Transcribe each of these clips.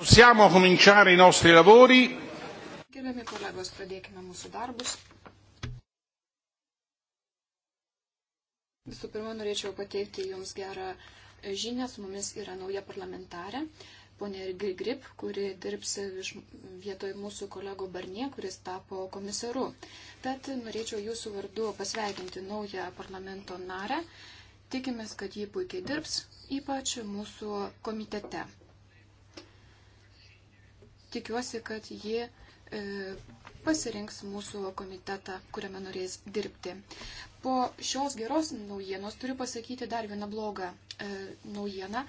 Possiamo cominciare i nostri lavori. Gerbiami kolegos, pradėkime mūsų darbus. Visų pirma, norėčiau pateikti Jums gerą žinią. Su mumis yra nauja parlamentarė, ponė Grigrip, kuri dirbs vietoj mūsų kolego Barnie, kuris tapo komisaru. Tad norėčiau Jūsų vardu pasveikinti naują parlamento narę. Tikimės, kad jį puikiai dirbs, ypač mūsų komitete tikiuosi, kad ji e, pasirinks mūsų komitetą, kuriame norės dirbti. Po šios geros naujienos turiu pasakyti dar vieną blogą e, naujieną.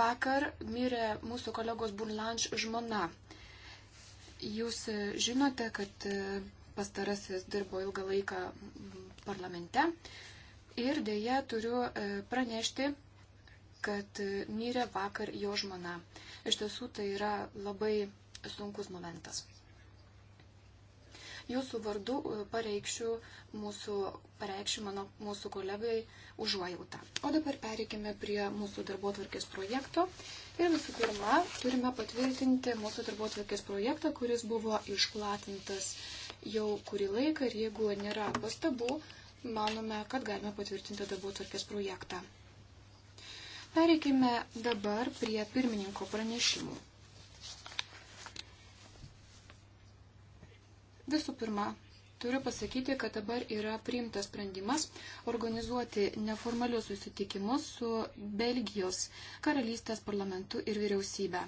Vakar mirė mūsų kolegos Burlanš žmona. Jūs e, žinote, kad e, pastarasis dirbo ilgą laiką parlamente ir dėja turiu pranešti, kad mirė vakar jo žmona. Iš tiesų tai yra labai sunkus momentas. Jūsų vardu e, pareikščiau mūsų, pareikščiau mano, mūsų kolegai užuojautą. O dabar pereikime prie mūsų darbotvarkės projekto. Ir visų pirma, turime patvirtinti mūsų darbotvarkės projektą, kuris buvo išplatintas jau kurį laiką ir jeigu nėra pastabų, manome, kad galime patvirtinti darbotvarkės projektą. Pereikime dabar prie pirmininko pranešimų. Visų pirma, turiu pasakyti, kad dabar yra priimtas sprendimas organizuoti neformalius susitikimus su Belgijos karalystės parlamentu ir vyriausybė.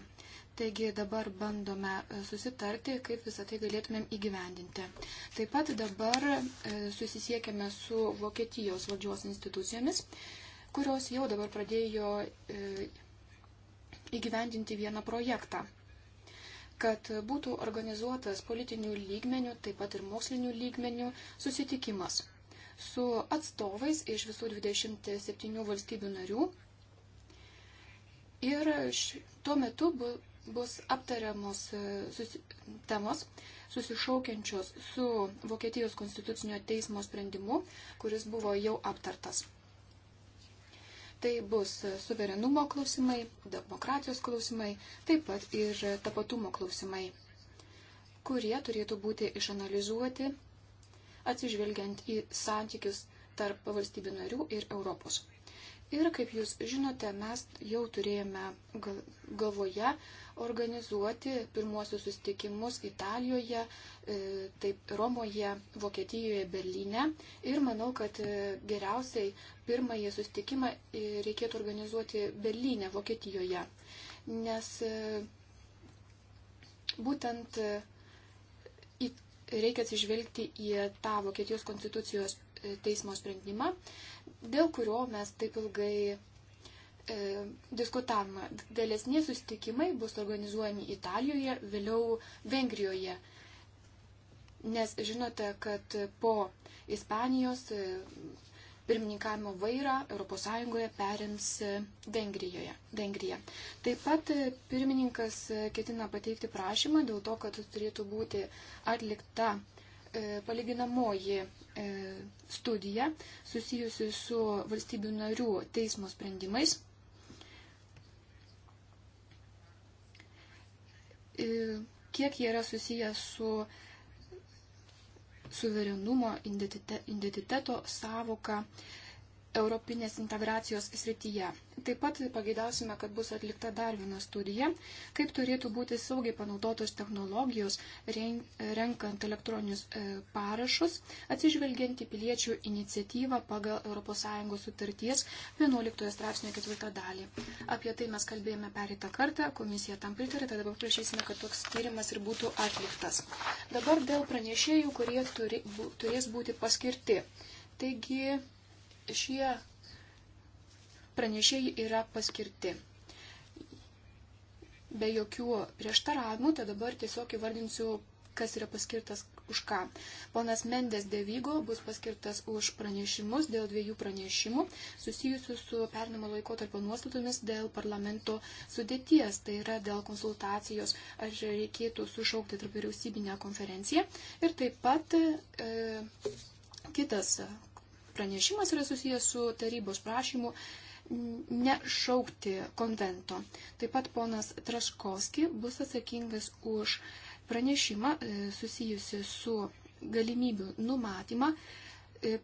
Taigi dabar bandome e, susitarti, kaip visą tai galėtumėm įgyvendinti. Taip pat dabar e, susisiekėme su Vokietijos valdžios institucijomis, kurios jau dabar pradėjo e, įgyvendinti vieną projektą kad būtų organizuotas politinių lygmenių, taip pat ir mokslinių lygmenių susitikimas su atstovais iš visų 27 valstybių narių. Ir tuo metu bu, bus aptariamos e, susi, temos susišaukiančios su Vokietijos konstitucinio teismo sprendimu, kuris buvo jau aptartas tai bus suverenumo klausimai, demokratijos klausimai, taip pat ir tapatumo klausimai, kurie turėtų būti išanalizuoti atsižvelgiant į santykius tarp valstybių narių ir Europos. Ir kaip jūs žinote, mes jau turėjome galvoje organizuoti pirmuosius susitikimus Italijoje, e, taip Romoje, Vokietijoje, Berlyne. Ir manau, kad e, geriausiai pirmąjį sustikimą reikėtų organizuoti Berlyne, Vokietijoje, nes e, būtent e, reikia atsižvelgti į tą Vokietijos konstitucijos e, teismo sprendimą, dėl kurio mes taip ilgai e, diskutavome. Vėlesni susitikimai bus organizuojami Italijoje, vėliau Vengrijoje. Nes žinote, kad po Ispanijos pirmininkavimo vairą ES perims Vengrijoje. Vengrija. Taip pat pirmininkas ketina pateikti prašymą dėl to, kad turėtų būti atlikta e, palyginamoji e, studija susijusi su valstybių narių teismo sprendimais. E, kiek jie yra susiję su suverenumo identiteto savoką Europinės integracijos srityje. Taip pat pageidausime, kad bus atlikta dar viena studija, kaip turėtų būti saugiai panaudotos technologijos renkant elektroninius e, parašus, atsižvelgiant į piliečių iniciatyvą pagal ES sutarties 11 straipsnio 4 dalį. Apie tai mes kalbėjome pereitą kartą, komisija tam pritarė, tad dabar prašysime, kad toks tyrimas ir būtų atliktas. Dabar dėl pranešėjų, kurie turi, bu, turės būti paskirti. Taigi, šie pranešėjai yra paskirti. Be jokių prieštaravimų, tai dabar tiesiog įvardinsiu, kas yra paskirtas už ką. Ponas Mendes Devygo bus paskirtas už pranešimus dėl dviejų pranešimų susijusių su pernamo laikotarpio nuostatomis dėl parlamento sudėties, tai yra dėl konsultacijos, ar reikėtų sušaukti tarp vyriausybinę konferenciją. Ir taip pat e, kitas pranešimas yra susijęs su tarybos prašymu nešaukti konvento. Taip pat ponas Traškovski bus atsakingas už pranešimą e, susijusi su galimybių numatymą e,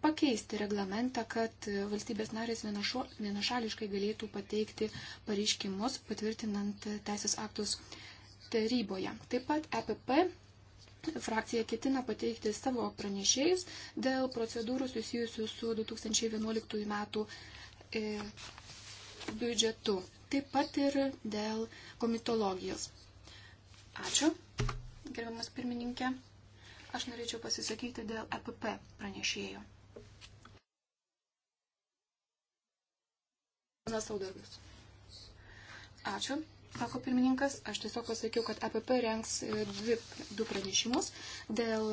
pakeisti reglamentą, kad e, valstybės narės vienašališkai galėtų pateikti pareiškimus patvirtinant teisės aktus taryboje. Taip pat EPP Frakcija ketina pateikti savo pranešėjus dėl procedūrų susijusių su 2011 metų e, biudžetu, taip pat ir dėl komitologijos. Ačiū, gerbiamas pirmininkė. Aš norėčiau pasisakyti dėl EPP pranešėjų. Panas Audargas. Ačiū sako pirmininkas. Aš tiesiog pasakiau, kad APP rengs e, dvi, du pranešimus dėl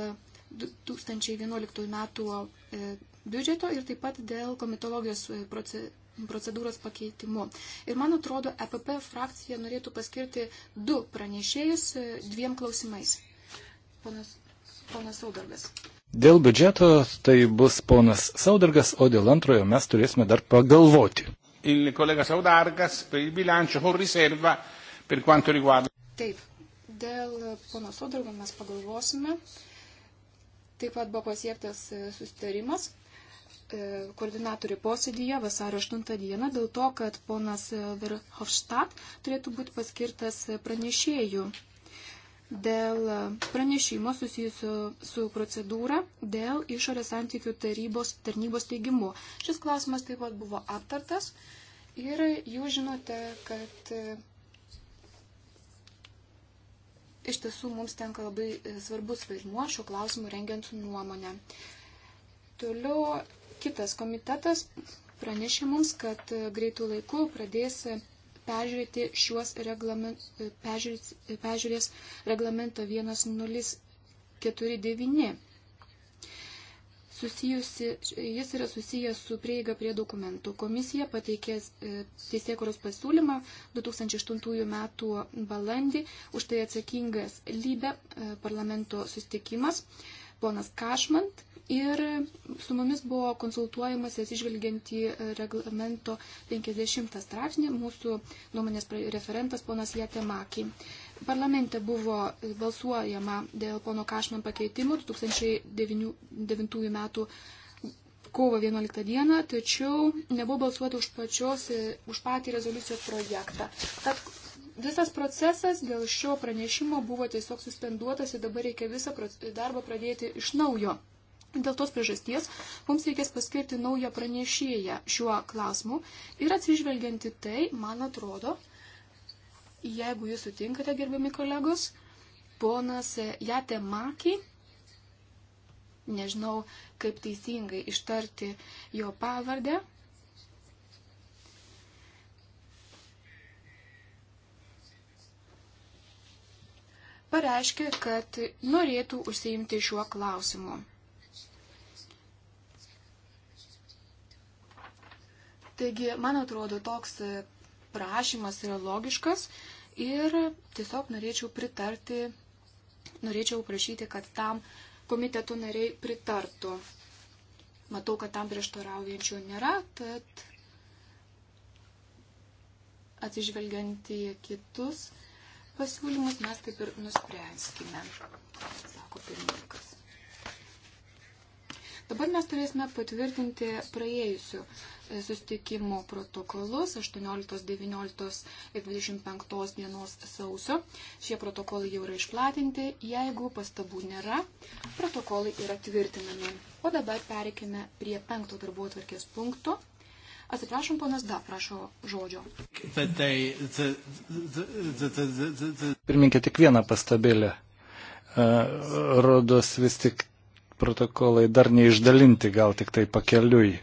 2011 metų e, biudžeto ir taip pat dėl komitologijos e, procedūros pakeitimu. Ir man atrodo, EPP frakcija norėtų paskirti du pranešėjus dviem klausimais. Ponas, ponas Saudargas. Dėl biudžeto tai bus ponas Saudargas, o dėl antrojo mes turėsime dar pagalvoti il collega Saudargas per il bilancio con riserva per quanto riguarda. Taip, dėl pono Saudargo mes pagalvosime. Taip pat buvo pasiektas e, susitarimas e, koordinatorių posėdyje vasario 8 dieną dėl to, kad ponas e, Verhofstadt turėtų būti paskirtas pranešėjų dėl pranešimo susijusio su procedūra dėl išorės santykių tarybos tarnybos teigimų. Šis klausimas taip pat buvo aptartas ir jūs žinote, kad e, iš tiesų mums tenka labai e, svarbus vaidmuo šiuo klausimu rengiant nuomonę. Toliau kitas komitetas pranešė mums, kad e, greitų laikų pradės peržiūrėti šiuos reglament, peržiūrės, peržiūrės reglamento 1049. Susijusi, jis yra susijęs su prieiga prie dokumentų. Komisija pateikė e, teisėkuros pasiūlymą 2008 metų balandį, už tai atsakingas lybė e, parlamento sustikimas, ponas Kašmant Ir su mumis buvo konsultuojamas, atsižvelgiant į reglamento 50 straipsnį, mūsų nuomonės referentas ponas Jėtemakį. Parlamente buvo balsuojama dėl pono Kašman pakeitimų 2009 m. kovo 11 d., tačiau nebuvo balsuota už, pačios, už patį rezoliucijos projektą. Tad visas procesas dėl šio pranešimo buvo tiesiog suspenduotas ir dabar reikia visą darbą pradėti iš naujo. Dėl tos priežasties mums reikės paskirti naują pranešėją šiuo klausimu ir atsižvelgianti tai, man atrodo, jeigu jūs sutinkate, gerbiami kolegos, ponas Jatemaki, nežinau, kaip teisingai ištarti jo pavardę, pareiškė, kad norėtų užsiimti šiuo klausimu. Taigi, man atrodo, toks e, prašymas yra logiškas ir tiesiog norėčiau pritarti, norėčiau prašyti, kad tam komiteto nariai pritartų. Matau, kad tam prieštaraujančių nėra, tad atsižvelgiant į kitus pasiūlymus mes taip ir nuspręskime, sako pirmininkas. Dabar mes turėsime patvirtinti praėjusių e, sustikimų protokolus 18, 19 ir 25 dienos sausio. Šie protokolai jau yra išplatinti. Jeigu pastabų nėra, protokolai yra tvirtinami. O dabar pereikime prie penkto darbo atvarkės punkto. Atsiprašom, ponas Da, prašo žodžio. Pirminkė, tik vieną pastabėlę. E, rodos vis tik protokolai dar neišdalinti, gal tik tai pakeliui.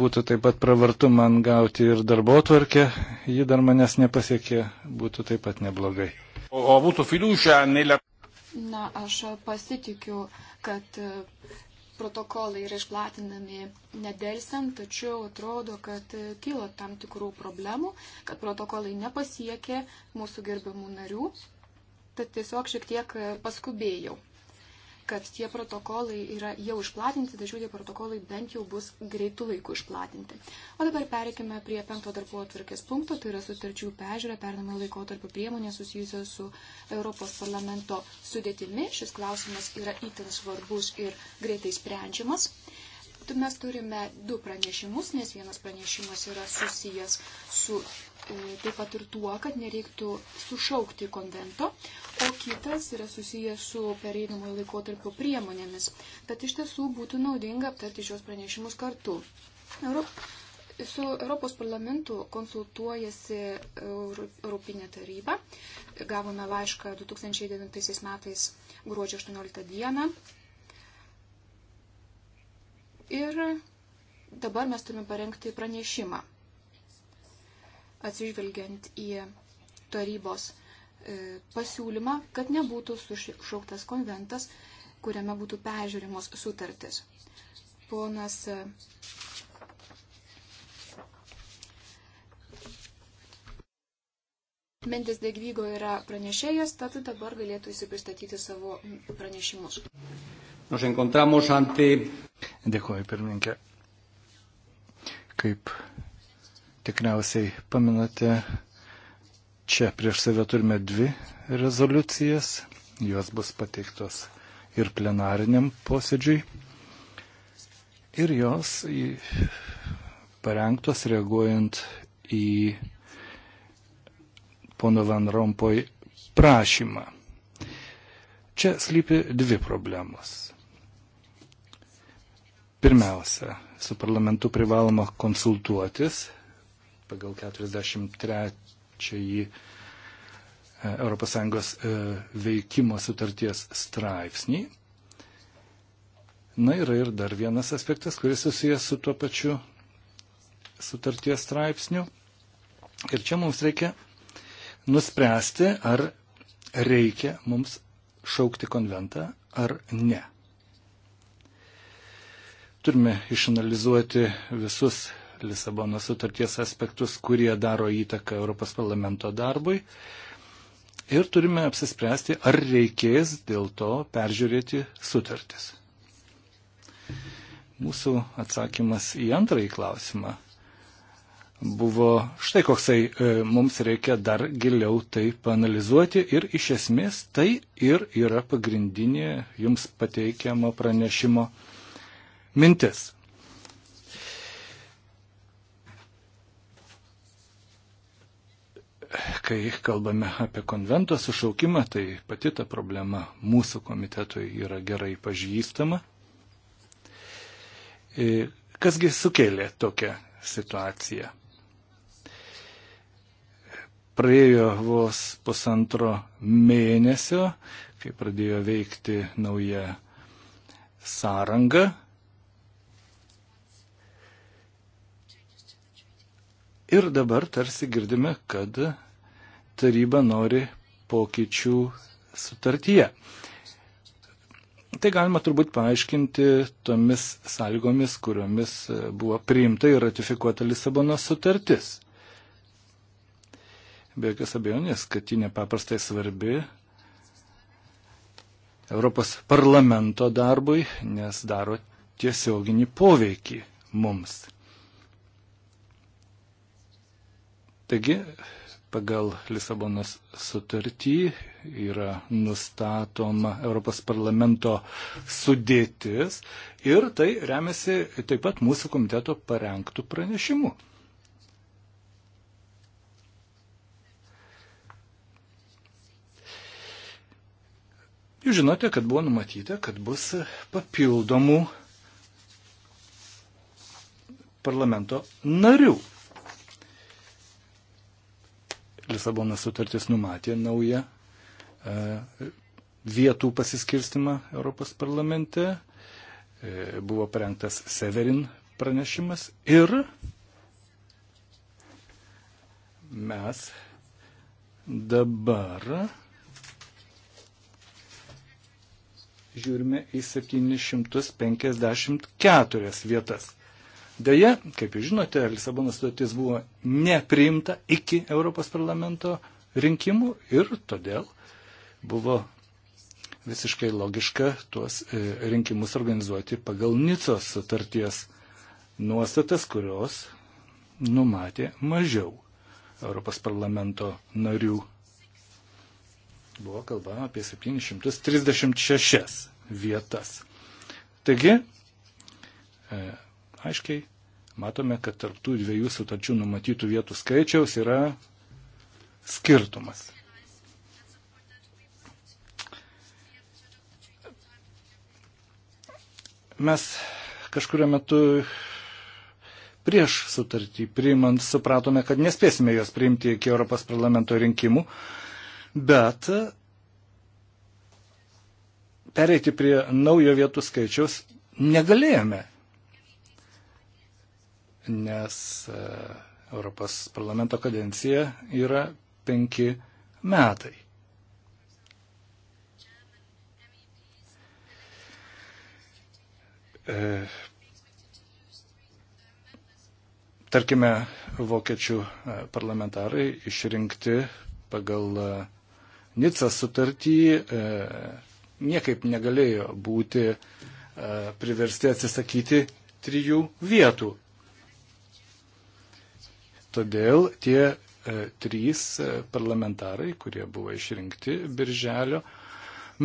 Būtų taip pat pravartu man gauti ir darbo tvarkę, ji dar manęs nepasiekė, būtų taip pat neblogai. O, o būtų filiušia, nelė. Na, aš pasitikiu, kad protokolai yra išplatinami nedelsiant, tačiau atrodo, kad kilo tam tikrų problemų, kad protokolai nepasiekė mūsų gerbiamų narių, tad tiesiog šiek tiek paskubėjau kad tie protokolai yra jau išplatinti, tačiau tie protokolai bent jau bus greitų laikų išplatinti. O dabar pereikime prie penkto darbo atvarkės punkto, tai yra sutarčių pežiūrė pernamai laikotarpio priemonė susijusios su Europos parlamento sudėtimi. Šis klausimas yra itin svarbus ir greitai sprendžiamas. Mes turime du pranešimus, nes vienas pranešimas yra susijęs su E, taip pat ir tuo, kad nereiktų sušaukti konvento, o kitas yra susijęs su pereinamojo laikotarpio priemonėmis. Tad iš tiesų būtų naudinga aptarti šios pranešimus kartu. Europ... Su Europos parlamentu konsultuojasi Europinė taryba. Gavome laišką 2009 metais gruodžio 18 dieną. Ir dabar mes turime parengti pranešimą atsižvelgiant į tarybos e, pasiūlymą, kad nebūtų sušauktas konventas, kuriame būtų peržiūrimos sutartis. Ponas e, Mendes Degvygo yra pranešėjas, tad dabar galėtų įsipristatyti savo pranešimus. Nos encontramos ante. Dėkuoju, pirmininkė. Kaip Tikriausiai paminate, čia prieš save turime dvi rezoliucijas, jos bus pateiktos ir plenariniam posėdžiui. Ir jos parengtos reaguojant į pono Van Rompoj prašymą. Čia slypi dvi problemos. Pirmiausia, su parlamentu privaloma konsultuotis pagal 43 ES e, veikimo sutarties straipsnį. Na yra ir dar vienas aspektas, kuris susijęs su tuo pačiu sutarties straipsniu. Ir čia mums reikia nuspręsti, ar reikia mums šaukti konventą ar ne. Turime išanalizuoti visus Lisabono sutarties aspektus, kurie daro įtaką Europos parlamento darbui. Ir turime apsispręsti, ar reikės dėl to peržiūrėti sutartis. Mūsų atsakymas į antrąjį klausimą buvo štai koksai e, mums reikia dar giliau tai panalizuoti ir iš esmės tai ir yra pagrindinė jums pateikiamo pranešimo mintis. kai kalbame apie konvento sušaukimą, tai pati ta problema mūsų komitetui yra gerai pažįstama. E, kasgi sukėlė tokią situaciją? Praėjo vos pusantro mėnesio, kai pradėjo veikti nauja sąranga Ir dabar tarsi girdime, kad taryba nori pokyčių sutartyje. Tai galima turbūt paaiškinti tomis sąlygomis, kuriomis buvo priimta ir ratifikuota Lisabonos sutartis. Be jokios abejonės, kad ji nepaprastai svarbi Europos parlamento darbui, nes daro tiesioginį poveikį mums. Taigi, pagal Lisabonos sutartį yra nustatoma Europos parlamento sudėtis ir tai remiasi taip pat mūsų komiteto parengtų pranešimų. Jūs žinote, kad buvo numatyta, kad bus papildomų parlamento narių Lisabono sutartis numatė naują e, vietų pasiskirstimą Europos parlamente. E, buvo parengtas Severin pranešimas ir mes dabar žiūrime į 754 vietas. Deja, kaip jūs žinote, Lisabonos sutartis buvo nepriimta iki Europos parlamento rinkimų ir todėl buvo visiškai logiška tuos e, rinkimus organizuoti pagal Nicos sutarties nuostatas, kurios numatė mažiau Europos parlamento narių. Buvo kalbama apie 736 vietas. Taigi, e, aiškiai matome, kad tarptų dviejų sutarčių numatytų vietų skaičiaus yra skirtumas. Mes kažkurio metu prieš sutartį priimant supratome, kad nespėsime jos priimti iki Europos parlamento rinkimų, bet pereiti prie naujo vietų skaičiaus negalėjome nes e, Europos parlamento kadencija yra penki metai. E, tarkime, vokiečių e, parlamentarai išrinkti pagal Nica sutartį niekaip negalėjo būti priversti atsisakyti trijų vietų Todėl tie e, trys e, parlamentarai, kurie buvo išrinkti birželio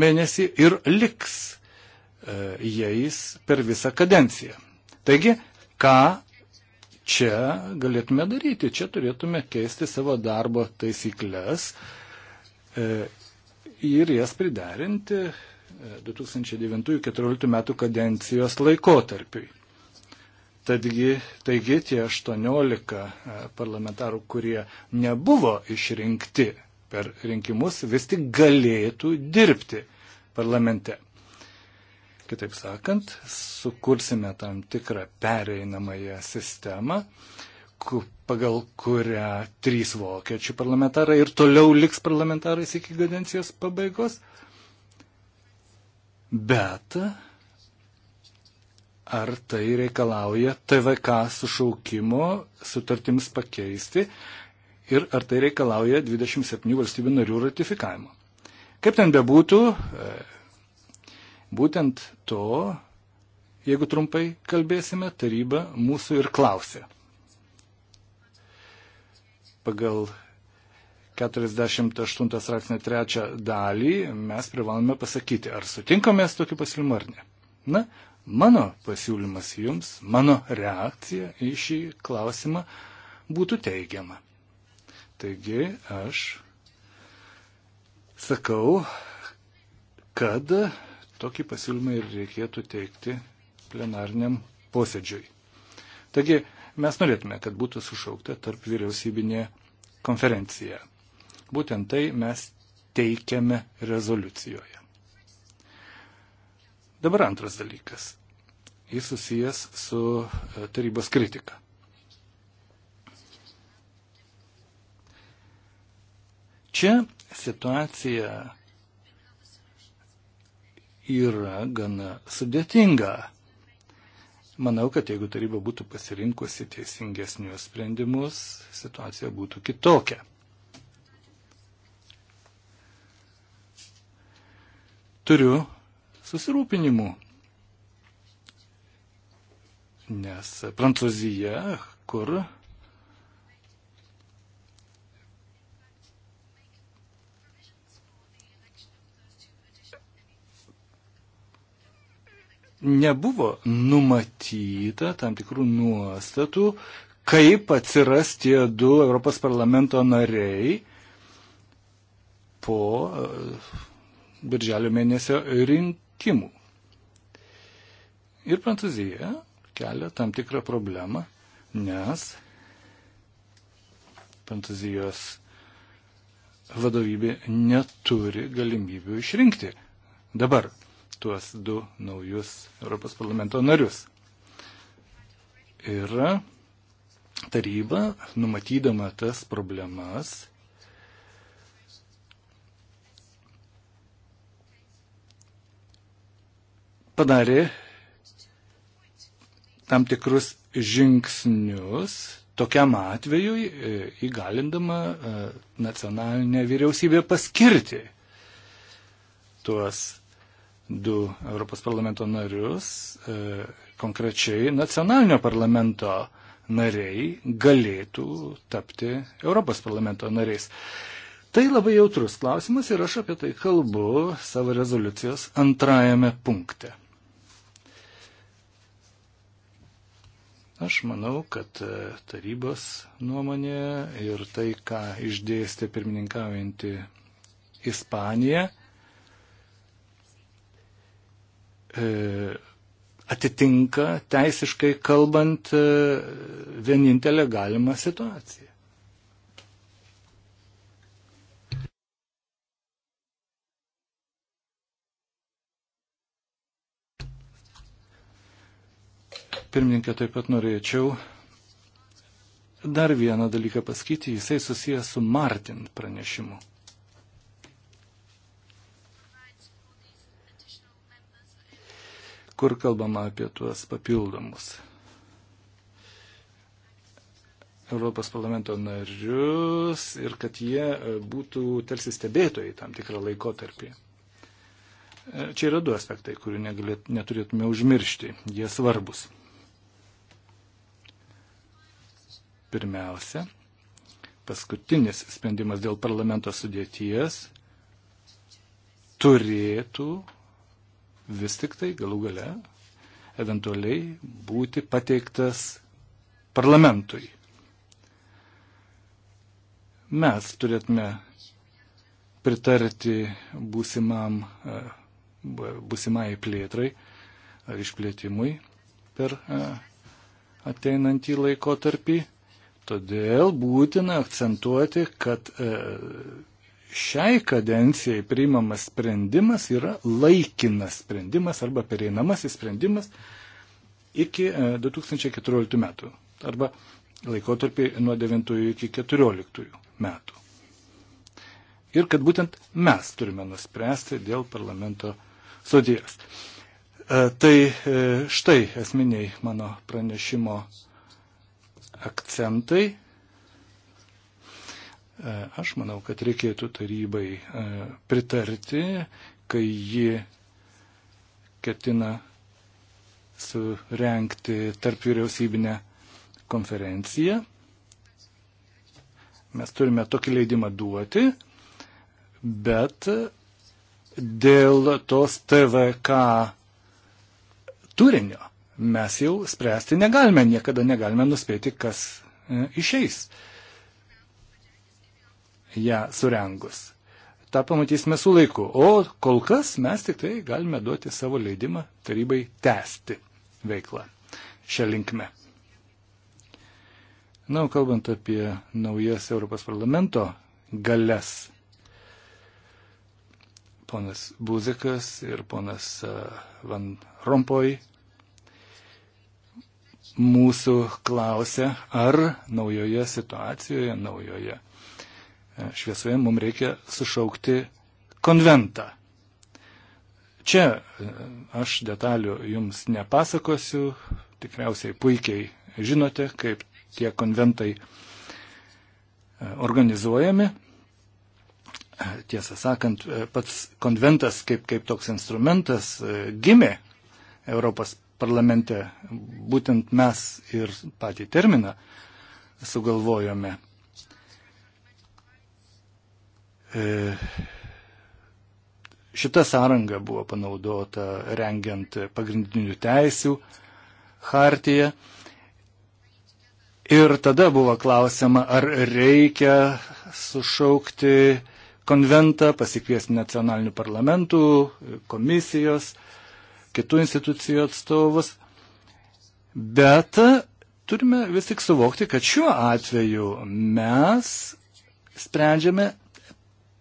mėnesį ir liks e, jais per visą kadenciją. Taigi, ką čia galėtume daryti? Čia turėtume keisti savo darbo taisyklės ir jas priderinti 2009-2014 metų kadencijos laikotarpiui. Tadgi, taigi tie 18 e, parlamentarų, kurie nebuvo išrinkti per rinkimus, vis tik galėtų dirbti parlamente. Kitaip sakant, sukursime tam tikrą pereinamąją sistemą, pagal kurią trys vokiečių parlamentarai ir toliau liks parlamentarais iki kadencijos pabaigos. Bet ar tai reikalauja TVK sušaukimo sutartims pakeisti ir ar tai reikalauja 27 valstybių narių ratifikavimo. Kaip ten bebūtų, e, būtent to, jeigu trumpai kalbėsime, taryba mūsų ir klausė. Pagal 48 straipsnio trečią dalį mes privalome pasakyti, ar sutinkame su tokiu pasiūlymu ar ne. Na, Mano pasiūlymas jums, mano reakcija į šį klausimą būtų teigiama. Taigi aš sakau, kad tokį pasiūlymą ir reikėtų teikti plenariniam posėdžiui. Taigi mes norėtume, kad būtų sušaukta tarp vyriausybinė konferencija. Būtent tai mes teikiame rezoliucijoje. Dabar antras dalykas. Jis susijęs su e, tarybos kritika. Čia situacija yra gana sudėtinga. Manau, kad jeigu taryba būtų pasirinkusi teisingesnius sprendimus, situacija būtų kitokia. Turiu susirūpinimu, nes Prancūzija, kur nebuvo numatyta tam tikrų nuostatų, kaip atsiras tie du Europos parlamento nariai po e, birželio mėnesio rink rinkimų. Ir Prancūzija kelia tam tikrą problemą, nes Prancūzijos vadovybė neturi galimybių išrinkti dabar tuos du naujus Europos parlamento narius. Ir taryba, numatydama tas problemas, padarė tam tikrus žingsnius tokiam atvejui e, įgalindama e, nacionalinę vyriausybę paskirti tuos du Europos parlamento narius, e, konkrečiai nacionalinio parlamento nariai galėtų tapti Europos parlamento nariais. Tai labai jautrus klausimas ir aš apie tai kalbu savo rezoliucijos antrajame punkte. Aš manau, kad e, tarybos nuomonė ir tai, ką išdėstė pirmininkaujanti Ispanija, e, atitinka teisiškai kalbant e, vienintelę galimą situaciją. Pirmininkė, taip pat norėčiau dar vieną dalyką pasakyti, jisai susijęs su Martin pranešimu. Kur kalbama apie tuos papildomus Europos parlamento narius ir kad jie e, būtų tarsi stebėtojai tam tikrą laikotarpį. E, čia yra du aspektai, kurių negalėt, neturėtume užmiršti. Jie svarbus. Pirmiausia, paskutinis sprendimas dėl parlamento sudėties turėtų vis tik tai galų gale eventualiai būti pateiktas parlamentui. Mes turėtume pritarti būsimam, e, būsimai plėtrai ar išplėtimui per e, ateinantį laikotarpį. Todėl būtina akcentuoti, kad e, šiai kadencijai priimamas sprendimas yra laikinas sprendimas arba pereinamasis sprendimas iki 2014 e, metų arba laikotarpį nuo 9 iki 14 metų. Ir kad būtent mes turime nuspręsti dėl parlamento sudėjas. E, tai štai esminiai mano pranešimo akcentai. E, aš manau, kad reikėtų tarybai e, pritarti, kai ji ketina surenkti tarp vyriausybinę konferenciją. Mes turime tokį leidimą duoti, bet dėl tos TVK turinio mes jau spręsti negalime, niekada negalime nuspėti, kas e, išeis ją surengus. Ta pamatysime su laiku. O kol kas mes tik tai galime duoti savo leidimą tarybai tęsti veiklą šią linkmę. Na, o kalbant apie naujas Europos parlamento galės, ponas Buzikas ir ponas e, Van Rompoj mūsų klausia, ar naujoje situacijoje, naujoje e, šviesoje mums reikia sušaukti konventą. Čia e, aš detalių jums nepasakosiu, tikriausiai puikiai žinote, kaip tie konventai e, organizuojami. Tiesą sakant, pats konventas kaip, kaip toks instrumentas gimė Europos parlamente. Būtent mes ir patį terminą sugalvojome. E, šita sąranga buvo panaudota rengiant pagrindinių teisių hartiją. Ir tada buvo klausima, ar reikia sušaukti konventą, pasikviesti nacionalinių parlamentų, komisijos, uh, kitų institucijų atstovus. Bet turime vis tik suvokti, kad šiuo atveju mes sprendžiame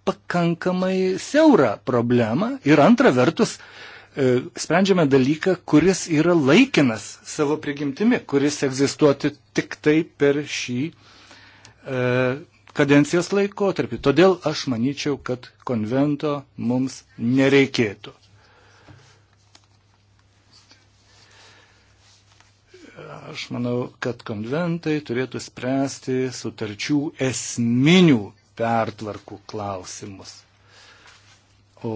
pakankamai siaurą problemą ir antra vertus e, sprendžiame dalyką, kuris yra laikinas savo prigimtimi, kuris egzistuoti tik tai per šį e, kadencijos laikotarpį. Todėl aš manyčiau, kad konvento mums nereikėtų. Aš manau, kad konventai turėtų spręsti sutarčių esminių pertvarkų klausimus. O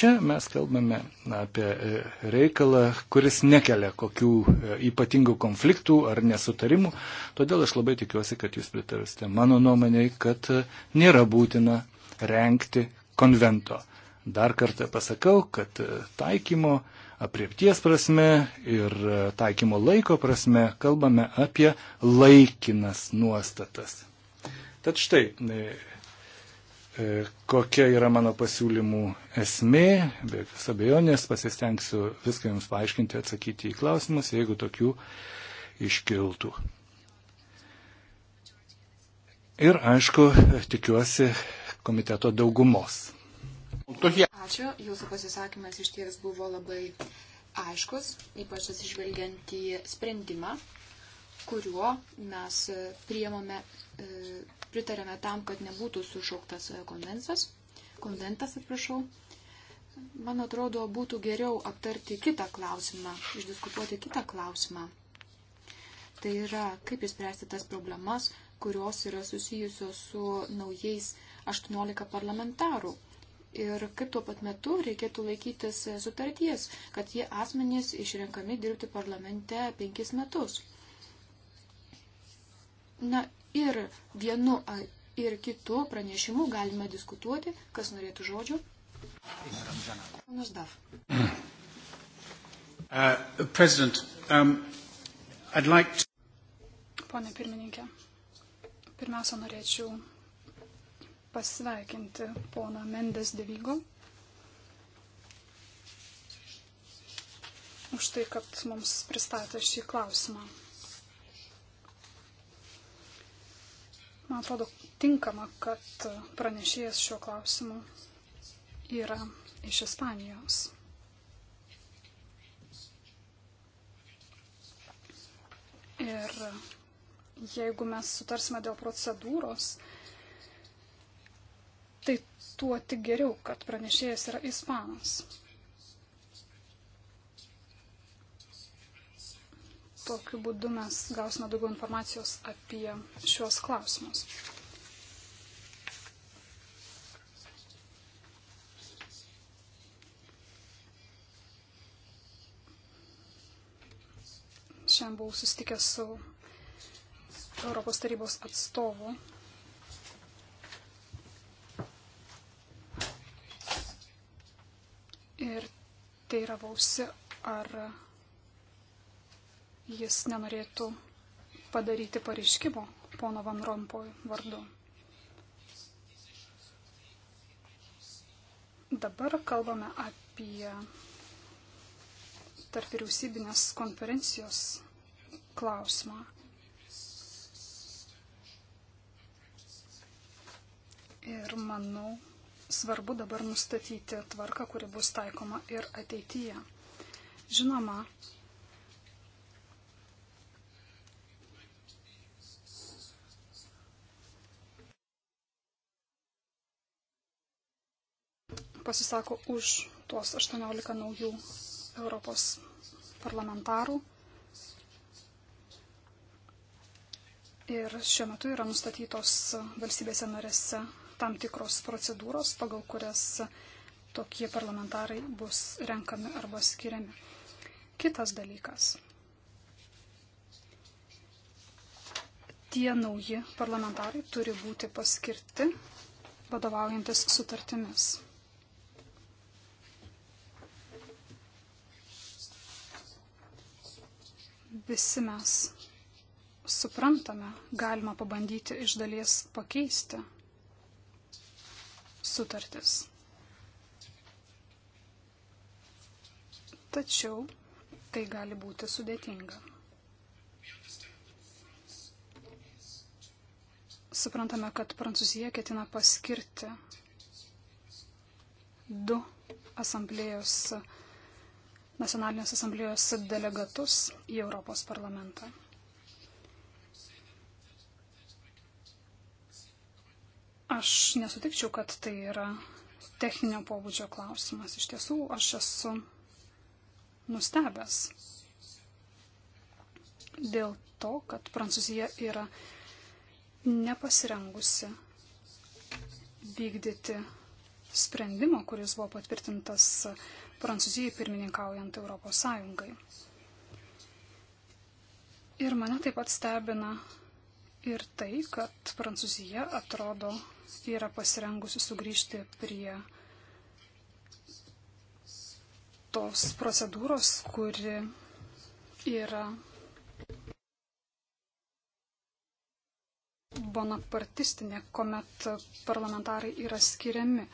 čia mes kalbame apie e, reikalą, kuris nekelia kokių e, ypatingų konfliktų ar nesutarimų. Todėl aš labai tikiuosi, kad jūs pritarsite mano nuomonėj, kad e, nėra būtina renkti konvento. Dar kartą pasakau, kad taikymo apriepties prasme ir e, taikymo laiko prasme kalbame apie laikinas nuostatas. Tad štai, e, e, kokia yra mano pasiūlymų esmė, be jokios abejonės pasistengsiu viską Jums paaiškinti, atsakyti į klausimus, jeigu tokių iškiltų. Ir aišku, tikiuosi komiteto daugumos. Ačiū, jūsų pasisakymas iš ties buvo labai aiškus, ypač atsižvelgiant į sprendimą, kuriuo mes priemame, e, pritarėme tam, kad nebūtų sušauktas e, konvencijas, konventas, atsiprašau. Man atrodo, būtų geriau aptarti kitą klausimą, išdiskutuoti kitą klausimą. Tai yra, kaip įspręsti tas problemas, kurios yra susijusios su naujais 18 parlamentarų ir kaip tuo pat metu reikėtų laikytis sutarties, kad jie asmenys išrenkami dirbti parlamente penkis metus. Na ir vienu ir kitu pranešimu galime diskutuoti, kas norėtų žodžių. Ponas Daf. Uh, President, um, I'd like to... Pone pirmininkė, pirmiausia norėčiau pasveikinti poną Mendes Devygo už tai, kad mums pristatė šį klausimą. Man atrodo tinkama, kad pranešėjas šiuo klausimu yra iš Ispanijos. Ir jeigu mes sutarsime dėl procedūros, Tai tuo tik geriau, kad pranešėjas yra ispanas. Tokiu būdu mes gausime daugiau informacijos apie šiuos klausimus. šiandien buvau susitikęs su Europos tarybos atstovu ir teiravausi, ar jis nenorėtų padaryti pareiškimo pono Van Rompoj vardu. Dabar kalbame apie tarp vyriausybinės konferencijos klausimą. Ir manau, svarbu dabar nustatyti tvarką, kuri bus taikoma ir ateityje. Žinoma, pasisako už tuos 18 naujų Europos parlamentarų. Ir šiuo metu yra nustatytos valstybėse narėse tam tikros procedūros, pagal kurias tokie parlamentarai bus renkami arba skiriami. Kitas dalykas. Tie nauji parlamentarai turi būti paskirti vadovaujantis sutartimis. Visi mes suprantame, galima pabandyti iš dalies pakeisti sutartis. Tačiau tai gali būti sudėtinga. Suprantame, kad Prancūzija ketina paskirti du asamblėjos, nacionalinės asamblėjos delegatus į Europos parlamentą. Aš nesutikčiau, kad tai yra techninio pobūdžio klausimas. Iš tiesų, aš esu nustebęs dėl to, kad Prancūzija yra nepasirengusi vykdyti sprendimo, kuris buvo patvirtintas Prancūzijai pirmininkaujant Europos Sąjungai. Ir mane taip pat stebina ir tai, kad Prancūzija atrodo ji yra pasirengusi sugrįžti prie tos procedūros, kuri yra bonapartistinė, kuomet parlamentarai yra skiriami.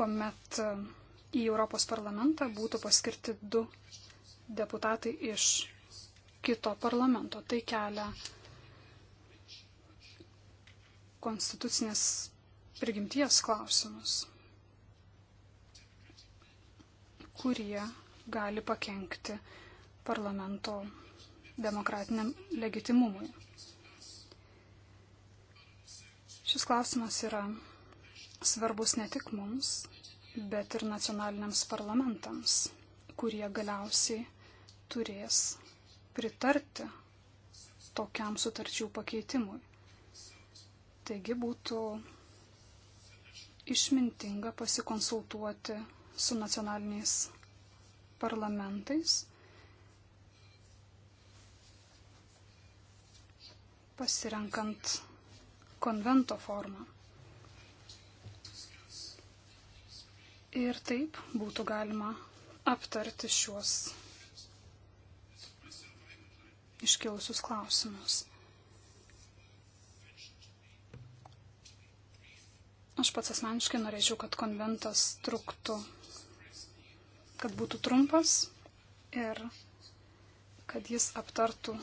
Kuomet į Europos parlamentą būtų paskirti du deputatai iš kito parlamento. Tai kelia konstitucinės prigimties klausimus, kurie gali pakengti parlamento demokratiniam legitimumui. Šis klausimas yra svarbus ne tik mums, bet ir nacionaliniams parlamentams, kurie galiausiai turės pritarti tokiam sutarčių pakeitimui. Taigi būtų išmintinga pasikonsultuoti su nacionaliniais parlamentais, pasirenkant konvento formą. Ir taip būtų galima aptarti šiuos iškilusius klausimus. Aš pats asmeniškai norėčiau, kad konventas truktų, kad būtų trumpas ir kad jis aptartų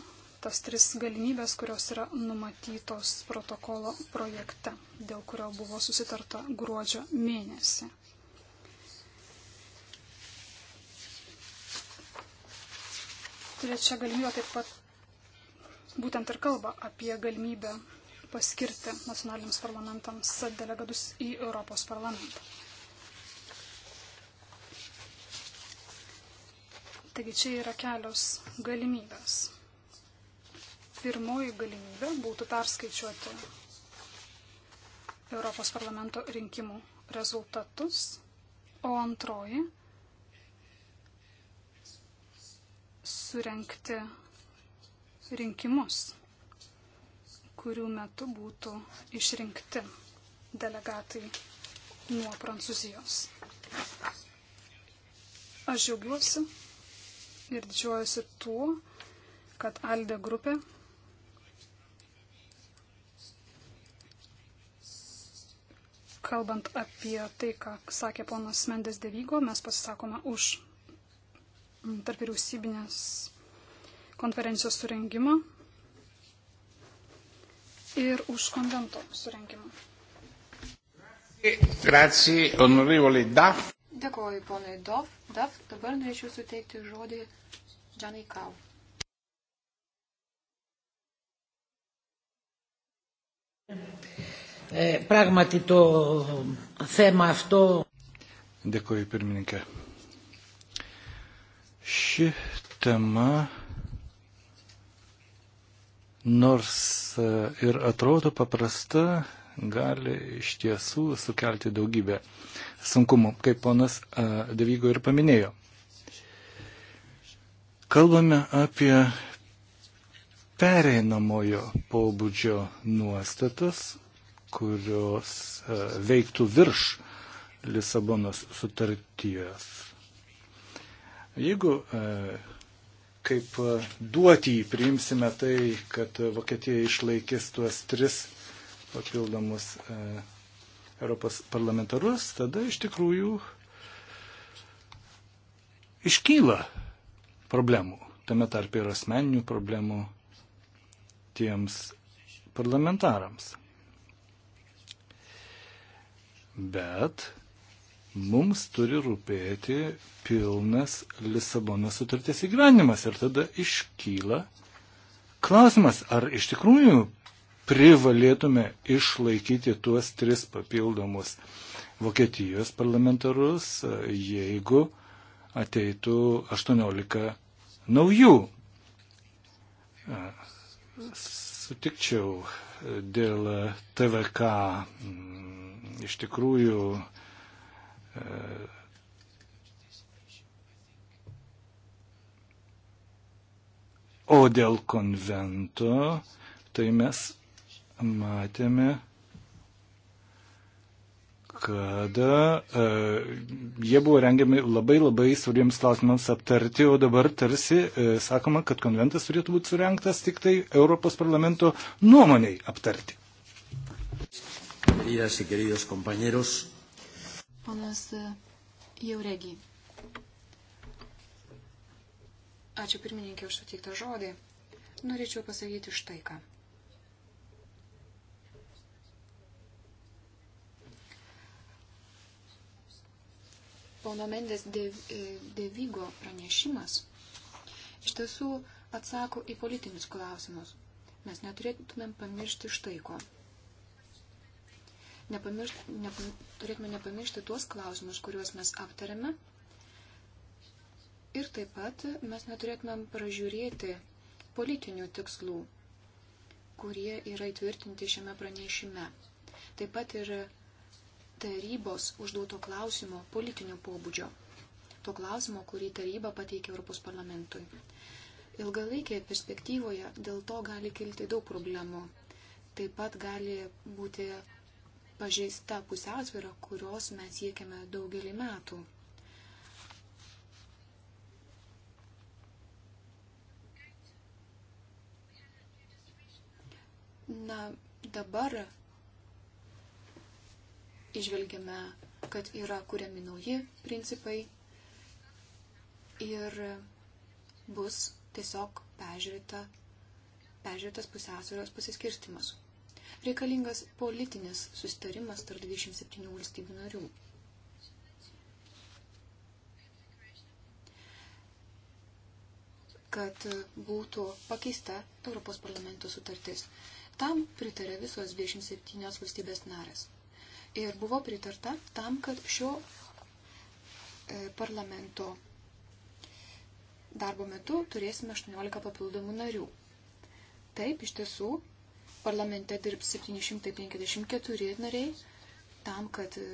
tas tris galimybės, kurios yra numatytos protokolo projekte, dėl kurio buvo susitarta gruodžio mėnesį. Trečia galimybė taip pat būtent ir kalba apie galimybę paskirti nacionaliniams parlamentams delegatus į Europos parlamentą. Taigi čia yra kelios galimybės. Pirmoji galimybė būtų perskaičiuoti Europos parlamento rinkimų rezultatus, o antroji surenkti rinkimus, kurių metu būtų išrinkti delegatai nuo Prancūzijos. Aš džiaugiuosi ir didžiuojuosi tuo, kad Alde grupė kalbant apie tai, ką sakė ponas Mendes Devygo, mes pasisakome už tarp vyriausybinės konferencijos surengimą ir už konvento surengimą. Grazie, onorevole Daf. Dėkuoju, ponai Daf. Daf, dabar norėčiau suteikti žodį Džanai Kau. Πράγματι το θέμα αυτό. Dėkuoju, pirmininkė. Ši tema nors e, ir atrodo paprasta, gali iš tiesų sukelti daugybę sunkumų, kaip ponas e, Devygo ir paminėjo. Kalbame apie pereinamojo pobūdžio nuostatas, kurios e, veiktų virš Lisabonos sutarties. Jeigu kaip e, duoti jį priimsime tai, kad Vokietija išlaikys tuos tris papildomus e, Europos parlamentarus, tada iš tikrųjų iškyla problemų. Tame tarp yra asmeninių problemų tiems parlamentarams. Bet mums turi rūpėti pilnas Lisabono sutarties įgyvenimas. Ir tada iškyla klausimas, ar iš tikrųjų privalėtume išlaikyti tuos tris papildomus Vokietijos parlamentarus, jeigu ateitų 18 naujų. Sutikčiau dėl TVK. Iš tikrųjų, O dėl konvento, tai mes matėme, kad e, jie buvo rengiami labai labai svariems klausimams aptarti, o dabar tarsi e, sakoma, kad konventas turėtų būti surenktas tik tai Europos parlamento nuomoniai aptarti. Queridas y queridos compañeros, Ponas e, Jauregi. Ačiū pirmininkė už suteiktą žodį. Norėčiau pasakyti štai ką. Pono Mendes e, Devygo pranešimas iš tiesų atsako į politinius klausimus. Mes neturėtumėm pamiršti štai ko nepamiršt, nepam, turėtume nepamiršti tuos klausimus, kuriuos mes aptarėme. Ir taip pat mes neturėtumėm pražiūrėti politinių tikslų, kurie yra įtvirtinti šiame pranešime. Taip pat ir tarybos užduoto klausimo politinio pobūdžio. To klausimo, kurį taryba pateikė Europos parlamentui. Ilgalaikėje perspektyvoje dėl to gali kilti daug problemų. Taip pat gali būti pažeista pusiausvyrą, kurios mes siekiame daugelį metų. Na, dabar išvelgiame, kad yra kuriami nauji principai ir bus tiesiog peržiūrėta, peržiūrėtas pusiausvėros pasiskirstimas. Reikalingas politinis sustarimas tarp 27 valstybių narių. kad būtų pakeista Europos parlamento sutartis. Tam pritarė visos 27 valstybės narės. Ir buvo pritarta tam, kad šio e, parlamento darbo metu turėsime 18 papildomų narių. Taip, iš tiesų, Parlamente dirbs 754 nariai tam, kad e,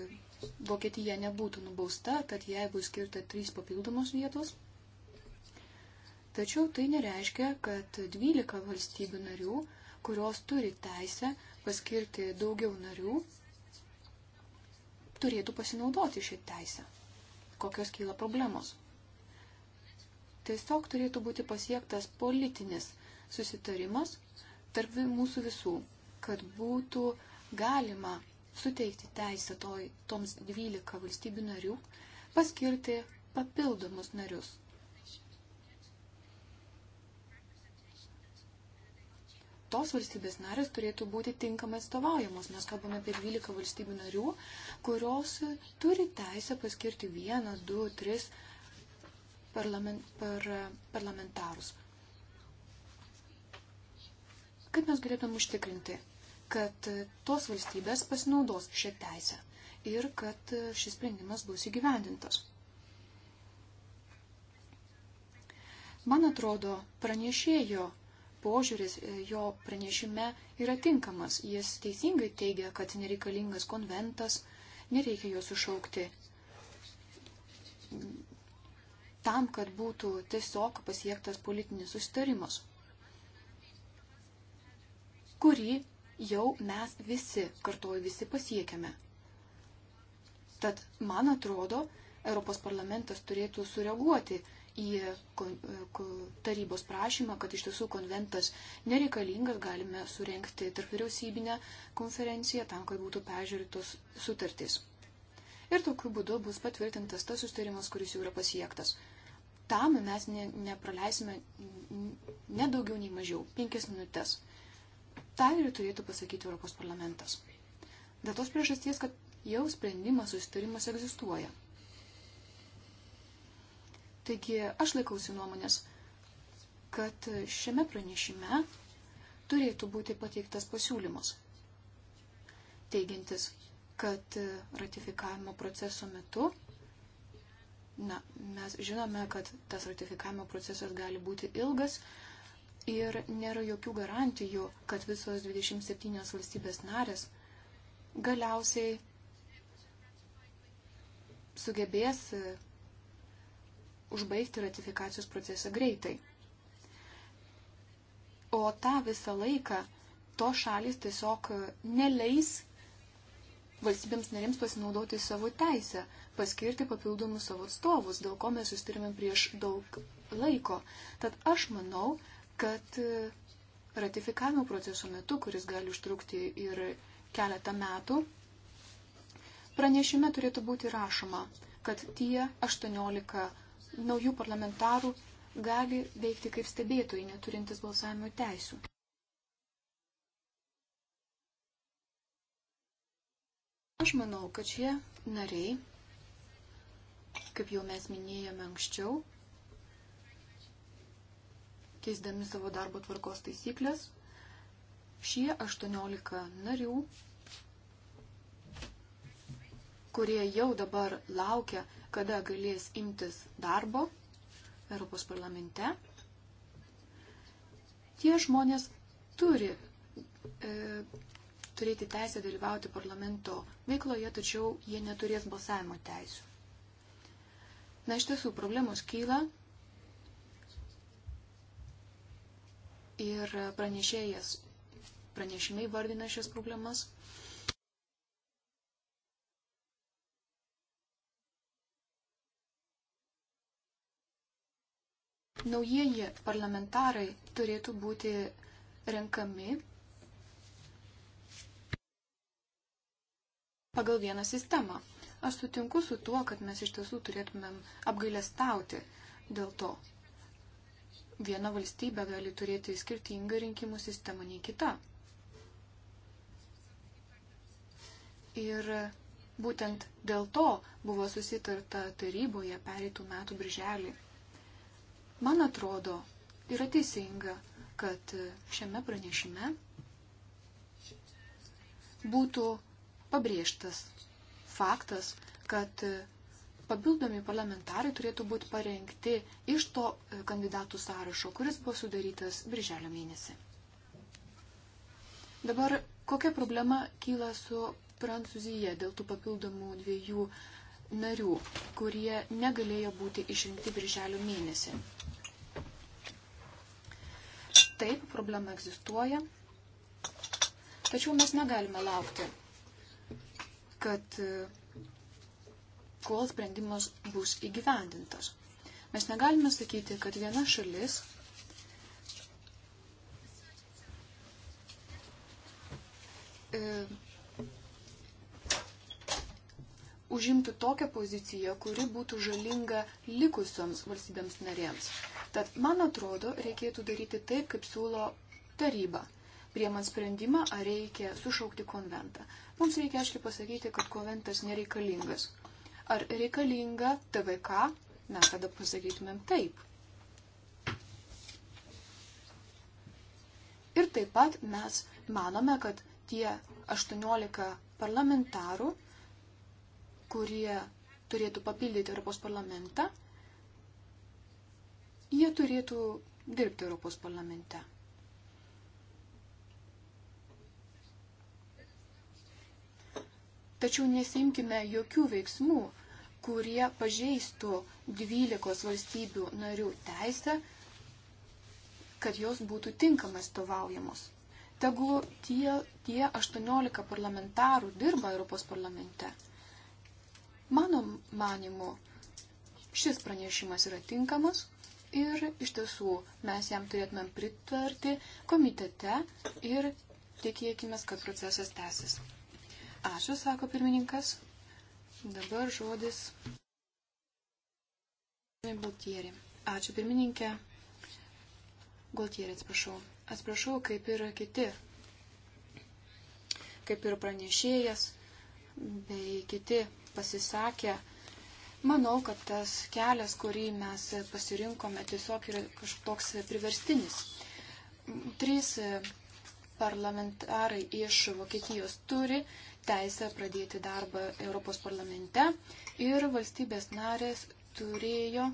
Vokietija nebūtų nubausta, tad jai bus skirta 3 papildomos vietos. Tačiau tai nereiškia, kad 12 valstybių narių, kurios turi teisę paskirti daugiau narių, turėtų pasinaudoti šią teisę. Kokios kyla problemos? Tiesiog turėtų būti pasiektas politinis susitarimas, tarp mūsų visų, kad būtų galima suteikti teisę toj, toms 12 valstybių narių paskirti papildomus narius. Tos valstybės narės turėtų būti tinkamai atstovaujamos. Mes kalbame apie 12 valstybių narių, kurios turi teisę paskirti vieną, du, tris parlament, par, parlamentarus. Kaip mes galėtume užtikrinti, kad tos valstybės pasinaudos šią teisę ir kad šis sprendimas bus įgyvendintas? Man atrodo, pranešėjo požiūris e, jo pranešime yra tinkamas. Jis teisingai teigia, kad nereikalingas konventas, nereikia jo sušaukti tam, kad būtų tiesiog pasiektas politinis sustarimas kurį jau mes visi, kartuoju, visi pasiekėme. Tad, man atrodo, Europos parlamentas turėtų sureaguoti į tarybos prašymą, kad iš tiesų konventas nereikalingas, galime surenkti tarp vyriausybinę konferenciją tam, kad būtų peržiūrėtos sutartys. Ir tokiu būdu bus patvirtintas tas sustarimas, kuris jau yra pasiektas. Tam mes ne, nepraleisime nedaugiau nei mažiau - penkias minutės tą ir turėtų pasakyti Europos parlamentas. Dėl tos priežasties, kad jau sprendimas, susitarimas egzistuoja. Taigi aš laikausi nuomonės, kad šiame pranešime turėtų būti pateiktas pasiūlymas, teigintis, kad ratifikavimo proceso metu, na, mes žinome, kad tas ratifikavimo procesas gali būti ilgas, ir nėra jokių garantijų, kad visos 27 valstybės narės galiausiai sugebės uh, užbaigti ratifikacijos procesą greitai. O tą visą laiką to šalis tiesiog uh, neleis valstybėms narėms pasinaudoti savo teisę, paskirti papildomus savo atstovus, dėl ko mes susitarėme prieš daug laiko. Tad aš manau, kad ratifikavimo proceso metu, kuris gali užtrukti ir keletą metų, pranešime turėtų būti rašoma, kad tie 18 naujų parlamentarų gali veikti kaip stebėtojai, neturintis balsavimo teisų. Aš manau, kad šie nariai, kaip jau mes minėjome anksčiau, keisdami savo darbo tvarkos taisyklės, šie 18 narių, kurie jau dabar laukia, kada galės imtis darbo Europos parlamente, tie žmonės turi e, turėti teisę dalyvauti parlamento veikloje, tačiau jie neturės balsavimo teisų. Na, iš tiesų, problemos kyla ir pranešėjas pranešimai vardina šias problemas. Naujieji parlamentarai turėtų būti renkami pagal vieną sistemą. Aš sutinku su tuo, kad mes iš tiesų turėtumėm apgailestauti dėl to viena valstybė gali turėti skirtingą rinkimų sistemą nei kita. Ir būtent dėl to buvo susitarta taryboje pereitų metų birželį. Man atrodo, yra teisinga, kad šiame pranešime būtų pabrėžtas faktas, kad papildomi parlamentarai turėtų būti parengti iš to e, kandidatų sąrašo, kuris buvo sudarytas birželio mėnesį. Dabar kokia problema kyla su Prancūzija dėl tų papildomų dviejų narių, kurie negalėjo būti išrinkti birželio mėnesį? Taip, problema egzistuoja, tačiau mes negalime laukti, kad e, kol sprendimas bus įgyvendintas. Mes negalime sakyti, kad viena šalis e, užimtų tokią poziciją, kuri būtų žalinga likusioms valstybėms narėms. Tad, man atrodo, reikėtų daryti taip, kaip siūlo taryba. Priemant sprendimą, ar reikia sušaukti konventą. Mums reikia aiškiai pasakyti, kad konventas nereikalingas ar reikalinga TVK, mes tada pasakytumėm taip. Ir taip pat mes manome, kad tie 18 parlamentarų, kurie turėtų papildyti Europos parlamentą, jie turėtų dirbti Europos parlamente. Tačiau nesimkime jokių veiksmų, kurie pažeistų 12 valstybių narių teisę, kad jos būtų tinkamai stovaujamos. Tegu tie, tie 18 parlamentarų dirba Europos parlamente. Mano manimu, šis pranešimas yra tinkamas ir iš tiesų mes jam turėtumėm pritarti komitete ir tikėkime, kad procesas tęsis. Ačiū, sako pirmininkas. Dabar žodis. Baltieri. Ačiū, pirmininkė. Galtieri, atsiprašau. Atsiprašau, kaip ir kiti. Kaip ir pranešėjas bei kiti pasisakė. Manau, kad tas kelias, kurį mes pasirinkome, tiesiog yra kažkoks priverstinis. Trys parlamentarai iš Vokietijos turi teisę pradėti darbą Europos parlamente ir valstybės narės turėjo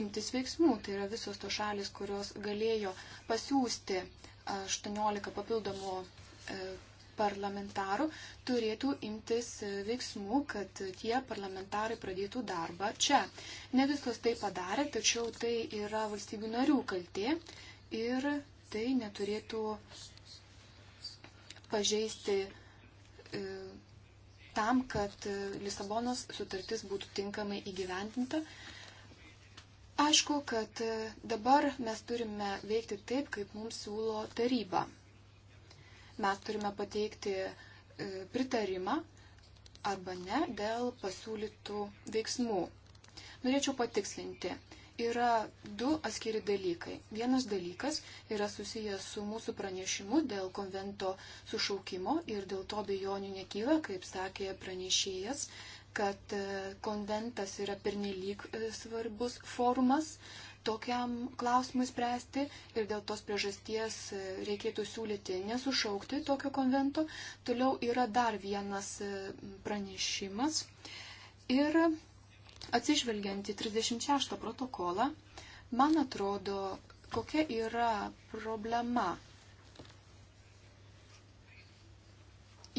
imtis veiksmų. Tai yra visos to šalis, kurios galėjo pasiūsti 18 papildomų e, parlamentarų, turėtų imtis e, veiksmų, kad tie parlamentarai pradėtų darbą čia. Ne visos tai padarė, tačiau tai yra valstybių narių kaltė ir tai neturėtų pažeisti E, tam, kad Lisabonos sutartis būtų tinkamai įgyvendinta. Aišku, kad dabar mes turime veikti taip, kaip mums siūlo taryba. Mes turime pateikti e, pritarimą arba ne dėl pasiūlytų veiksmų. Norėčiau patikslinti yra du atskiri dalykai. Vienas dalykas yra susijęs su mūsų pranešimu dėl konvento sušaukimo ir dėl to bejonių nekyla, kaip sakė pranešėjas, kad e, konventas yra pernelyg e, svarbus forumas tokiam klausimui spręsti ir dėl tos priežasties e, reikėtų siūlyti nesušaukti tokio konvento. Toliau yra dar vienas pranešimas. Ir atsižvelgiant į 36 protokolą, man atrodo, kokia yra problema,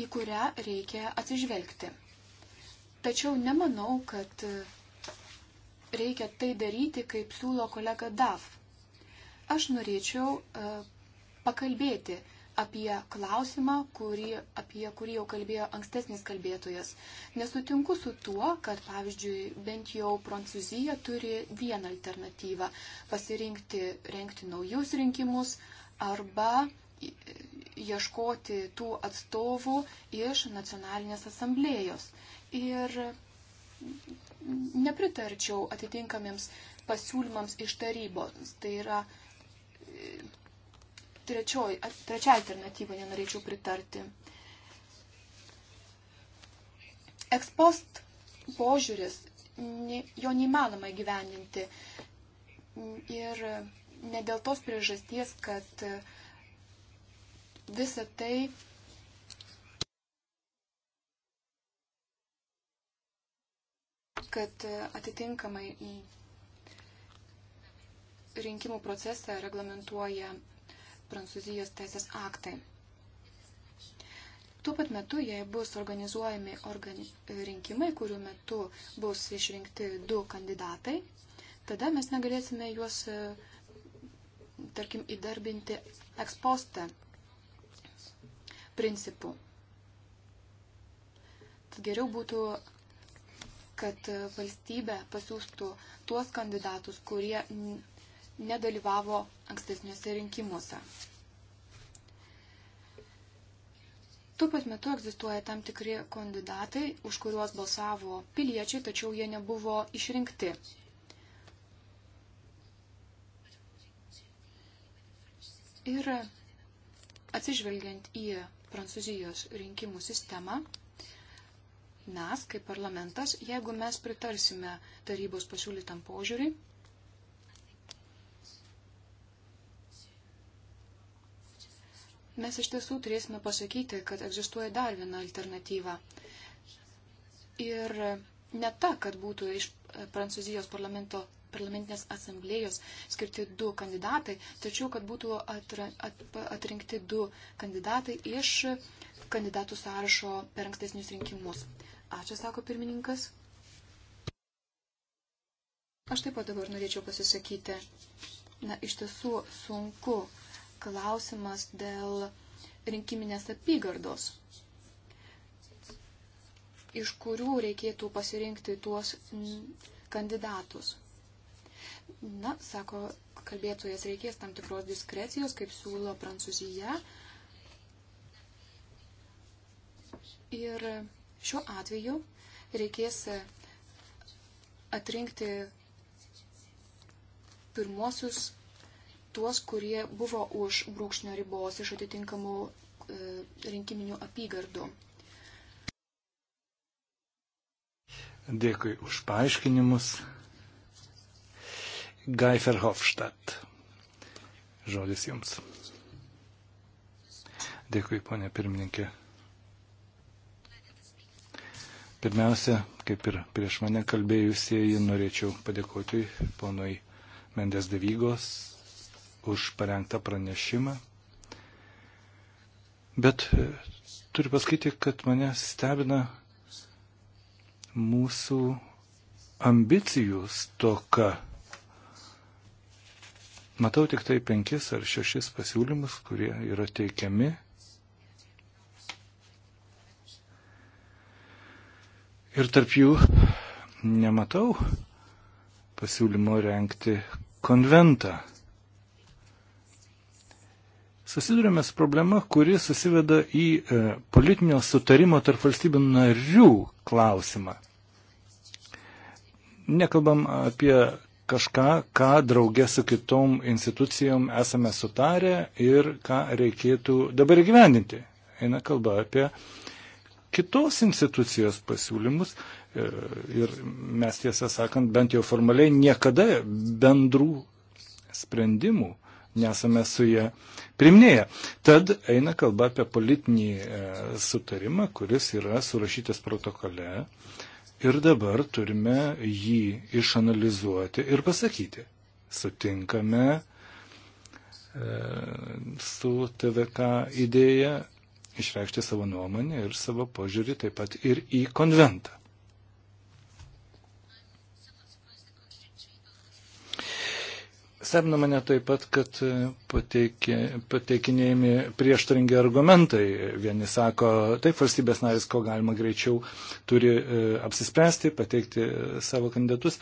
į kurią reikia atsižvelgti. Tačiau nemanau, kad reikia tai daryti, kaip siūlo kolega DAF. Aš norėčiau e, pakalbėti apie klausimą, kurį, apie kurį jau kalbėjo ankstesnis kalbėtojas. Nesutinku su tuo, kad, pavyzdžiui, bent jau Prancūzija turi vieną alternatyvą - pasirinkti renkti naujus rinkimus arba ieškoti tų atstovų iš nacionalinės asamblėjos. Ir nepritarčiau atitinkamiems pasiūlymams iš tarybos. Tai yra trečioj, trečiai alternatyvai nenorėčiau pritarti. Ekspost požiūris, jo neįmanoma gyveninti. Ir ne dėl tos priežasties, kad visa tai kad atitinkamai rinkimų procesą reglamentuoja Prancūzijos teisės aktai. Tuo pat metu, jei bus organizuojami organi rinkimai, kurių metu bus išrinkti du kandidatai, tada mes negalėsime juos, e, tarkim, įdarbinti ekspostę principų. Tad geriau būtų, kad valstybė pasiūstų tuos kandidatus, kurie nedalyvavo ankstesniuose rinkimuose. Tuo pat metu egzistuoja tam tikri kandidatai, už kuriuos balsavo piliečiai, tačiau jie nebuvo išrinkti. Ir atsižvelgiant į Prancūzijos rinkimų sistemą, mes, kaip parlamentas, jeigu mes pritarsime tarybos pasiūlytam požiūriui, mes iš tiesų turėsime pasakyti, kad egzistuoja dar viena alternatyva. Ir ne ta, kad būtų iš Prancūzijos parlamento parlamentinės asamblėjos skirti du kandidatai, tačiau kad būtų atrinkti du kandidatai iš kandidatų sąrašo per ankstesnius rinkimus. Ačiū, sako pirmininkas. Aš taip pat dabar norėčiau pasisakyti. Na, iš tiesų sunku klausimas dėl rinkiminės apygardos, iš kurių reikėtų pasirinkti tuos kandidatus. Na, sako kalbėtojas, reikės tam tikros diskrecijos, kaip siūlo Prancūzija. Ir šiuo atveju reikės atrinkti pirmosius tuos, kurie buvo už brūkšnio ribos iš atitinkamų e, rinkiminių apygardų. Dėkui už paaiškinimus. Geifer Hofstadt. Žodis jums. Dėkui, ponė pirmininkė. Pirmiausia, kaip ir prieš mane kalbėjusieji, norėčiau padėkoti ponui Mendes Devygos už parengtą pranešimą. Bet e, turiu pasakyti, kad mane stebina mūsų ambicijų stoka. Matau tik tai penkis ar šešis pasiūlymus, kurie yra teikiami. Ir tarp jų nematau pasiūlymo renkti konventą susidurime su problema, kuri susiveda į e, politinio sutarimo tarp valstybių narių klausimą. Nekalbam apie kažką, ką draugė su kitom institucijom esame sutarę ir ką reikėtų dabar įgyvendinti. Eina kalba apie kitos institucijos pasiūlymus e, ir mes tiesą sakant, bent jau formaliai niekada bendrų sprendimų nesame su jie priminėja. Tad eina kalba apie politinį e, sutarimą, kuris yra surašytas protokole ir dabar turime jį išanalizuoti ir pasakyti. Sutinkame e, su TVK idėja išreikšti savo nuomonę ir savo požiūrį taip pat ir į konventą. Stebina mane taip pat, kad e, pateikė, pateikinėjami prieštaringi argumentai. Vieni sako, taip, valstybės narys, ko galima greičiau turi e, apsispręsti, pateikti e, savo kandidatus.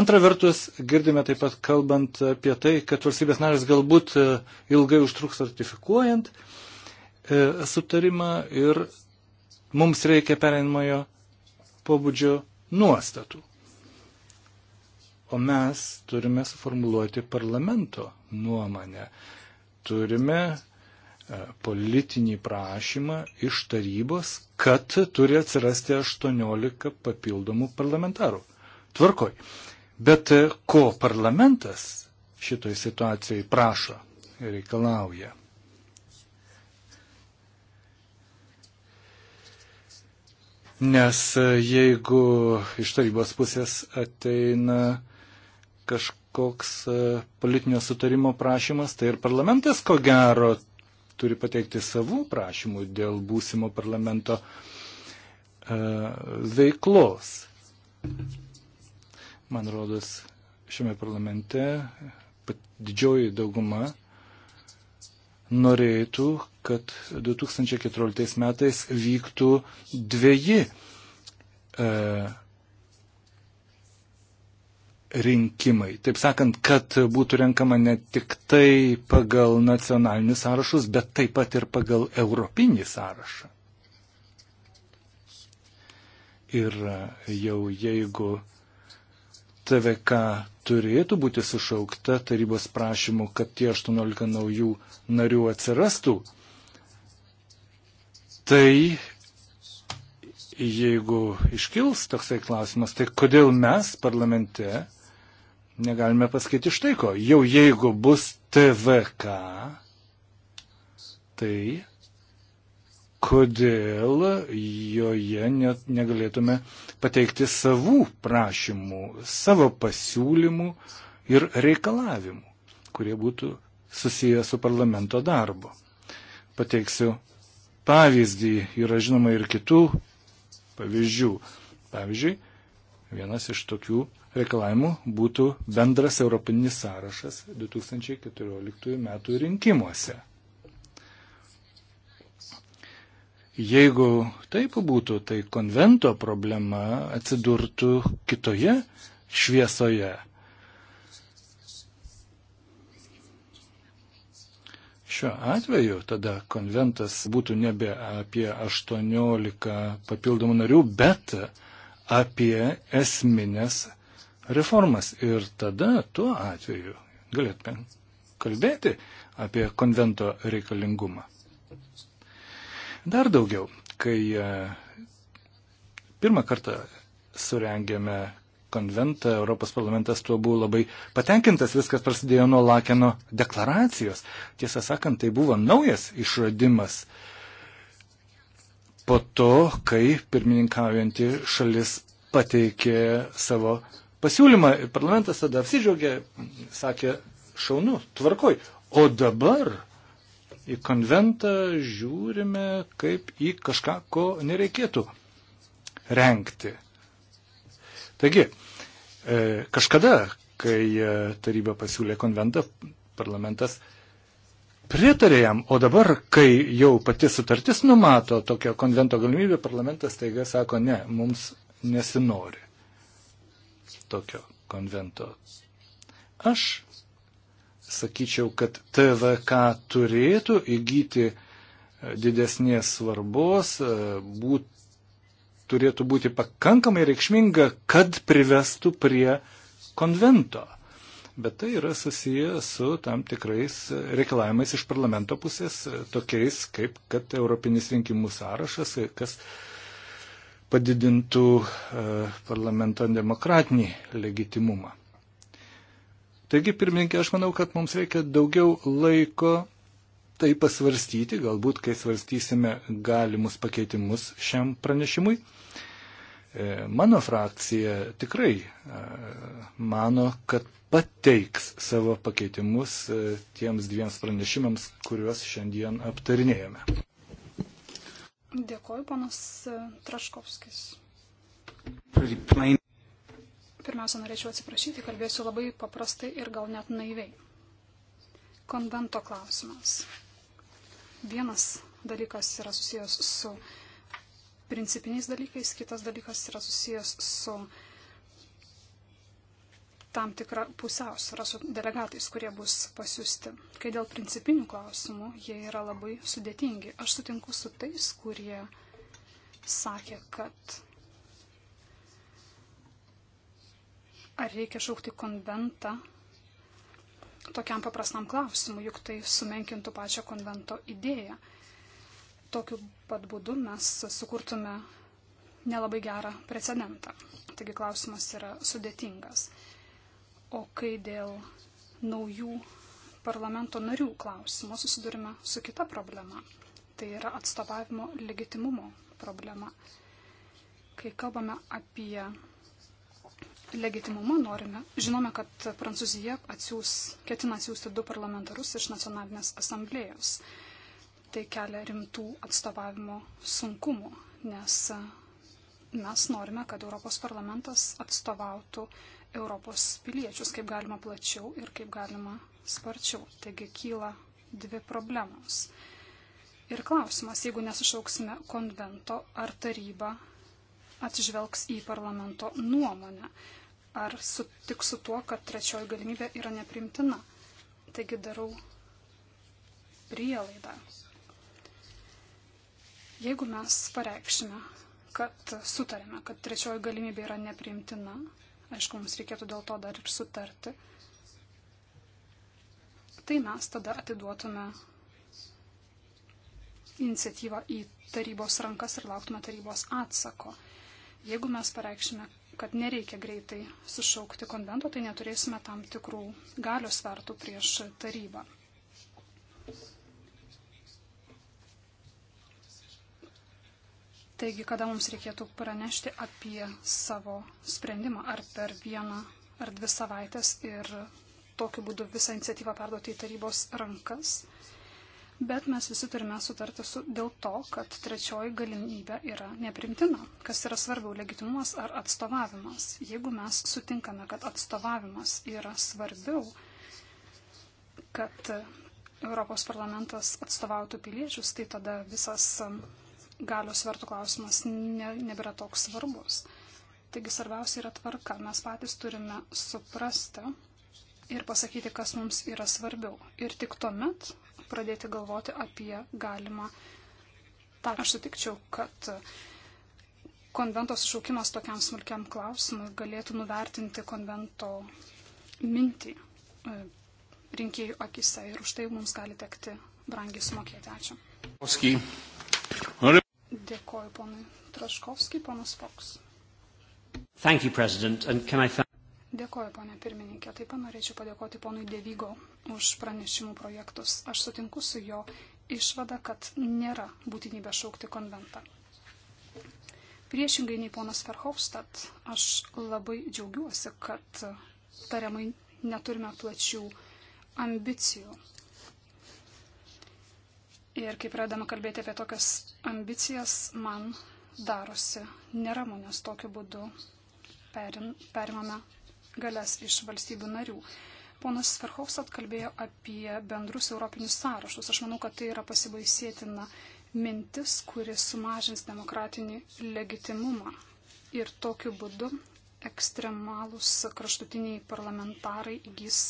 Antra vertus, girdime taip pat kalbant apie tai, kad valstybės narės galbūt ilgai užtruks ratifikuojant sutarimą ir mums reikia pereinamojo pobūdžio nuostatų o mes turime suformuluoti parlamento nuomonę. Turime e, politinį prašymą iš tarybos, kad turi atsirasti 18 papildomų parlamentarų. Tvarkoj. Bet e, ko parlamentas šitoj situacijai prašo ir reikalauja? Nes e, jeigu iš tarybos pusės ateina kažkoks e, politinio sutarimo prašymas, tai ir parlamentas ko gero turi pateikti savų prašymų dėl būsimo parlamento e, veiklos. Man rodos, šiame parlamente didžioji dauguma norėtų, kad 2014 metais vyktų dvieji e, rinkimai. Taip sakant, kad būtų renkama ne tik tai pagal nacionalinius sąrašus, bet taip pat ir pagal europinį sąrašą. Ir jau jeigu TVK turėtų būti sušaukta tarybos prašymu, kad tie 18 naujų narių atsirastų, tai jeigu iškils toksai klausimas, tai kodėl mes parlamente negalime pasakyti štai ko. Jau jeigu bus TVK, tai kodėl joje net negalėtume pateikti savų prašymų, savo pasiūlymų ir reikalavimų, kurie būtų susiję su parlamento darbu. Pateiksiu pavyzdį, yra žinoma ir kitų pavyzdžių. Pavyzdžiui, vienas iš tokių reikalavimų būtų bendras europinis sąrašas 2014 metų rinkimuose. Jeigu taip būtų, tai konvento problema atsidurtų kitoje šviesoje. Šiuo atveju tada konventas būtų nebe apie 18 papildomų narių, bet apie esminės reformas. Ir tada tuo atveju galėtume kalbėti apie konvento reikalingumą. Dar daugiau, kai e, pirmą kartą surengėme konventą, Europos parlamentas tuo buvo labai patenkintas, viskas prasidėjo nuo Lakeno deklaracijos. Tiesą sakant, tai buvo naujas išradimas po to, kai pirmininkaujanti šalis pateikė savo pasiūlymą ir parlamentas tada apsidžiaugė, sakė, šaunu, tvarkoj. O dabar į konventą žiūrime kaip į kažką, ko nereikėtų renkti. Taigi, e, kažkada, kai e, taryba pasiūlė konventą, parlamentas pritarė jam, o dabar, kai jau pati sutartis numato tokio konvento galimybę, parlamentas taiga sako, ne, mums nesinori tokio konvento. Aš sakyčiau, kad TVK turėtų įgyti e, didesnės svarbos, e, būt, turėtų būti pakankamai reikšminga, kad privestų prie konvento. Bet tai yra susiję su tam tikrais e, reikalavimais iš parlamento pusės, tokiais kaip, kad Europinis rinkimų sąrašas, kas padidintų e, parlamento demokratinį legitimumą. Taigi, pirmininkė, aš manau, kad mums reikia daugiau laiko tai pasvarstyti, galbūt, kai svarstysime galimus pakeitimus šiam pranešimui. E, mano frakcija tikrai e, mano, kad pateiks savo pakeitimus tiems dviems pranešimams, kuriuos šiandien aptarinėjame. Dėkoju, panas e, Traškovskis. Pirmiausia, norėčiau atsiprašyti, kalbėsiu labai paprastai ir gal net naiviai. Konvento klausimas. Vienas dalykas yra susijęs su principiniais dalykais, kitas dalykas yra susijęs su tam tikrą pusiausvyrą su delegatais, kurie bus pasiūsti. Kai dėl principinių klausimų, jie yra labai sudėtingi. Aš sutinku su tais, kurie sakė, kad ar reikia šaukti konventą tokiam paprastam klausimui, juk tai sumenkintų pačią konvento idėją. Tokiu pat būdu mes sukurtume nelabai gerą precedentą. Taigi klausimas yra sudėtingas. O kai dėl naujų parlamento narių klausimo susidurime su kita problema. Tai yra atstovavimo legitimumo problema. Kai kalbame apie legitimumą, norime, žinome, kad Prancūzija atsiūs, ketina atsiųsti du parlamentarus iš nacionalinės asamblėjos. Tai kelia rimtų atstovavimo sunkumų, nes mes norime, kad Europos parlamentas atstovautų Europos piliečius, kaip galima plačiau ir kaip galima sparčiau. Taigi kyla dvi problemos. Ir klausimas, jeigu nesušauksime konvento, ar taryba atsižvelgs į parlamento nuomonę, ar sutiks su tuo, kad trečioji galimybė yra neprimtina. Taigi darau prielaidą. Jeigu mes pareikšime, kad sutarėme, kad trečioji galimybė yra neprimtina, Aišku, mums reikėtų dėl to dar ir sutarti. Tai mes tada atiduotume iniciatyvą į tarybos rankas ir lauktume tarybos atsako. Jeigu mes pareikšime, kad nereikia greitai sušaukti konvento, tai neturėsime tam tikrų galios svertų prieš tarybą. Taigi, kada mums reikėtų pranešti apie savo sprendimą, ar per vieną ar dvi savaitės ir tokiu būdu visą iniciatyvą perduoti į tarybos rankas. Bet mes visi turime sutarti su, dėl to, kad trečioji galimybė yra neprimtina. Kas yra svarbiau - legitimumas ar atstovavimas? Jeigu mes sutinkame, kad atstovavimas yra svarbiau, kad Europos parlamentas atstovautų piliečius, tai tada visas galios svertų klausimas ne, nebėra toks svarbus. Taigi svarbiausia yra tvarka. Mes patys turime suprasti ir pasakyti, kas mums yra svarbiau. Ir tik tuomet pradėti galvoti apie galimą tą. Aš sutikčiau, kad konvento sušaukimas tokiam smulkiam klausimui galėtų nuvertinti konvento mintį e, rinkėjų akise ir už tai mums gali tekti brangiai sumokėti. Ačiū. Dėkoju ponui Traškovskijai, ponas Foks. Thank you, President, and can I thank... Dėkoju, ponė pirmininkė. Taip pat norėčiau padėkoti ponui Devygo už pranešimų projektus. Aš sutinku su jo išvada, kad nėra būtinybė šaukti konventą. Priešingai nei ponas Verhofstadt, aš labai džiaugiuosi, kad tariamai neturime plačių ambicijų. Ir kai pradedama kalbėti apie tokias ambicijas, man darosi neramu, nes tokiu būdu perim, perimame galės iš valstybių narių. Ponas Verhofstadt kalbėjo apie bendrus europinius sąrašus. Aš manau, kad tai yra pasibaisėtina mintis, kuris sumažins demokratinį legitimumą. Ir tokiu būdu ekstremalūs kraštutiniai parlamentarai įgys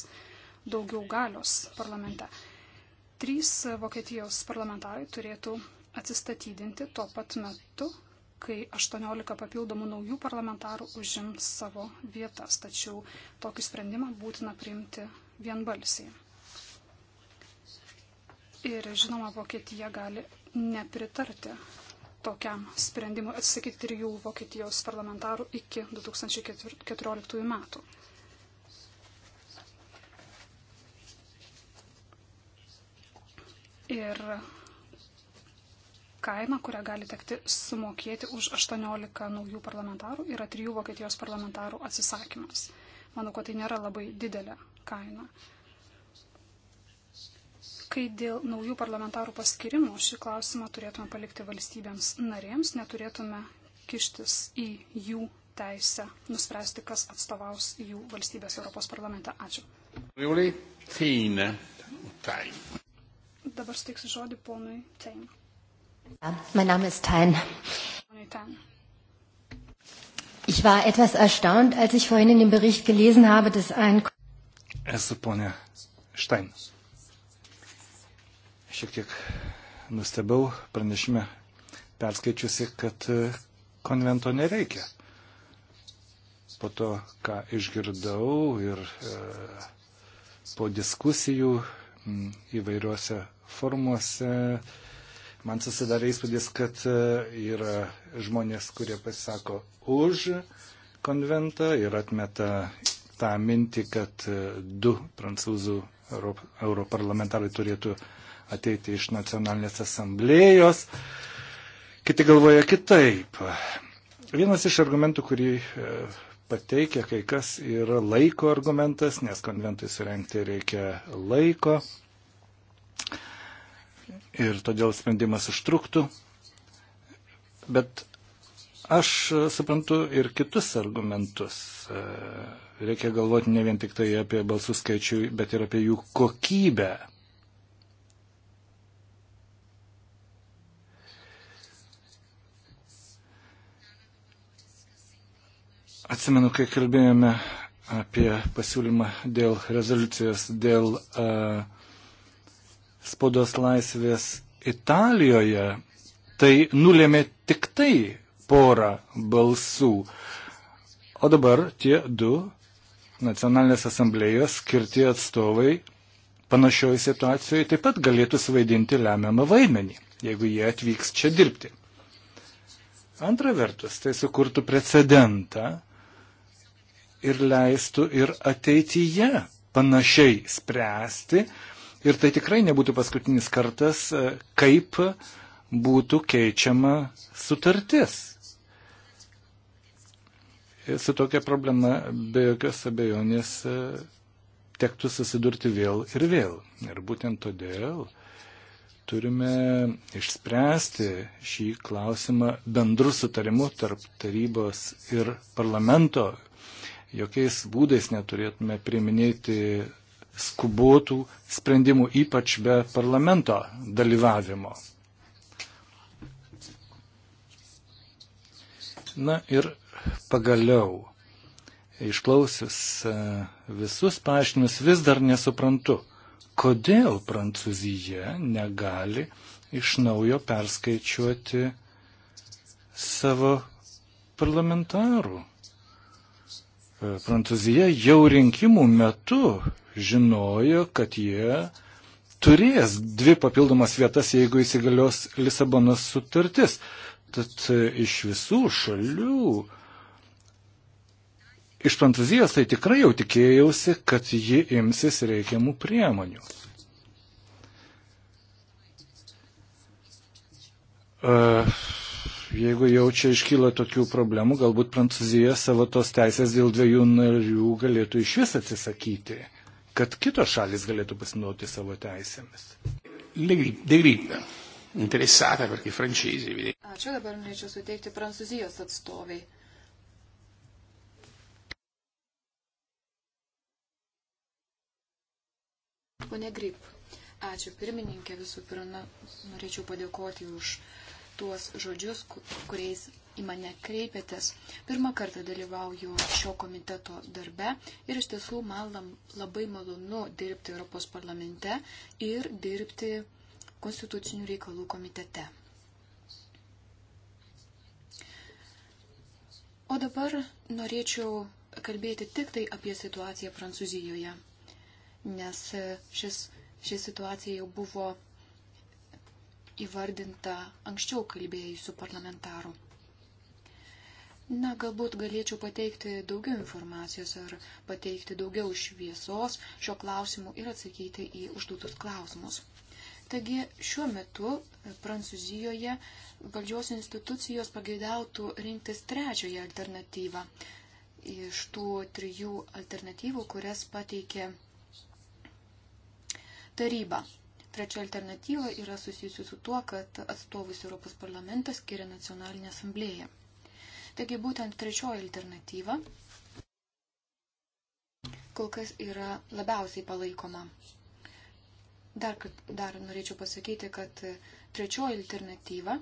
daugiau galios parlamente. Trys Vokietijos parlamentarai turėtų atsistatydinti tuo pat metu, kai 18 papildomų naujų parlamentarų užims savo vietas, tačiau tokį sprendimą būtina priimti vienbalsiai. Ir žinoma, Vokietija gali nepritarti tokiam sprendimui atsisakyti trijų Vokietijos parlamentarų iki 2014 metų. ir kaina, kurią gali tekti sumokėti už 18 naujų parlamentarų, yra trijų Vokietijos parlamentarų atsisakymas. Manau, kad tai nėra labai didelė kaina. Kai dėl naujų parlamentarų paskirimo šį klausimą turėtume palikti valstybėms narėms, neturėtume kištis į jų teisę nuspręsti, kas atstovaus jų valstybės Europos parlamente. Ačiū. Jūlį, Dabar suteiksiu žodį ponui Tein. Mein Name ist Tein. Ich war etwas erstaunt, als ich vorhin in dem Bericht gelesen habe, dass ein. Esu ponia Štain. Šiek tiek nustebau pranešime perskaičiusi, kad e, konvento nereikia. Po to, ką išgirdau ir e, po diskusijų Mm, įvairiuose formuose. Man susidarė įspūdis, kad e, yra žmonės, kurie pasisako už konventą ir atmeta tą mintį, kad e, du prancūzų europarlamentarai turėtų ateiti iš nacionalinės asamblėjos. Kiti galvoja kitaip. Vienas iš argumentų, kurį e, pateikia, kai kas yra laiko argumentas, nes konventui surenkti reikia laiko ir todėl sprendimas užtruktų. Bet aš suprantu ir kitus argumentus. Reikia galvoti ne vien tik tai apie balsų skaičių, bet ir apie jų kokybę. Atsimenu, kai kalbėjome apie pasiūlymą dėl rezoliucijos, dėl a, e, spaudos laisvės Italijoje, tai nulėmė tik tai porą balsų. O dabar tie du nacionalinės asamblėjos skirti atstovai panašioje situacijoje taip pat galėtų suvaidinti lemiamą vaidmenį, jeigu jie atvyks čia dirbti. Antra vertus, tai sukurtų precedentą ir leistų ir ateityje panašiai spręsti. Ir tai tikrai nebūtų paskutinis kartas, e, kaip būtų keičiama sutartis. E, su tokia problema be jokios abejonės e, tektų susidurti vėl ir vėl. Ir būtent todėl turime išspręsti šį klausimą bendru sutarimu tarp tarybos ir parlamento jokiais būdais neturėtume priminėti skubotų sprendimų, ypač be parlamento dalyvavimo. Na ir pagaliau, išklausius e, visus paaiškinimus, vis dar nesuprantu, kodėl Prancūzija negali iš naujo perskaičiuoti savo parlamentarų E, Prancūzija jau rinkimų metu žinojo, kad jie turės dvi papildomas vietas, jeigu įsigalios Lisabonos sutartis. Tad e, iš visų šalių, iš Prancūzijos tai tikrai jau tikėjausi, kad ji imsis reikiamų priemonių. Uh, jeigu jau čia iškyla tokių problemų, galbūt Prancūzija savo tos teisės dėl dviejų narių galėtų iš vis atsisakyti, kad kitos šalis galėtų pasinaudoti savo teisėmis. De Grip, interesata, perché francesi, evidenti. Ačiū dabar norėčiau suteikti Prancūzijos atstoviai. Pone Grip, ačiū pirmininkė visų pirma, norėčiau padėkoti už uh, tuos žodžius, kuriais į mane kreipėtės. Pirmą kartą dalyvauju šio komiteto darbe ir iš tiesų man labai malonu dirbti Europos parlamente ir dirbti konstitucinių reikalų komitete. O dabar norėčiau kalbėti tik tai apie situaciją Prancūzijoje, nes šis, ši situacija jau buvo įvardinta anksčiau kalbėjusių parlamentarų. Na, galbūt galėčiau pateikti daugiau informacijos ar pateikti daugiau šviesos šio klausimu ir atsakyti į užduotus klausimus. Taigi šiuo metu Prancūzijoje valdžios institucijos pageidautų rinktis trečiąją alternatyvą iš tų trijų alternatyvų, kurias pateikė taryba. Trečia alternatyva yra susijusi su tuo, kad atstovus Europos parlamentas skiria nacionalinė asamblėja. Taigi būtent trečioji alternatyva kol kas yra labiausiai palaikoma. Dar, dar norėčiau pasakyti, kad trečioji alternatyva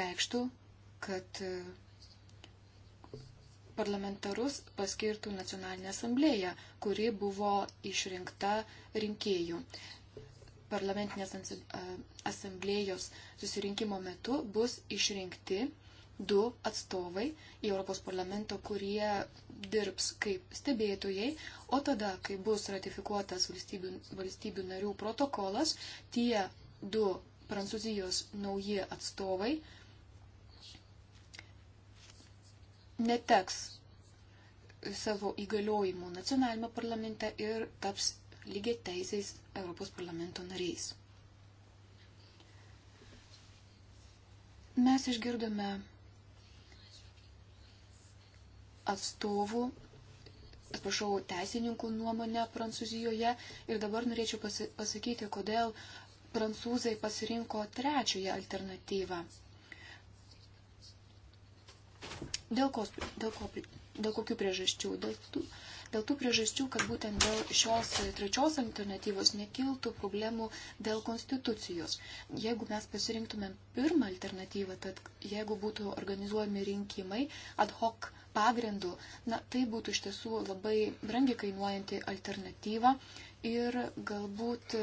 reikštų, kad parlamentarus paskirtų nacionalinė asamblėja, kuri buvo išrinkta rinkėjų. Parlamentinės asamblėjos susirinkimo metu bus išrinkti du atstovai į Europos parlamento, kurie dirbs kaip stebėtojai, o tada, kai bus ratifikuotas valstybių, valstybių narių protokolas, tie du Prancūzijos nauji atstovai neteks savo įgaliojimų nacionalinėme parlamente ir taps lygiai teisės Europos parlamento nariais. Mes išgirdome atstovų, atsiprašau, teisininkų nuomonę Prancūzijoje ir dabar norėčiau pasakyti, kodėl prancūzai pasirinko trečiąją alternatyvą Dėl, kos, dėl, ko, dėl kokių priežasčių? Dėl tų, dėl tų priežasčių, kad būtent dėl šios trečios alternatyvos nekiltų problemų dėl konstitucijos. Jeigu mes pasirinktumėm pirmą alternatyvą, tad jeigu būtų organizuojami rinkimai ad hoc pagrindu, na, tai būtų iš tiesų labai brangiai kainuojanti alternatyva ir galbūt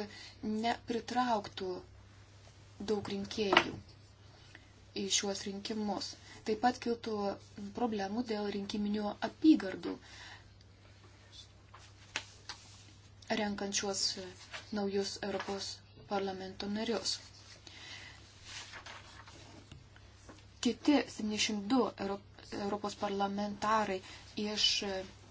nepritrauktų daug rinkėjų į šiuos rinkimus. Taip pat kiltų problemų dėl rinkiminių apygardų renkančios naujus Europos parlamento narius. Kiti 72 Europos parlamentarai iš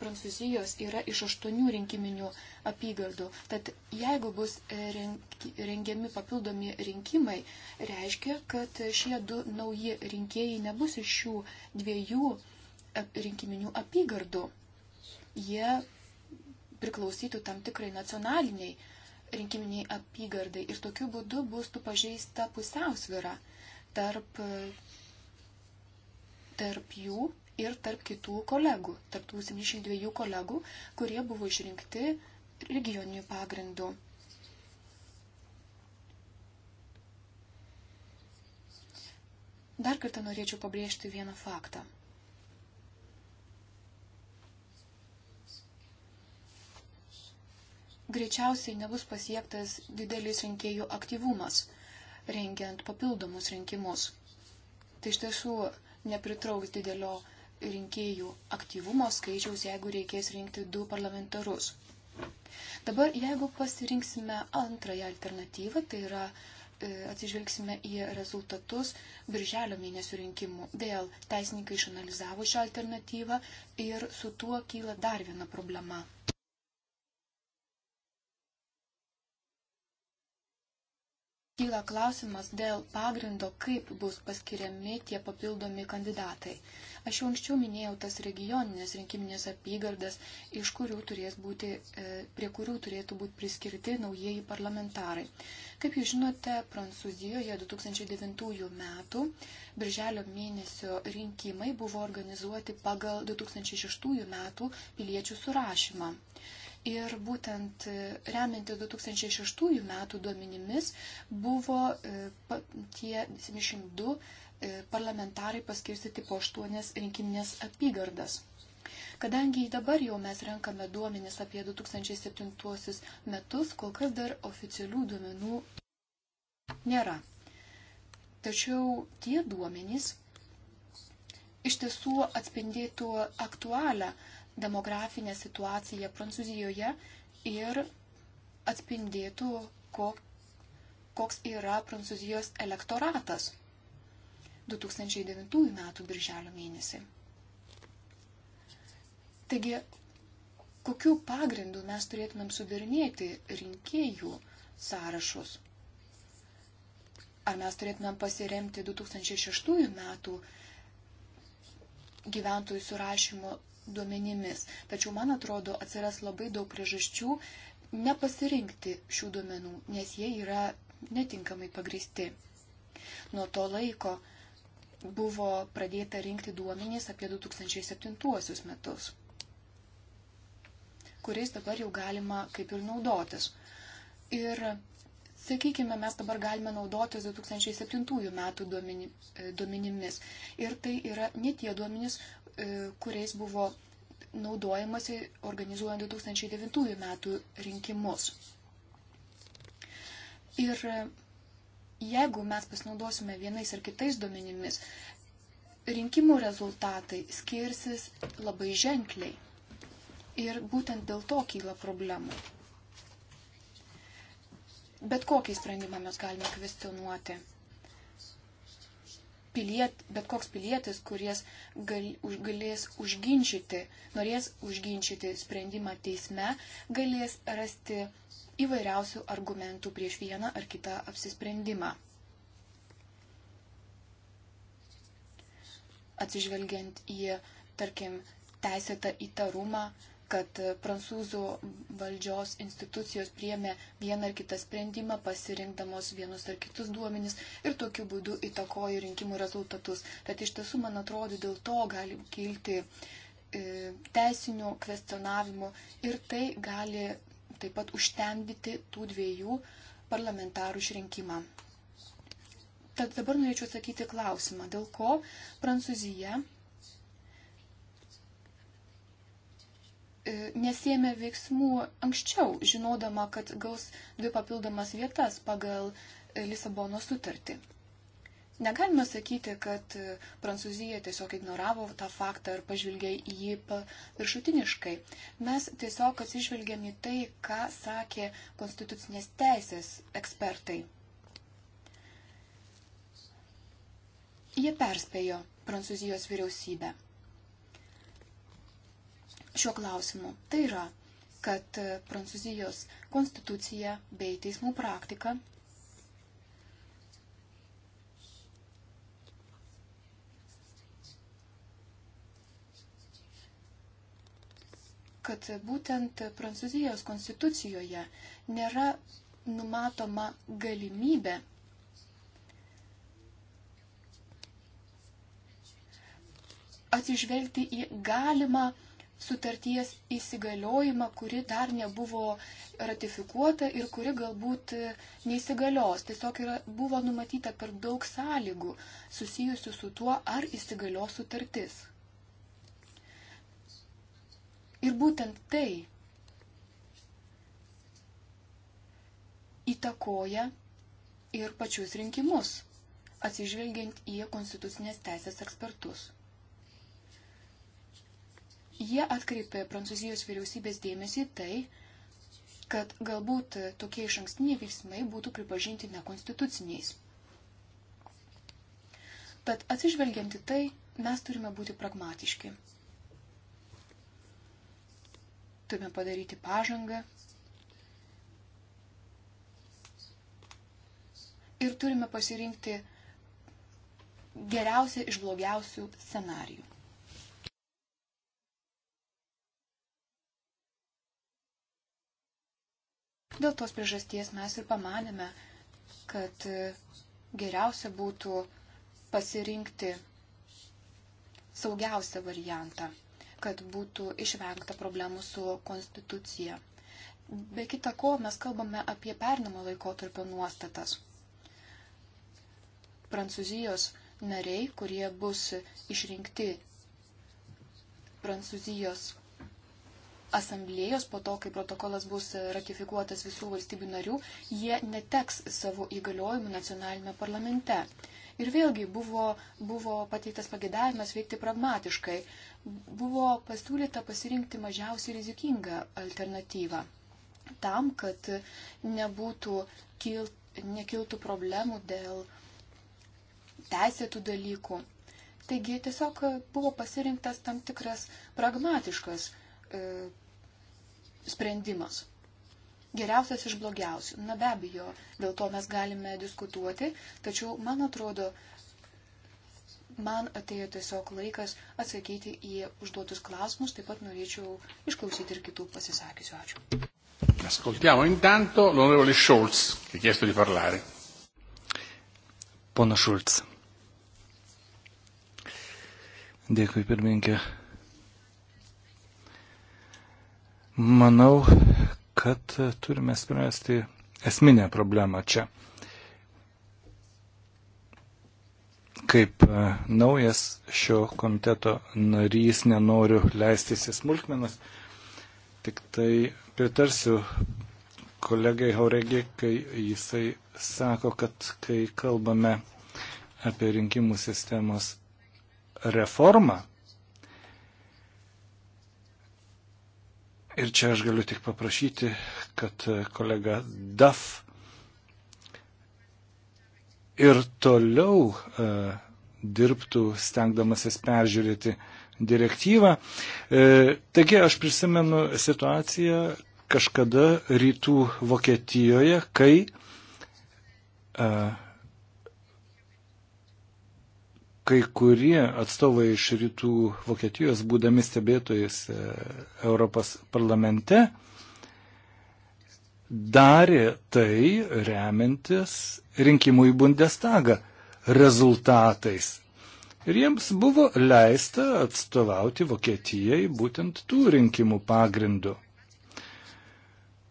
Prancūzijos yra iš aštuonių rinkiminių apygardų. Tad jeigu bus rengiami papildomi rinkimai, reiškia, kad šie du nauji rinkėjai nebus iš šių dviejų rinkiminių apygardų. Jie priklausytų tam tikrai nacionaliniai rinkiminiai apygardai ir tokiu būdu bus pažeista pusiausvyra tarp, tarp jų ir tarp kitų kolegų, tarp tų 72 kolegų, kurie buvo išrinkti regioninių pagrindų. Dar kartą norėčiau pabrėžti vieną faktą. Greičiausiai nebus pasiektas didelis rinkėjų aktyvumas, rengiant papildomus rinkimus. Tai iš tiesų nepritrauks didelio rinkėjų aktyvumo skaičiaus, jeigu reikės rinkti du parlamentarus. Dabar, jeigu pasirinksime antrąją alternatyvą, tai yra e, atsižvelgsime į rezultatus birželio mėnesio rinkimų. Dėl teisininkai išanalizavo šią alternatyvą ir su tuo kyla dar viena problema. Kyla klausimas dėl pagrindo, kaip bus paskiriami tie papildomi kandidatai. Aš jau anksčiau minėjau tas regioninės rinkiminės apygardas, iš kurių turės būti, e, prie kurių turėtų būti priskirti naujieji parlamentarai. Kaip jūs žinote, Prancūzijoje 2009 metų birželio mėnesio rinkimai buvo organizuoti pagal 2006 metų piliečių surašymą. Ir būtent e, remiantis 2006 metų duomenimis buvo e, tie 72 E, parlamentarai paskirstyti po aštuonias rinkiminės apygardas. Kadangi dabar jau mes renkame duomenis apie 2007 metus, kol kas dar oficialių duomenų nėra. Tačiau tie duomenys iš tiesų atspindėtų aktualią demografinę situaciją Prancūzijoje ir atspindėtų, koks yra Prancūzijos elektoratas. 2009 metų birželio mėnesį. Taigi, kokiu pagrindu mes turėtumėm sudarinėti rinkėjų sąrašus? Ar mes turėtumėm pasiremti 2006 metų gyventojų surašymo duomenimis. Tačiau, man atrodo, atsiras labai daug priežasčių nepasirinkti šių duomenų, nes jie yra netinkamai pagristi. Nuo to laiko buvo pradėta rinkti duomenys apie 2007 metus, kuriais dabar jau galima kaip ir naudotis. Ir, sakykime, mes dabar galime naudotis 2007 metų duomeni, duomenimis. Ir tai yra ne tie duomenys, e, kuriais buvo naudojamasi organizuojant 2009 metų rinkimus. Ir Jeigu mes pasinaudosime vienais ar kitais duomenimis, rinkimų rezultatai skirsis labai ženkliai. Ir būtent dėl to kyla problemų. Bet kokį sprendimą mes galime kvestionuoti. Piliet, bet koks pilietis, kuris gal, už, galės užginčyti, norės užginčyti sprendimą teisme, galės rasti įvairiausių argumentų prieš vieną ar kitą apsisprendimą. Atsižvelgiant į, tarkim, teisėtą įtarumą, kad prancūzų valdžios institucijos priemė vieną ar kitą sprendimą, pasirinkdamos vienus ar kitus duomenis ir tokiu būdu įtakojo rinkimų rezultatus. Tad iš tiesų, man atrodo, dėl to gali kilti e, teisinių kvestionavimų ir tai gali taip pat užtemdyti tų dviejų parlamentarų išrinkimą. Tad dabar norėčiau atsakyti klausimą, dėl ko Prancūzija e, nesėmė veiksmų anksčiau, žinodama, kad gaus dvi papildomas vietas pagal e, Lisabono sutartį. Negalime sakyti, kad Prancūzija tiesiog ignoravo tą faktą ar pažvilgė į jį viršutiniškai. Mes tiesiog atsižvelgėm į tai, ką sakė konstitucinės teisės ekspertai. Jie perspėjo Prancūzijos vyriausybę. Šiuo klausimu tai yra, kad Prancūzijos konstitucija bei teismų praktika kad būtent Prancūzijos konstitucijoje nėra numatoma galimybė atsižvelgti į galimą sutarties įsigaliojimą, kuri dar nebuvo ratifikuota ir kuri galbūt neįsigalios. Tiesiog yra, buvo numatyta per daug sąlygų susijusių su tuo, ar įsigalios sutartis. Ir būtent tai įtakoja ir pačius rinkimus, atsižvelgiant į konstitucinės teisės ekspertus. Jie atkreipė Prancūzijos vyriausybės dėmesį tai, kad galbūt tokie iš ankstiniai veiksmai būtų pripažinti nekonstituciniais. Tad atsižvelgiant į tai, mes turime būti pragmatiški turime padaryti pažangą ir turime pasirinkti geriausią iš blogiausių scenarijų. Dėl tos priežasties mes ir pamanėme, kad geriausia būtų pasirinkti saugiausią variantą kad būtų išvengta problemų su konstitucija. Be kita ko, mes kalbame apie pernamo laikotarpio nuostatas. Prancūzijos nariai, kurie bus išrinkti Prancūzijos asamblėjos po to, kai protokolas bus ratifikuotas visų valstybių narių, jie neteks savo įgaliojimų nacionalinėme parlamente. Ir vėlgi buvo, buvo pateiktas pagėdavimas veikti pragmatiškai buvo pasiūlyta pasirinkti mažiausiai rizikingą alternatyvą tam, kad nebūtų kilt, nekiltų problemų dėl teisėtų dalykų. Taigi tiesiog buvo pasirinktas tam tikras pragmatiškas e, sprendimas. Geriausias iš blogiausių. Na be abejo, dėl to mes galime diskutuoti, tačiau man atrodo, Man atėjo tiesiog laikas atsakyti į užduotus klausimus, taip pat norėčiau išklausyti ir kitų pasisakysiu. Ačiū. Ascoltiamo intanto l'onorevole Scholz, che ha chiesto di parlare. Pono Scholz. Dėkui, pirmininkė. Manau, kad turime spręsti esminę problemą čia. Kaip e, naujas šio komiteto narys nenoriu leistis į smulkmenas, tik tai pritarsiu kolegai Horegi, kai jisai sako, kad kai kalbame apie rinkimų sistemos reformą, ir čia aš galiu tik paprašyti, kad kolega Daf ir toliau e, dirbtų stengdamasis peržiūrėti direktyvą. E, taigi aš prisimenu situaciją kažkada rytų Vokietijoje, kai e, kai kurie atstovai iš rytų Vokietijos, būdami stebėtojais e, Europos parlamente, e, darė tai remiantis rinkimų į Bundestagą rezultatais. Ir jiems buvo leista atstovauti Vokietijai būtent tų rinkimų pagrindu.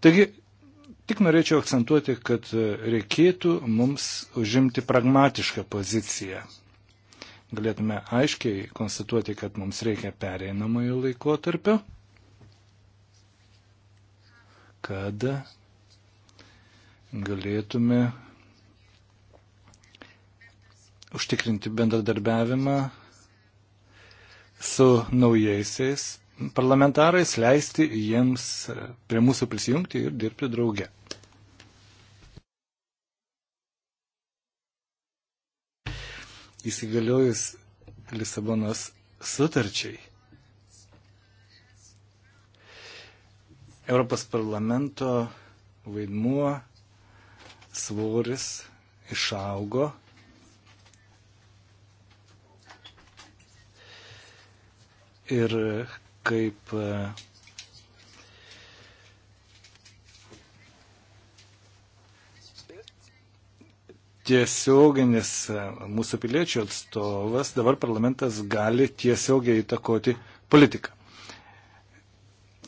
Taigi, tik norėčiau akcentuoti, kad reikėtų mums užimti pragmatišką poziciją. Galėtume aiškiai konstatuoti, kad mums reikia pereinamojo laikotarpio, kad galėtume užtikrinti bendradarbiavimą su naujaisiais parlamentarais, leisti jiems prie mūsų prisijungti ir dirbti drauge. Įsigaliojus Lisabonos sutarčiai. Europos parlamento vaidmuo svoris išaugo. Ir kaip e, tiesioginis e, mūsų piliečių atstovas, dabar parlamentas gali tiesiogiai įtakoti politiką.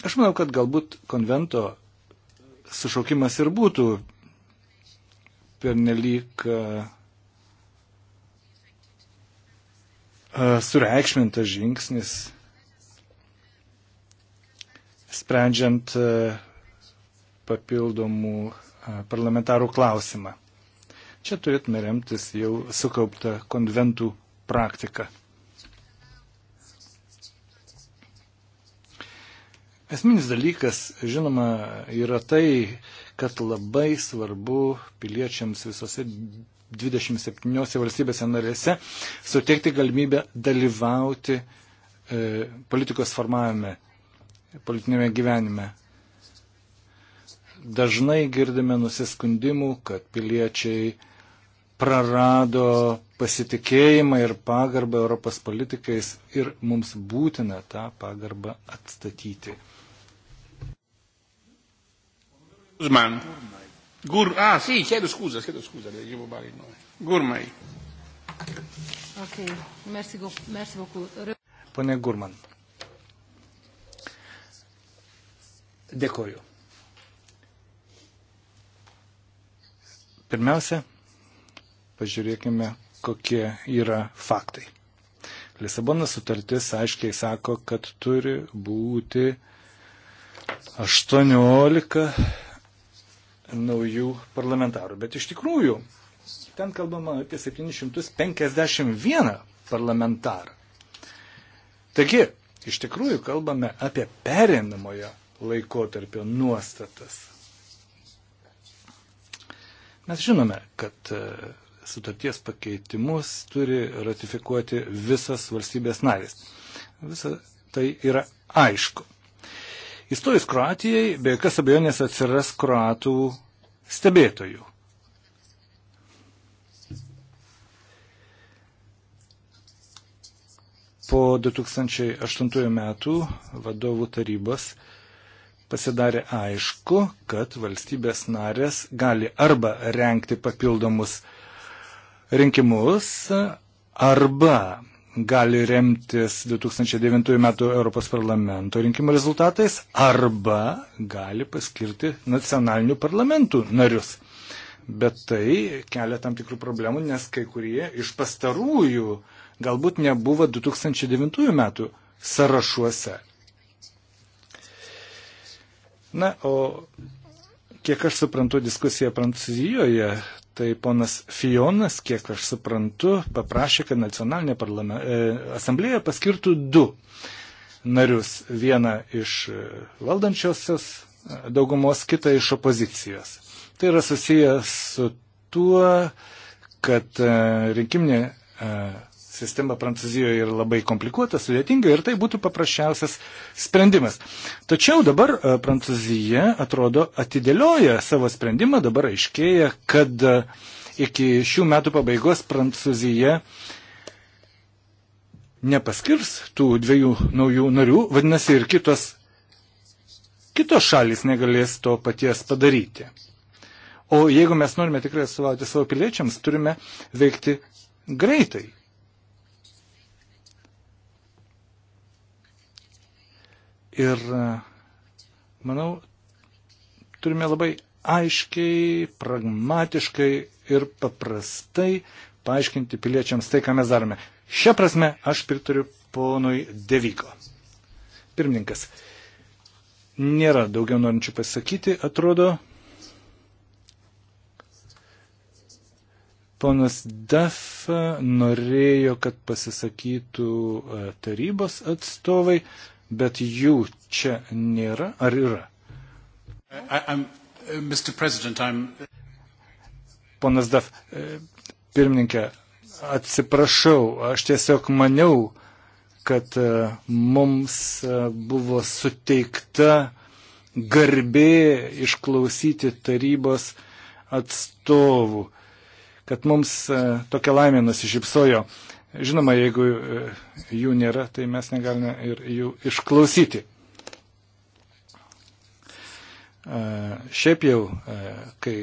Aš manau, kad galbūt konvento sušaukimas ir būtų pernelyg sureikšmintas žingsnis, sprendžiant papildomų parlamentarų klausimą. Čia turėtume remtis jau sukauptą konventų praktiką. Esminis dalykas, žinoma, yra tai, kad labai svarbu piliečiams visose 27 valstybėse narėse suteikti galimybę dalyvauti e, politikos formavime, politinėme gyvenime. Dažnai girdime nusiskundimų, kad piliečiai prarado pasitikėjimą ir pagarbą Europos politikais ir mums būtina tą pagarbą atstatyti. Guzman. Gur- ah sì, chiedo scusa, chiedo scusa, le devo fare il nome. Gurmai. Ok, merci, merci beaucoup. Pone Gurman. Dėkoju. Pirmiausia, pažiūrėkime, kokie yra faktai. Lisabonas sutartis aiškiai sako, kad turi būti 18 naujų parlamentarų. Bet iš tikrųjų, ten kalbama apie 751 parlamentarą. Taigi, iš tikrųjų kalbame apie perinamojo laikotarpio nuostatas. Mes žinome, kad e, sutarties pakeitimus turi ratifikuoti visas valstybės narės. Visa tai yra aišku. Įstojus Kroatijai, be jokios abejonės atsiras kroatų stebėtojų. Po 2008 metų vadovų tarybos pasidarė aišku, kad valstybės narės gali arba renkti papildomus rinkimus, arba gali remtis 2009 m. Europos parlamento rinkimų rezultatais arba gali paskirti nacionalinių parlamentų narius. Bet tai kelia tam tikrų problemų, nes kai kurie iš pastarųjų galbūt nebuvo 2009 m. sąrašuose. Na, o kiek aš suprantu diskusiją Prancūzijoje, Tai ponas Fionas, kiek aš suprantu, paprašė, kad nacionalinė parlame... E, asamblėja paskirtų du narius, vieną iš e, valdančiosios e, daugumos, kitą iš opozicijos. Tai yra susijęs su tuo, kad rinkiminė sistema Prancūzijoje yra labai komplikuota, sudėtinga ir tai būtų paprasčiausias sprendimas. Tačiau dabar e, Prancūzija atrodo atidėlioja savo sprendimą, dabar aiškėja, kad e, iki šių metų pabaigos Prancūzija nepaskirs tų dviejų naujų narių, vadinasi ir kitos, kitos šalis negalės to paties padaryti. O jeigu mes norime tikrai atstovauti savo piliečiams, turime veikti greitai. Ir e, manau, turime labai aiškiai, pragmatiškai ir paprastai paaiškinti piliečiams tai, ką mes darome. Šią prasme aš pritariu ponui Devyko. Pirmininkas. Nėra daugiau norinčių pasakyti, atrodo. Ponas Daf norėjo, kad pasisakytų e, tarybos atstovai bet jų čia nėra ar yra? I, I'm... Uh, Ponas Daf, e, pirmininkė, atsiprašau, aš tiesiog maniau, kad e, mums e, buvo suteikta garbė išklausyti tarybos atstovų, kad mums tokia laimė nusišypsojo. Uh, Žinoma, jeigu e, jų nėra, tai mes negalime ir jų išklausyti. E, šiaip jau, e, kai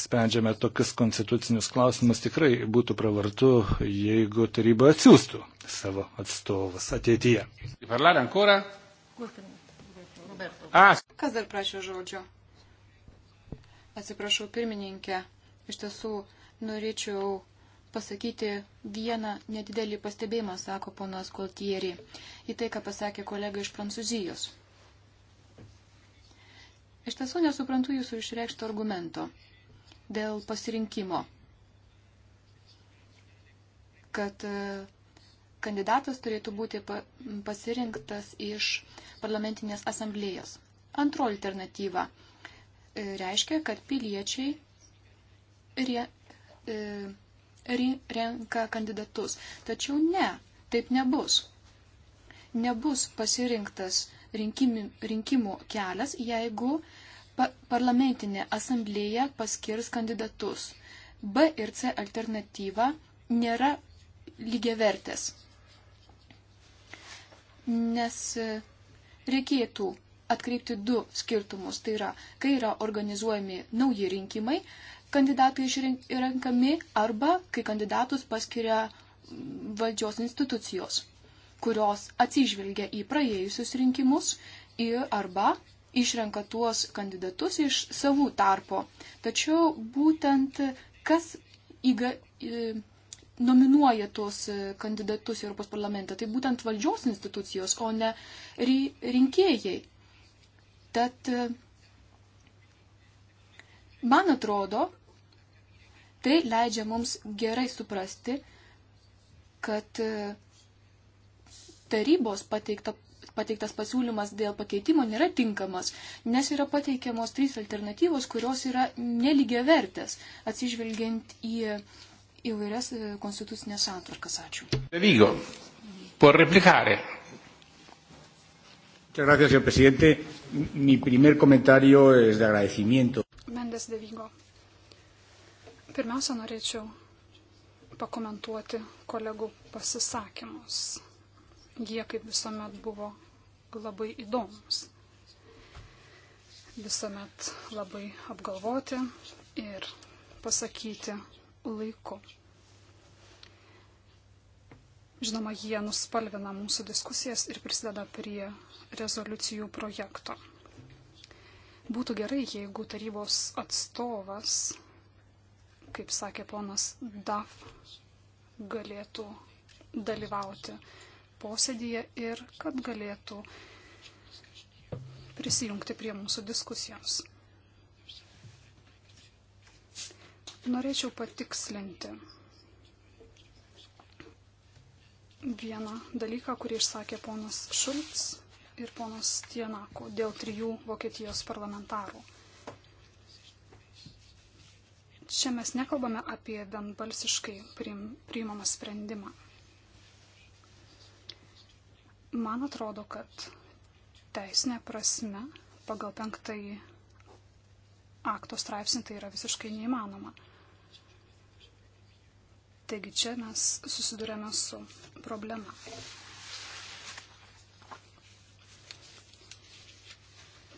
sprendžiame tokius konstitucinius klausimus, tikrai būtų pravartu, jeigu taryba atsiųstų savo atstovus ateityje. Ah, Kas dar prašė žodžio? Atsiprašau, pirmininkė. Iš tiesų, norėčiau pasakyti vieną nedidelį pastebėjimą, sako ponas Koltieri, į tai, ką pasakė kolega iš Prancūzijos. Iš tiesų nesuprantu jūsų išreikšto argumento dėl pasirinkimo, kad e, kandidatas turėtų būti pasirinktas iš parlamentinės asamblėjos. Antro alternatyva e, reiškia, kad piliečiai rie, e, renka kandidatus. Tačiau ne, taip nebus. Nebus pasirinktas rinkimi, rinkimų kelias, jeigu pa parlamentinė asamblėja paskirs kandidatus. B ir C alternatyva nėra lygiavertės. Nes e, reikėtų atkreipti du skirtumus. Tai yra, kai yra organizuojami nauji rinkimai, kandidatai išrenkami arba kai kandidatus paskiria valdžios institucijos, kurios atsižvelgia į praėjusius rinkimus ir arba išrenka tuos kandidatus iš savų tarpo. Tačiau būtent kas įga, nominuoja tuos kandidatus į Europos parlamentą, tai būtent valdžios institucijos, o ne rinkėjai. Tad man atrodo, Tai leidžia mums gerai suprasti, kad e, tarybos pateikta, pateiktas pasiūlymas dėl pakeitimo nėra tinkamas, nes yra pateikiamos trys alternatyvos, kurios yra neligia vertės, atsižvelgiant į įvairias e, konstitucinės santvarkas. Ačiū. Vygo, por replicare. Muchas gracias, señor presidente. Mi primer comentario es de agradecimiento. Mendes de Vigo. Pirmiausia, norėčiau pakomentuoti kolegų pasisakymus. Jie, kaip visuomet, buvo labai įdomus. Visuomet labai apgalvoti ir pasakyti laiku. Žinoma, jie nuspalvina mūsų diskusijas ir prisideda prie rezoliucijų projekto. Būtų gerai, jeigu tarybos atstovas kaip sakė ponas Daf, galėtų dalyvauti posėdėje ir kad galėtų prisijungti prie mūsų diskusijos. Norėčiau patikslinti vieną dalyką, kurį išsakė ponas Šulc ir ponas Tienako dėl trijų Vokietijos parlamentarų čia mes nekalbame apie vienbalsiškai priimamą sprendimą. Man atrodo, kad teisinė prasme pagal penktąjį akto straipsnį tai yra visiškai neįmanoma. Taigi čia mes susidurėme su problema.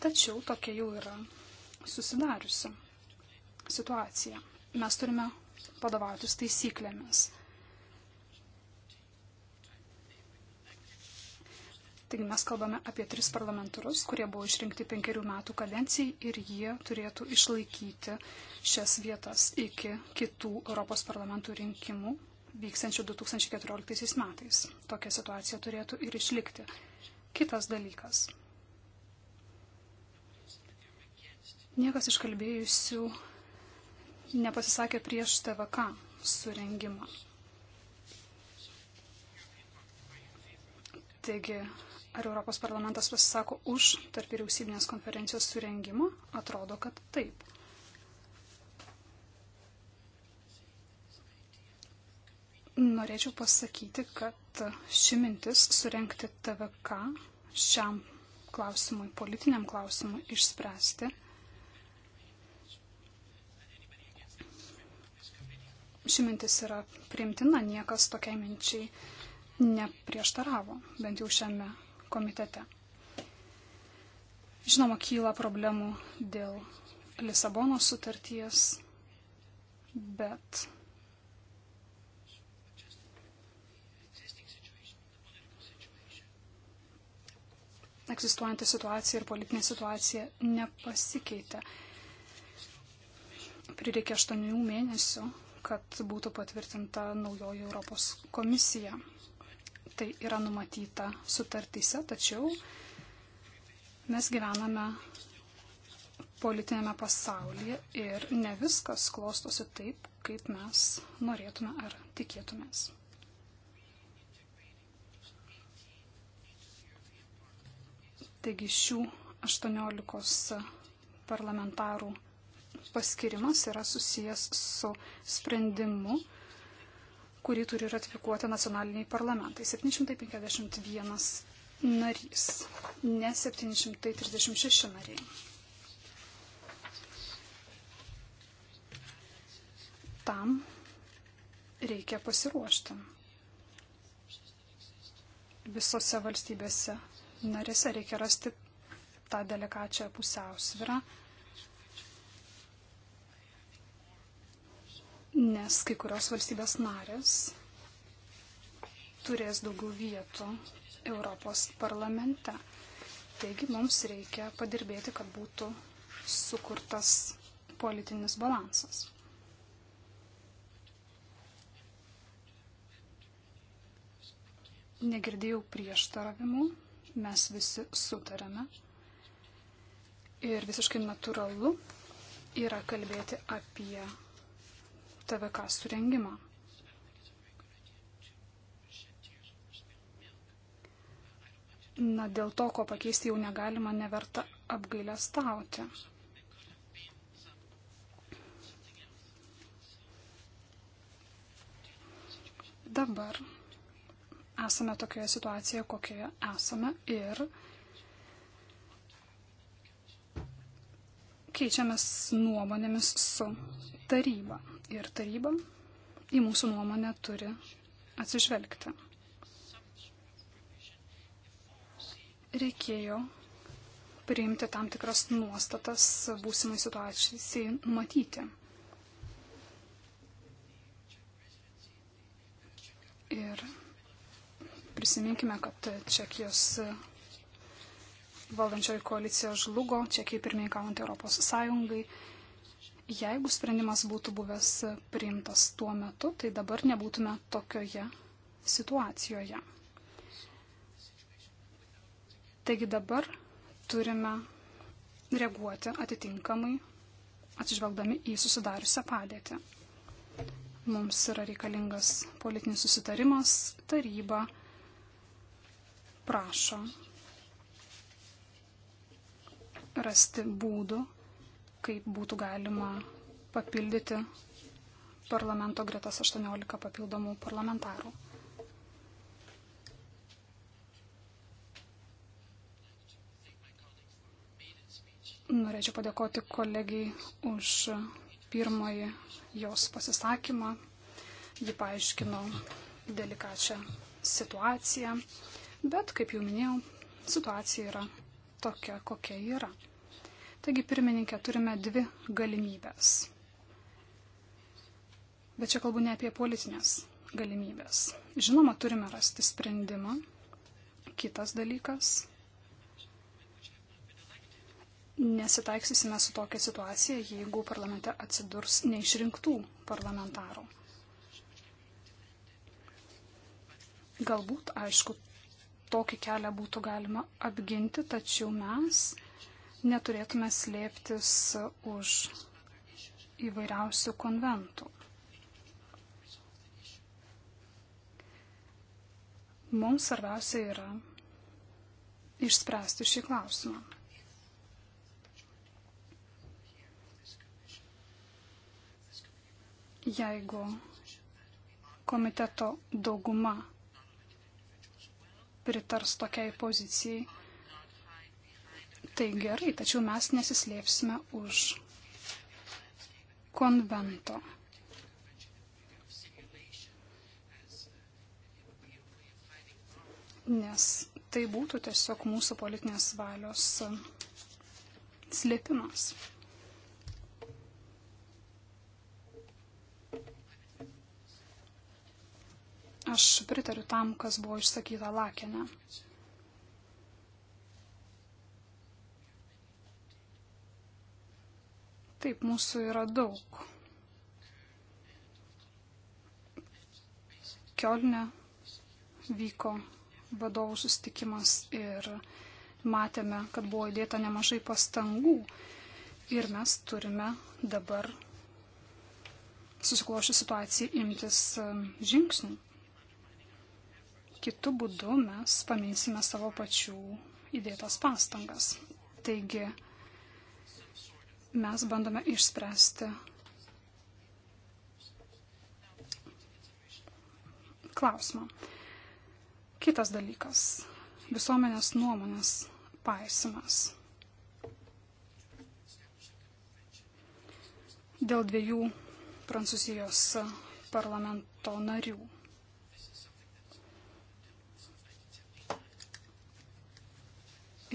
Tačiau tokia jau yra susidariusi situaciją. Mes turime vadovautis taisyklėmis. Taigi mes kalbame apie tris parlamentarus, kurie buvo išrinkti penkerių metų kadencijai ir jie turėtų išlaikyti šias vietas iki kitų Europos parlamentų rinkimų vyksiančių 2014 metais. Tokia situacija turėtų ir išlikti. Kitas dalykas. Niekas iš kalbėjusių nepasisakė prieš TVK surengimą. Taigi, ar Europos parlamentas pasisako už tarp vyriausybinės konferencijos surengimą? Atrodo, kad taip. Norėčiau pasakyti, kad ši mintis surenkti TVK šiam klausimui, politiniam klausimui išspręsti ši mintis yra priimtina, niekas tokiai minčiai neprieštaravo, bent jau šiame komitete. Žinoma, kyla problemų dėl Lisabonos sutarties, bet egzistuojanti situacija ir politinė situacija nepasikeitė. Prireikė aštuonių mėnesių kad būtų patvirtinta naujoji Europos komisija. Tai yra numatyta sutartyse, tačiau mes gyvename politinėme pasaulyje ir ne viskas klostosi taip, kaip mes norėtume ar tikėtumės. Taigi šių 18 parlamentarų paskirimas yra susijęs su sprendimu, kurį turi ratifikuoti nacionaliniai parlamentai. 751 narys, ne 736 nariai. Tam reikia pasiruošti. Visose valstybėse narėse reikia rasti tą delikačią pusiausvyrą nes kai kurios valstybės narės turės daugiau vietų Europos parlamente. Taigi mums reikia padirbėti, kad būtų sukurtas politinis balansas. Negirdėjau prieštaravimų, mes visi sutarėme. Ir visiškai natūralu yra kalbėti apie TVK surengimą. Na, dėl to, ko pakeisti jau negalima, neverta apgailę stauti. Dabar esame tokioje situacijoje, kokioje esame ir keičiamės nuomonėmis su taryba ir taryba į mūsų nuomonę turi atsižvelgti. Reikėjo priimti tam tikras nuostatas būsimai situacijai numatyti. Ir prisiminkime, kad Čekijos valdančioji koalicija žlugo, Čekijai pirmininkaujant Europos Sąjungai Jeigu sprendimas būtų buvęs priimtas tuo metu, tai dabar nebūtume tokioje situacijoje. Taigi dabar turime reaguoti atitinkamai, atsižvelgdami į susidariusią padėtį. Mums yra reikalingas politinis susitarimas, taryba prašo rasti būdų, kaip būtų galima papildyti parlamento gretas 18 papildomų parlamentarų. Norėčiau padėkoti kolegijai už pirmąjį jos pasisakymą. Ji paaiškino delikačią situaciją, bet, kaip jau minėjau, situacija yra tokia, kokia yra. Taigi, pirmininkė, turime dvi galimybės. Bet čia kalbu ne apie politinės galimybės. Žinoma, turime rasti sprendimą. Kitas dalykas nesitaiksysime su tokia situacija, jeigu parlamente atsidurs neišrinktų parlamentarų. Galbūt, aišku, tokį kelią būtų galima apginti, tačiau mes neturėtume slėptis už įvairiausių konventų. Mums svarbiausia yra išspręsti šį klausimą. Jeigu komiteto dauguma pritars tokiai pozicijai, Tai gerai, tačiau mes nesislėpsime už konvento. Nes tai būtų tiesiog mūsų politinės valios slėpimas. Aš pritariu tam, kas buvo išsakyta Lakinė. Taip, mūsų yra daug. Kielne vyko vadovų sustikimas ir matėme, kad buvo įdėta nemažai pastangų ir mes turime dabar susiklošių situacijai imtis um, žingsnių. Kitu būdu mes paminsime savo pačių įdėtas pastangas. Taigi mes bandome išspręsti klausimą. Kitas dalykas - visuomenės nuomonės paisimas. Dėl dviejų Prancūzijos parlamento narių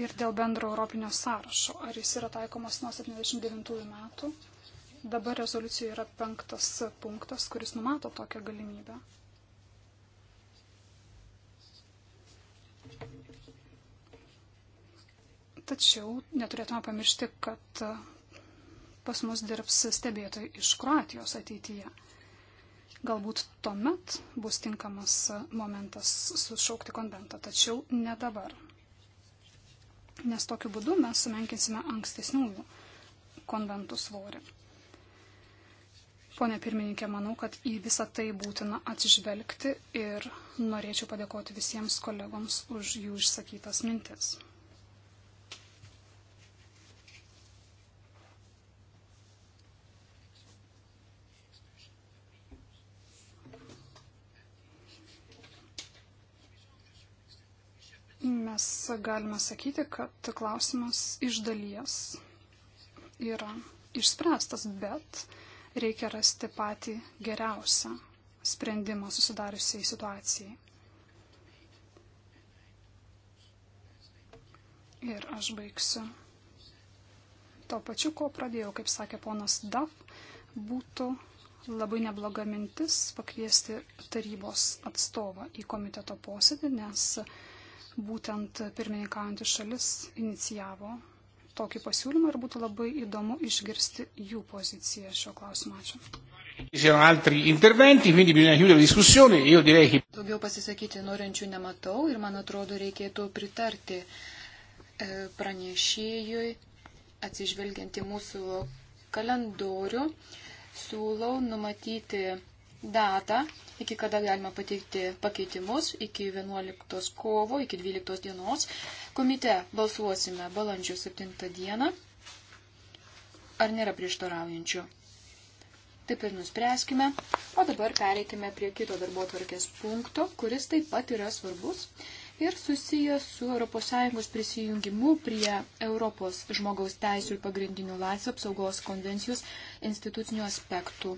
ir dėl bendro europinio sąrašo. Ar jis yra taikomas nuo 79 metų? Dabar rezoliucijoje yra penktas punktas, kuris numato tokią galimybę. Tačiau neturėtume pamiršti, kad pas mus dirbs stebėtojai iš Kroatijos ateityje. Galbūt tuomet bus tinkamas momentas sušaukti konventą, tačiau ne dabar nes tokiu būdu mes sumenkinsime ankstesniųjų konventų svorį. Pone pirmininkė, manau, kad į visą tai būtina atsižvelgti ir norėčiau padėkoti visiems kolegoms už jų išsakytas mintis. Mes galime sakyti, kad klausimas iš dalies yra išspręstas, bet reikia rasti patį geriausią sprendimą susidariusiai situacijai. Ir aš baigsiu. Tuo pačiu, ko pradėjau, kaip sakė ponas Daf, būtų labai nebloga mintis pakviesti tarybos atstovą į komiteto posėdį, nes Būtent pirmininkaujantis šalis inicijavo tokį pasiūlymą ir būtų labai įdomu išgirsti jų poziciją šio klausimo. Ačiū. Daugiau pasisakyti norinčių nematau ir man atrodo reikėtų pritarti e, pranešėjui atsižvelgiant į mūsų kalendorių. Siūlau numatyti datą iki kada galima pateikti pakeitimus, iki 11 kovo, iki 12 dienos. Komite balsuosime balandžio 7 dieną. Ar nėra prieštaraujančių? Taip ir nuspręskime. O dabar pereikime prie kito darbo tvarkės punkto, kuris taip pat yra svarbus ir susijęs su ES prisijungimu prie Europos žmogaus teisų ir pagrindinių laisvės apsaugos konvencijos institucinių aspektų.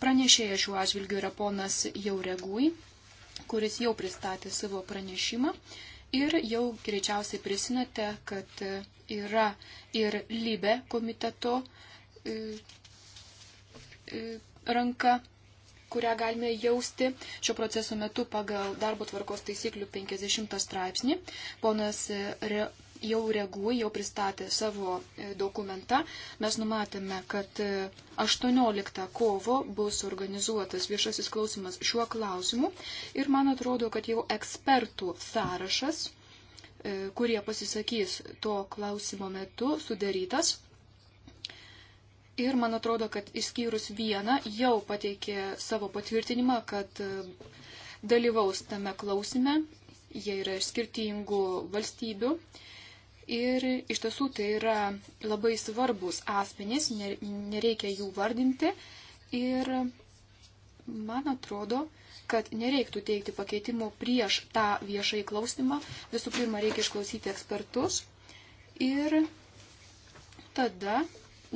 Pranešėjas šiuo atžvilgiu yra ponas Jauregui, kuris jau pristatė savo pranešimą ir jau greičiausiai prisinate, kad yra ir Libe komiteto e, e, ranka kurią galime jausti šio proceso metu pagal darbo tvarkos taisyklių 50 straipsnį. Ponas Re jau reaguoja, jau pristatė savo e, dokumentą. Mes numatėme, kad 18 e, kovo bus organizuotas viešasis klausimas šiuo klausimu ir man atrodo, kad jau ekspertų sąrašas, e, kurie pasisakys to klausimo metu, sudarytas. Ir man atrodo, kad išskyrus vieną jau pateikė savo patvirtinimą, kad dalyvaus tame klausime jie yra iš skirtingų valstybių, Ir iš tiesų tai yra labai svarbus asmenys, nereikia jų vardinti. Ir man atrodo, kad nereiktų teikti pakeitimo prieš tą viešai klausimą. Visų pirma, reikia išklausyti ekspertus. Ir tada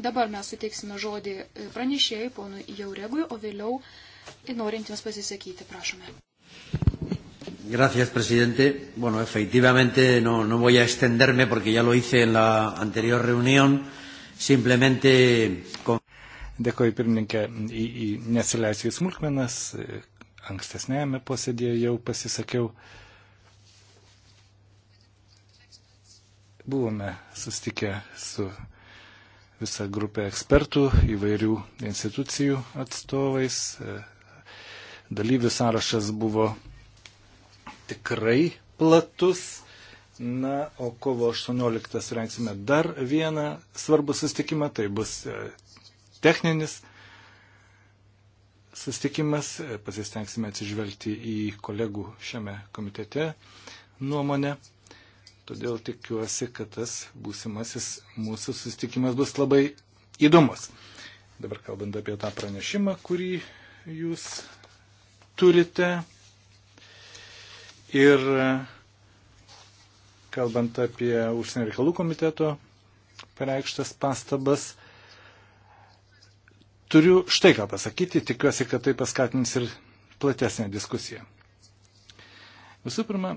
Dabar mes suteiksime žodį pranešėjai ponui Jauregui, o vėliau norintiems pasisakyti, prašome. Gracias, presidente. Bueno, efectivamente no, no voy a extenderme porque ya lo hice en la anterior reunión. Simplemente. Con... Dėkoju, pirmininkė, į, į, nesileisiu į smulkmenas. E, Ankstesnėme posėdėje jau pasisakiau. Buvome sustikę su visą grupę ekspertų, įvairių institucijų atstovais. E, dalyvių sąrašas buvo tikrai platus. Na, o kovo 18 surenksime dar vieną svarbų sustikimą, tai bus e, techninis sustikimas, e, pasistengsime atsižvelgti į kolegų šiame komitete nuomonę. Todėl tikiuosi, kad tas būsimasis mūsų sustikimas bus labai įdomus. Dabar kalbant apie tą pranešimą, kurį jūs turite. Ir kalbant apie užsienio reikalų komiteto pareikštas pastabas, turiu štai ką pasakyti, tikiuosi, kad tai paskatins ir platesnę diskusiją. Visų pirma,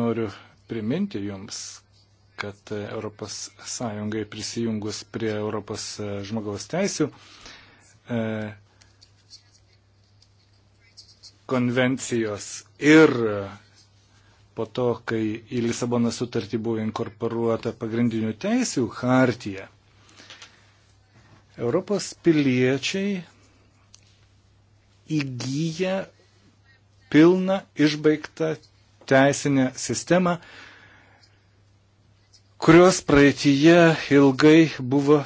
noriu priminti jums, kad ES prisijungus prie Europos žmogaus teisių e, konvencijos ir po to, kai į Lisaboną sutartį buvo inkorporuota pagrindinių teisių hartija, Europos piliečiai įgyja pilną išbaigtą teisinę sistemą, kurios praeitie ilgai buvo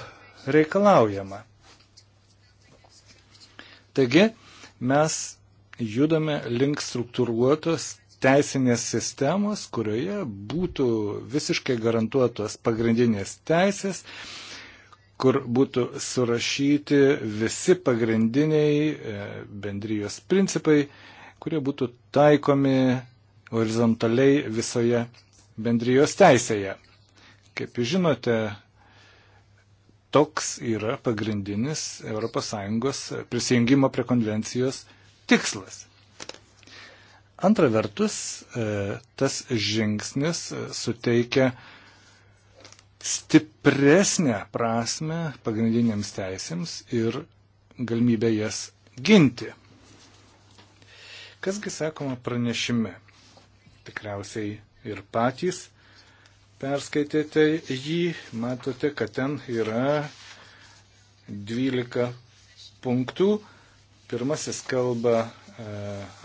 reikalaujama. Taigi, mes judame link struktūruotos teisinės sistemos, kurioje būtų visiškai garantuotos pagrindinės teisės, kur būtų surašyti visi pagrindiniai e, bendrijos principai, kurie būtų taikomi horizontaliai visoje bendrijos teisėje. Kaip žinote, toks yra pagrindinis ES prisijungimo prie konvencijos tikslas. Antra vertus, e, tas žingsnis suteikia stipresnę prasme pagrindiniams teisėms ir galimybę jas ginti. Kasgi sakoma pranešime? Tikriausiai ir patys perskaitėte jį, matote, kad ten yra 12 punktų, Pirmasis kalba e,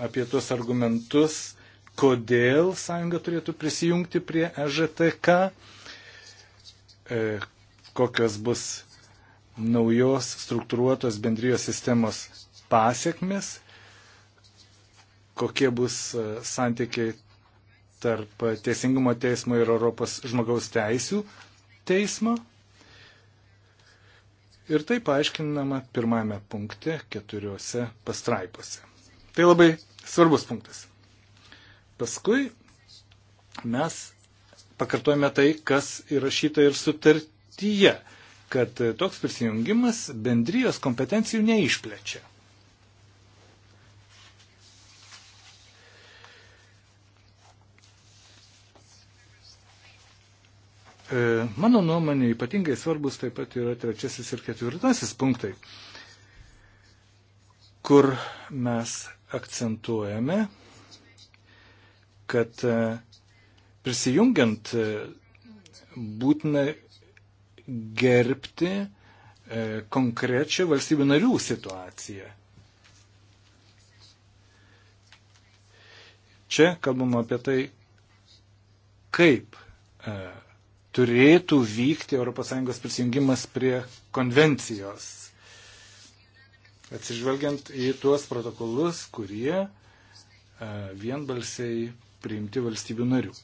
apie tuos argumentus, kodėl sąjunga turėtų prisijungti prie EŽTK, e, kokios bus naujos struktūruotos bendrijos sistemos pasiekmes, kokie bus e, santykiai tarp Teisingumo teismo ir Europos žmogaus teisų teismo. Ir tai paaiškinama pirmame punkte keturiose pastraipose. Tai labai svarbus punktas. Paskui mes pakartojame tai, kas įrašyta ir sutartyje, kad toks prisijungimas bendrijos kompetencijų neišplečia. E, mano nuomonė ypatingai svarbus taip pat yra trečiasis ir ketvirtasis punktai, kur mes akcentuojame, kad e, prisijungiant e, būtina gerbti konkrečią valstybių narių situaciją. Čia kalbama apie tai, kaip turėtų vykti ES prisijungimas prie konvencijos. Atsižvelgiant į tuos protokolus, kurie e, vienbalsiai priimti valstybių narių.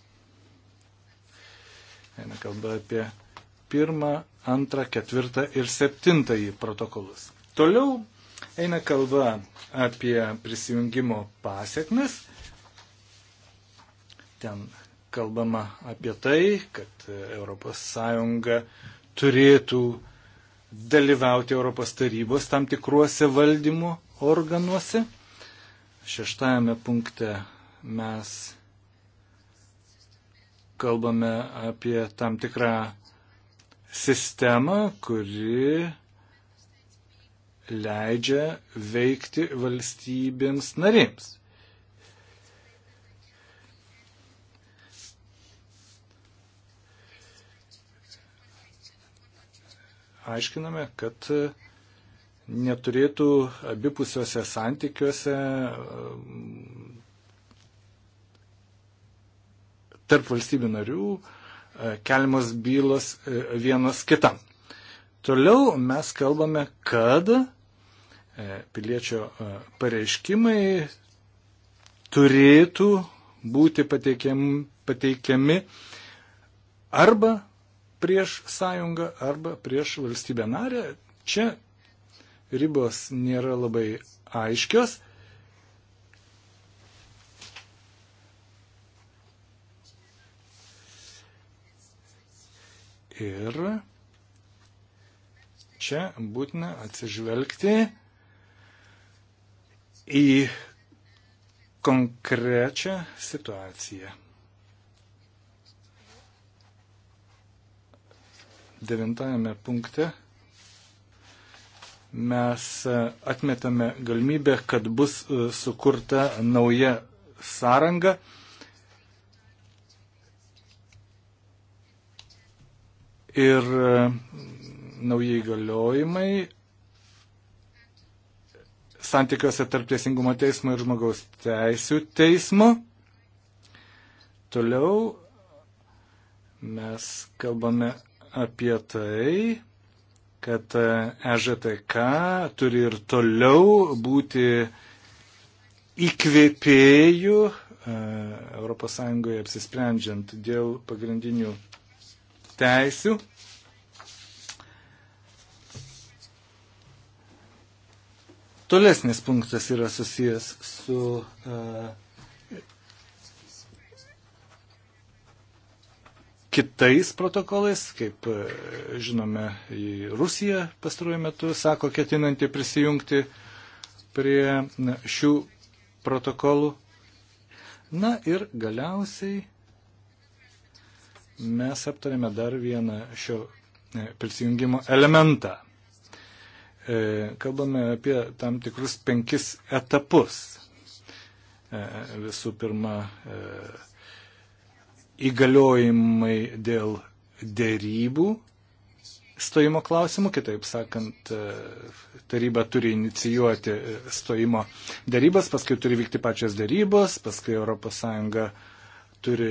Eina kalba apie pirmą, antrą, ketvirtą ir septintąjį protokolus. Toliau eina kalba apie prisijungimo pasiekmes. Ten kalbama apie tai, kad ES turėtų dalyvauti Europos tarybos tam tikruose valdymo organuose. Šeštajame punkte mes kalbame apie tam tikrą sistemą, kuri leidžia veikti valstybėms narėms. aiškiname, kad e, neturėtų abipusiuose santykiuose e, tarp valstybių narių e, keliamos bylos vienas kitam. Toliau mes kalbame, kad piliečio pareiškimai turėtų būti pateikiami, pateikiami arba prieš sąjungą arba prieš valstybę narę. Čia ribos nėra labai aiškios. Ir čia būtina atsižvelgti į konkrečią situaciją. devintajame punkte mes e, atmetame galimybę, kad bus e, sukurta nauja sąranga. Ir e, naujai galiojimai santykiuose tarp Teisingumo teismo ir žmogaus teisų teismo. Toliau mes kalbame apie tai, kad EŽTK turi ir toliau būti įkvėpėjų ES apsisprendžiant dėl pagrindinių teisių. Tolesnis punktas yra susijęs su uh, kitais protokolais, kaip e, žinome, į Rusiją pastaruoju metu sako ketinanti prisijungti prie šių protokolų. Na ir galiausiai mes aptarėme dar vieną šio e, prisijungimo elementą. E, kalbame apie tam tikrus penkis etapus. Visų pirma, įgaliojimai dėl dėrybų stojimo klausimų, kitaip sakant, taryba turi inicijuoti stojimo dėrybas, paskui turi vykti pačios dėrybos, paskui ES turi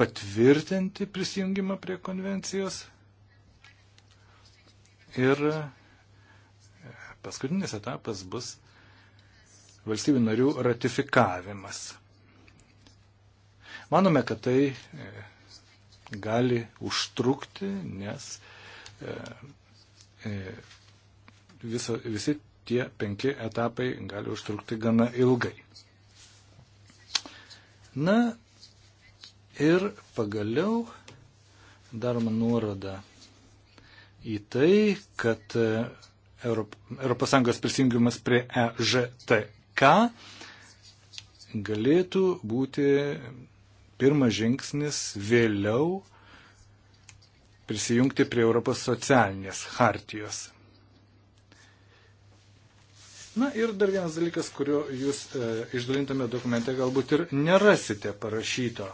patvirtinti prisijungimą prie konvencijos. Ir paskutinis etapas bus valstybių narių ratifikavimas. Manome, kad tai e, gali užtrukti, nes e, e, viso, visi tie penki etapai gali užtrukti gana ilgai. Na ir pagaliau daroma nuoroda į tai, kad ES prisijungimas prie EŽTO dėka galėtų būti pirmas žingsnis vėliau prisijungti prie Europos socialinės hartijos. Na ir dar vienas dalykas, kurio jūs e, išdalintame dokumente galbūt ir nerasite parašyto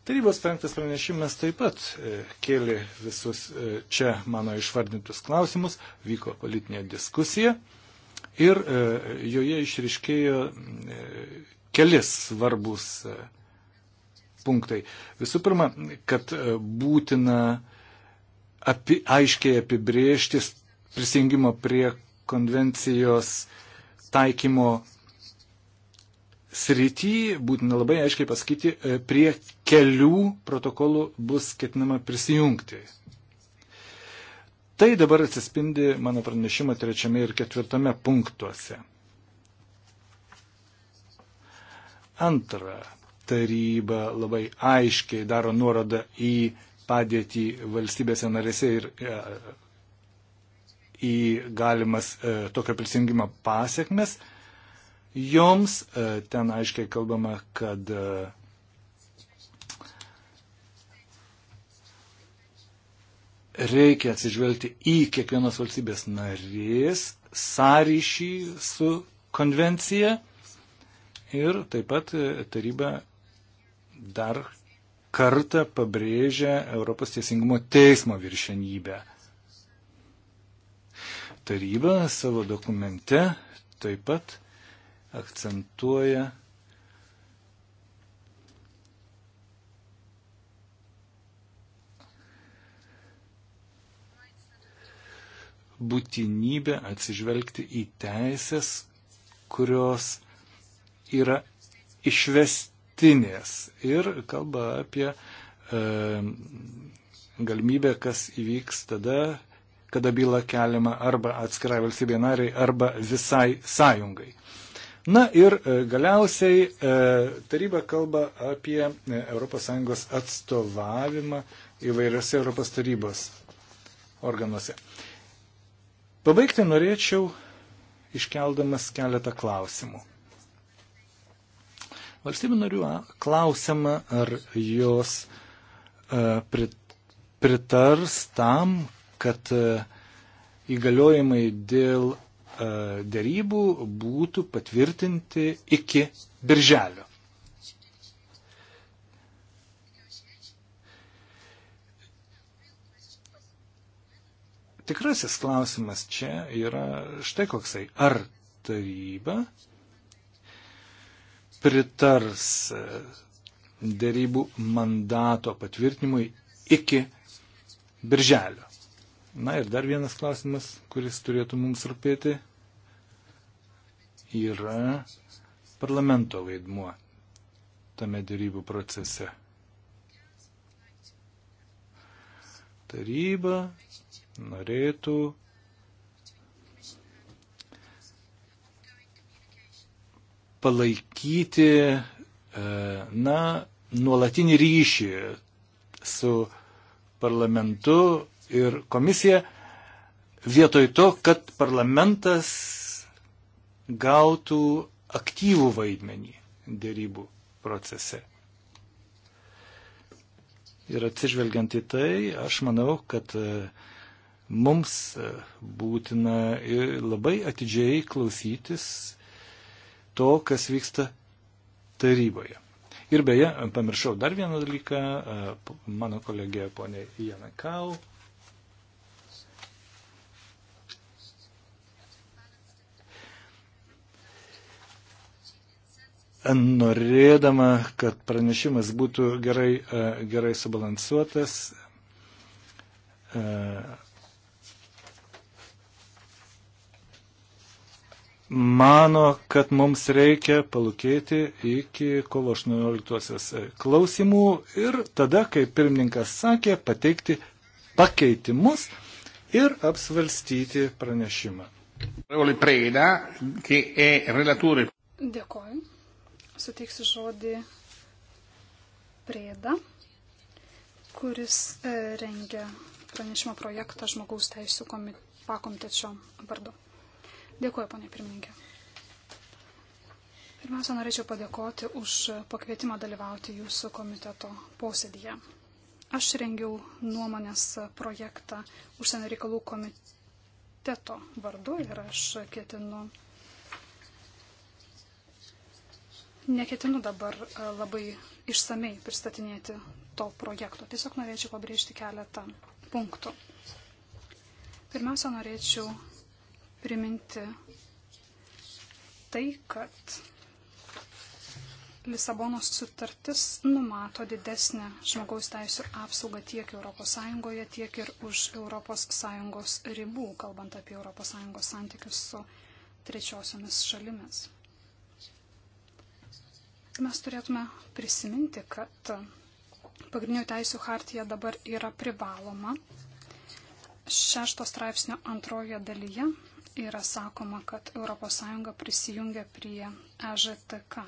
Tarybos penktas pranešimas taip pat e, kėlė visus e, čia mano išvardintus klausimus, vyko politinė diskusija ir e, joje išriškėjo kelis svarbus punktai. Visų pirma, kad būtina api, aiškiai apibriežti prisijungimo prie konvencijos taikymo srity būtina labai aiškiai pasakyti, e, prie kelių protokolų bus ketinama prisijungti. Tai dabar atsispindi mano pranešimo trečiame ir ketvirtame punktuose. Antra, taryba labai aiškiai daro nuorodą į padėtį valstybėse narėse ir e, į galimas e, tokio prisijungimo pasiekmes. E, jums. E, ten aiškiai kalbama, kad e, reikia atsižvelgti į kiekvienos valstybės narės sąryšį su konvencija ir taip pat e, taryba dar kartą pabrėžia Europos teisingumo teismo viršenybę. Taryba savo dokumente taip pat akcentuoja būtinybę atsižvelgti į teisės, kurios yra išvestinės ir kalba apie e, galimybę, kas įvyks tada, kada byla keliama arba atskirai valstybė nariai, arba visai sąjungai. E, Na ir e, galiausiai e, taryba kalba apie e, ES atstovavimą įvairiose Europos tarybos organuose. Pabaigti norėčiau iškeldamas keletą klausimų. Valstybių narių klausimą, ar jos pritars tam, kad įgaliojimai dėl E, dėrybų būtų patvirtinti iki birželio. Tikrasis klausimas čia yra štai koksai. Ar taryba pritars e, dėrybų mandato patvirtinimui iki birželio? Na ir dar vienas klausimas, kuris turėtų mums rūpėti yra parlamento vaidmuo tame dėrybų procese. Taryba norėtų palaikyti, e, na, nuolatinį ryšį su parlamentu ir komisija, vietoj to, kad parlamentas gautų aktyvų vaidmenį dėrybų procese. Ir atsižvelgiant į tai, aš manau, kad e, mums e, būtina labai atidžiai klausytis to, kas vyksta taryboje. Ir beje, pamiršau dar vieną dalyką, e, mano kolegė ponė Jana Kau norėdama, kad pranešimas būtų gerai, e, gerai subalansuotas, e, mano, kad mums reikia palūkėti iki kovo 18 klausimų ir tada, kaip pirmininkas sakė, pateikti pakeitimus ir apsvalstyti pranešimą. Dėkoju suteiksiu žodį Prėda, kuris e, rengia pranešimo projektą žmogaus teisų pakomitečio vardu. Dėkuoju, ponė pirmininkė. Pirmiausia, norėčiau padėkoti už pakvietimą dalyvauti jūsų komiteto posėdėje. Aš rengiau nuomonės projektą užsienio reikalų komiteto vardu ir aš ketinu neketinu dabar e, labai išsamei pristatinėti to projekto. Tiesiog norėčiau pabrėžti keletą punktų. Pirmiausia, norėčiau priminti tai, kad Lisabonos sutartis numato didesnę žmogaus teisų apsaugą tiek ES, tiek ir už ES ribų, kalbant apie ES santykius su trečiosiomis šalimis. Tai mes turėtume prisiminti, kad pagrindinių teisų hartija dabar yra privaloma. Šešto straipsnio antroje dalyje yra sakoma, kad ES prisijungia prie EŽTK.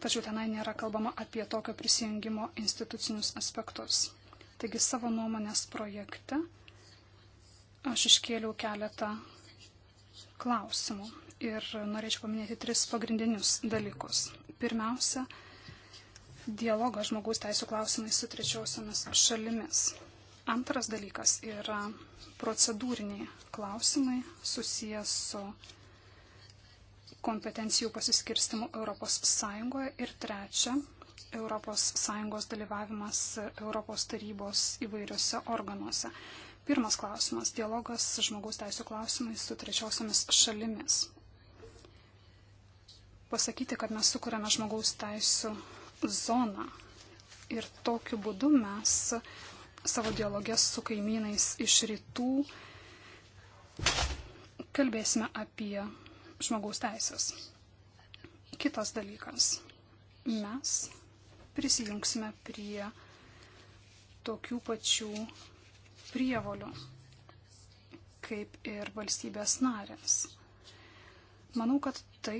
Tačiau tenai nėra kalbama apie tokio prisijungimo institucinius aspektus. Taigi savo nuomonės projekte aš iškėliau keletą klausimų ir norėčiau paminėti tris pagrindinius dalykus. Pirmiausia, dialogas žmogaus teisų klausimais su trečiosiomis šalimis. Antras dalykas yra procedūriniai klausimai susijęs su kompetencijų pasiskirstimu ES ir trečia ES dalyvavimas ES tarybos įvairiose organuose. Pirmas klausimas - dialogas žmogaus teisų klausimais su trečiosiamis šalimis. Pasakyti, kad mes sukūrėme žmogaus teisų zoną ir tokiu būdu mes savo dialogės su kaimynais iš rytų kalbėsime apie žmogaus teisės. Kitas dalykas. Mes prisijungsime prie tokių pačių prievolių, kaip ir valstybės narėms. Manau, kad tai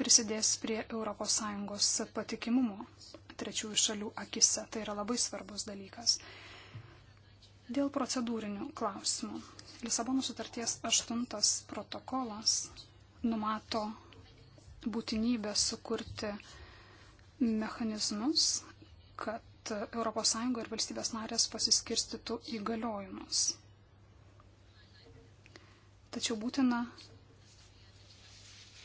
prisidės prie ES patikimumo trečiųjų šalių akise. Tai yra labai svarbus dalykas. Dėl procedūrinių klausimų. Lisabono sutarties aštuntas protokolas numato būtinybę sukurti mechanizmus, kad kad ES ir valstybės narės pasiskirstytų įgaliojimus. Tačiau būtina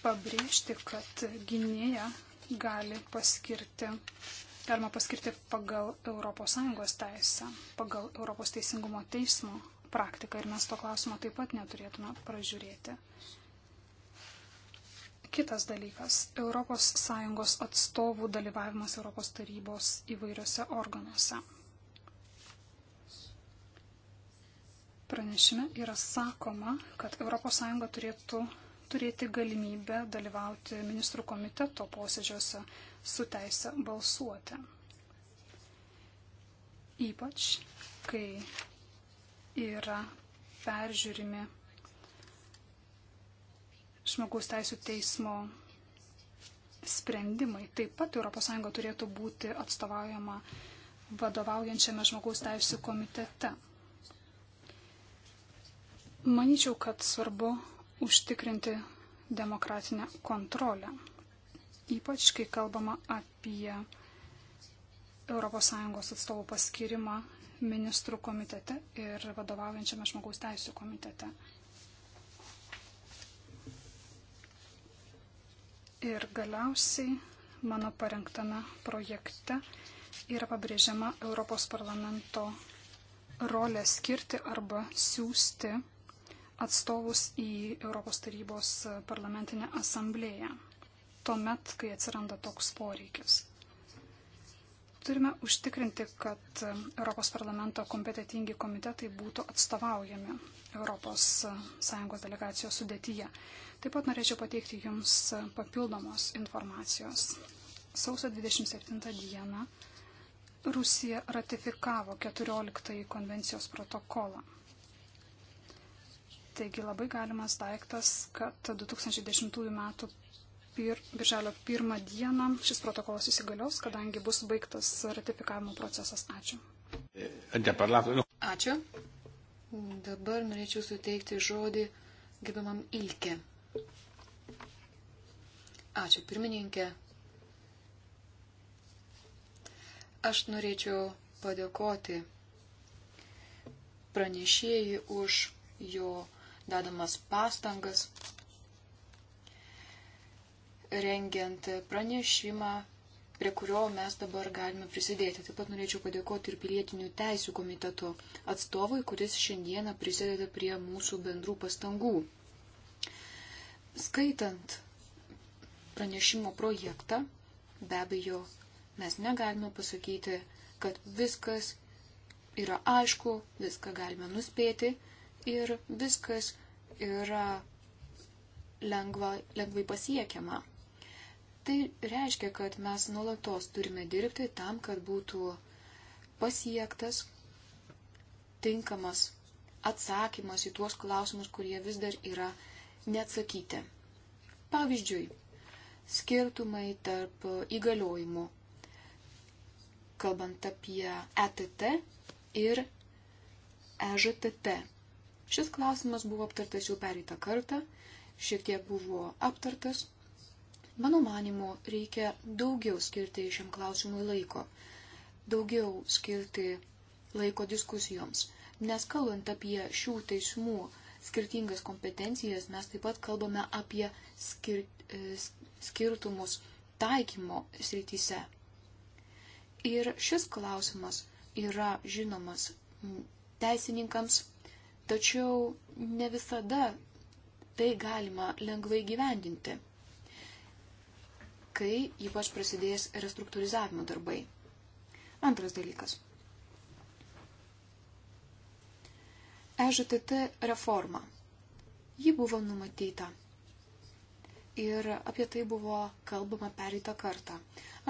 pabrėžti, kad gynėja gali paskirti, galima paskirti pagal ES teisę, pagal ES teisingumo teismo praktiką ir mes to klausimo taip pat neturėtume pražiūrėti. Kitas dalykas - ES atstovų dalyvavimas Europos tarybos įvairiose organuose. Pranešime yra sakoma, kad ES turėtų turėti galimybę dalyvauti ministrų komiteto posėdžiuose su teise balsuoti. Ypač, kai yra peržiūrimi žmogaus teisų teismo sprendimai. Taip pat ES turėtų būti atstovaujama vadovaujančiame žmogaus teisų komitete. Maničiau, kad svarbu užtikrinti demokratinę kontrolę, ypač kai kalbama apie ES atstovų paskirimą ministrų komitete ir vadovaujančiame žmogaus teisų komitete. Ir galiausiai mano parengtame projekte yra pabrėžiama Europos parlamento rolė skirti arba siūsti atstovus į Europos tarybos parlamentinę asamblėją, tuomet, kai atsiranda toks poreikis. Turime užtikrinti, kad Europos parlamento kompetitingi komitetai būtų atstovaujami ES delegacijos sudėtyje. Taip pat norėčiau pateikti Jums papildomos informacijos. Sausio 27 dieną Rusija ratifikavo 14 konvencijos protokolą. Taigi labai galimas daiktas, kad 2010 m. Pir, birželio 1 dieną šis protokolas įsigalios, kadangi bus baigtas ratifikavimo procesas. Ačiū. Ačiū. Dabar norėčiau suteikti žodį gerbiamam Ilke. Ačiū, pirmininkė. Aš norėčiau padėkoti pranešėjai už jo dedamas pastangas, rengiant pranešimą, prie kurio mes dabar galime prisidėti. Taip pat norėčiau padėkoti ir pilietinių teisų komiteto atstovui, kuris šiandieną prisideda prie mūsų bendrų pastangų. Skaitant pranešimo projektą, be abejo, mes negalime pasakyti, kad viskas yra aišku, viską galime nuspėti ir viskas yra lengva, lengvai pasiekiama. Tai reiškia, kad mes nuolatos turime dirbti tam, kad būtų pasiektas tinkamas atsakymas į tuos klausimus, kurie vis dar yra neatsakyti. Pavyzdžiui, skirtumai tarp įgaliojimų, kalbant apie ETT ir EŽTT. Šis klausimas buvo aptartas jau pereitą kartą, šiek tiek buvo aptartas. Mano manimu, reikia daugiau skirti šiam klausimui laiko, daugiau skirti laiko diskusijoms, nes kalbant apie šių teismų skirtingas kompetencijas, mes taip pat kalbame apie skir, e, skirtumus taikymo srityse. Ir šis klausimas yra žinomas teisininkams, tačiau ne visada tai galima lengvai gyvendinti, kai ypač prasidės restruktūrizavimo darbai. Antras dalykas. EŽTT reformą. Ji buvo numatyta. Ir apie tai buvo kalbama pereitą kartą.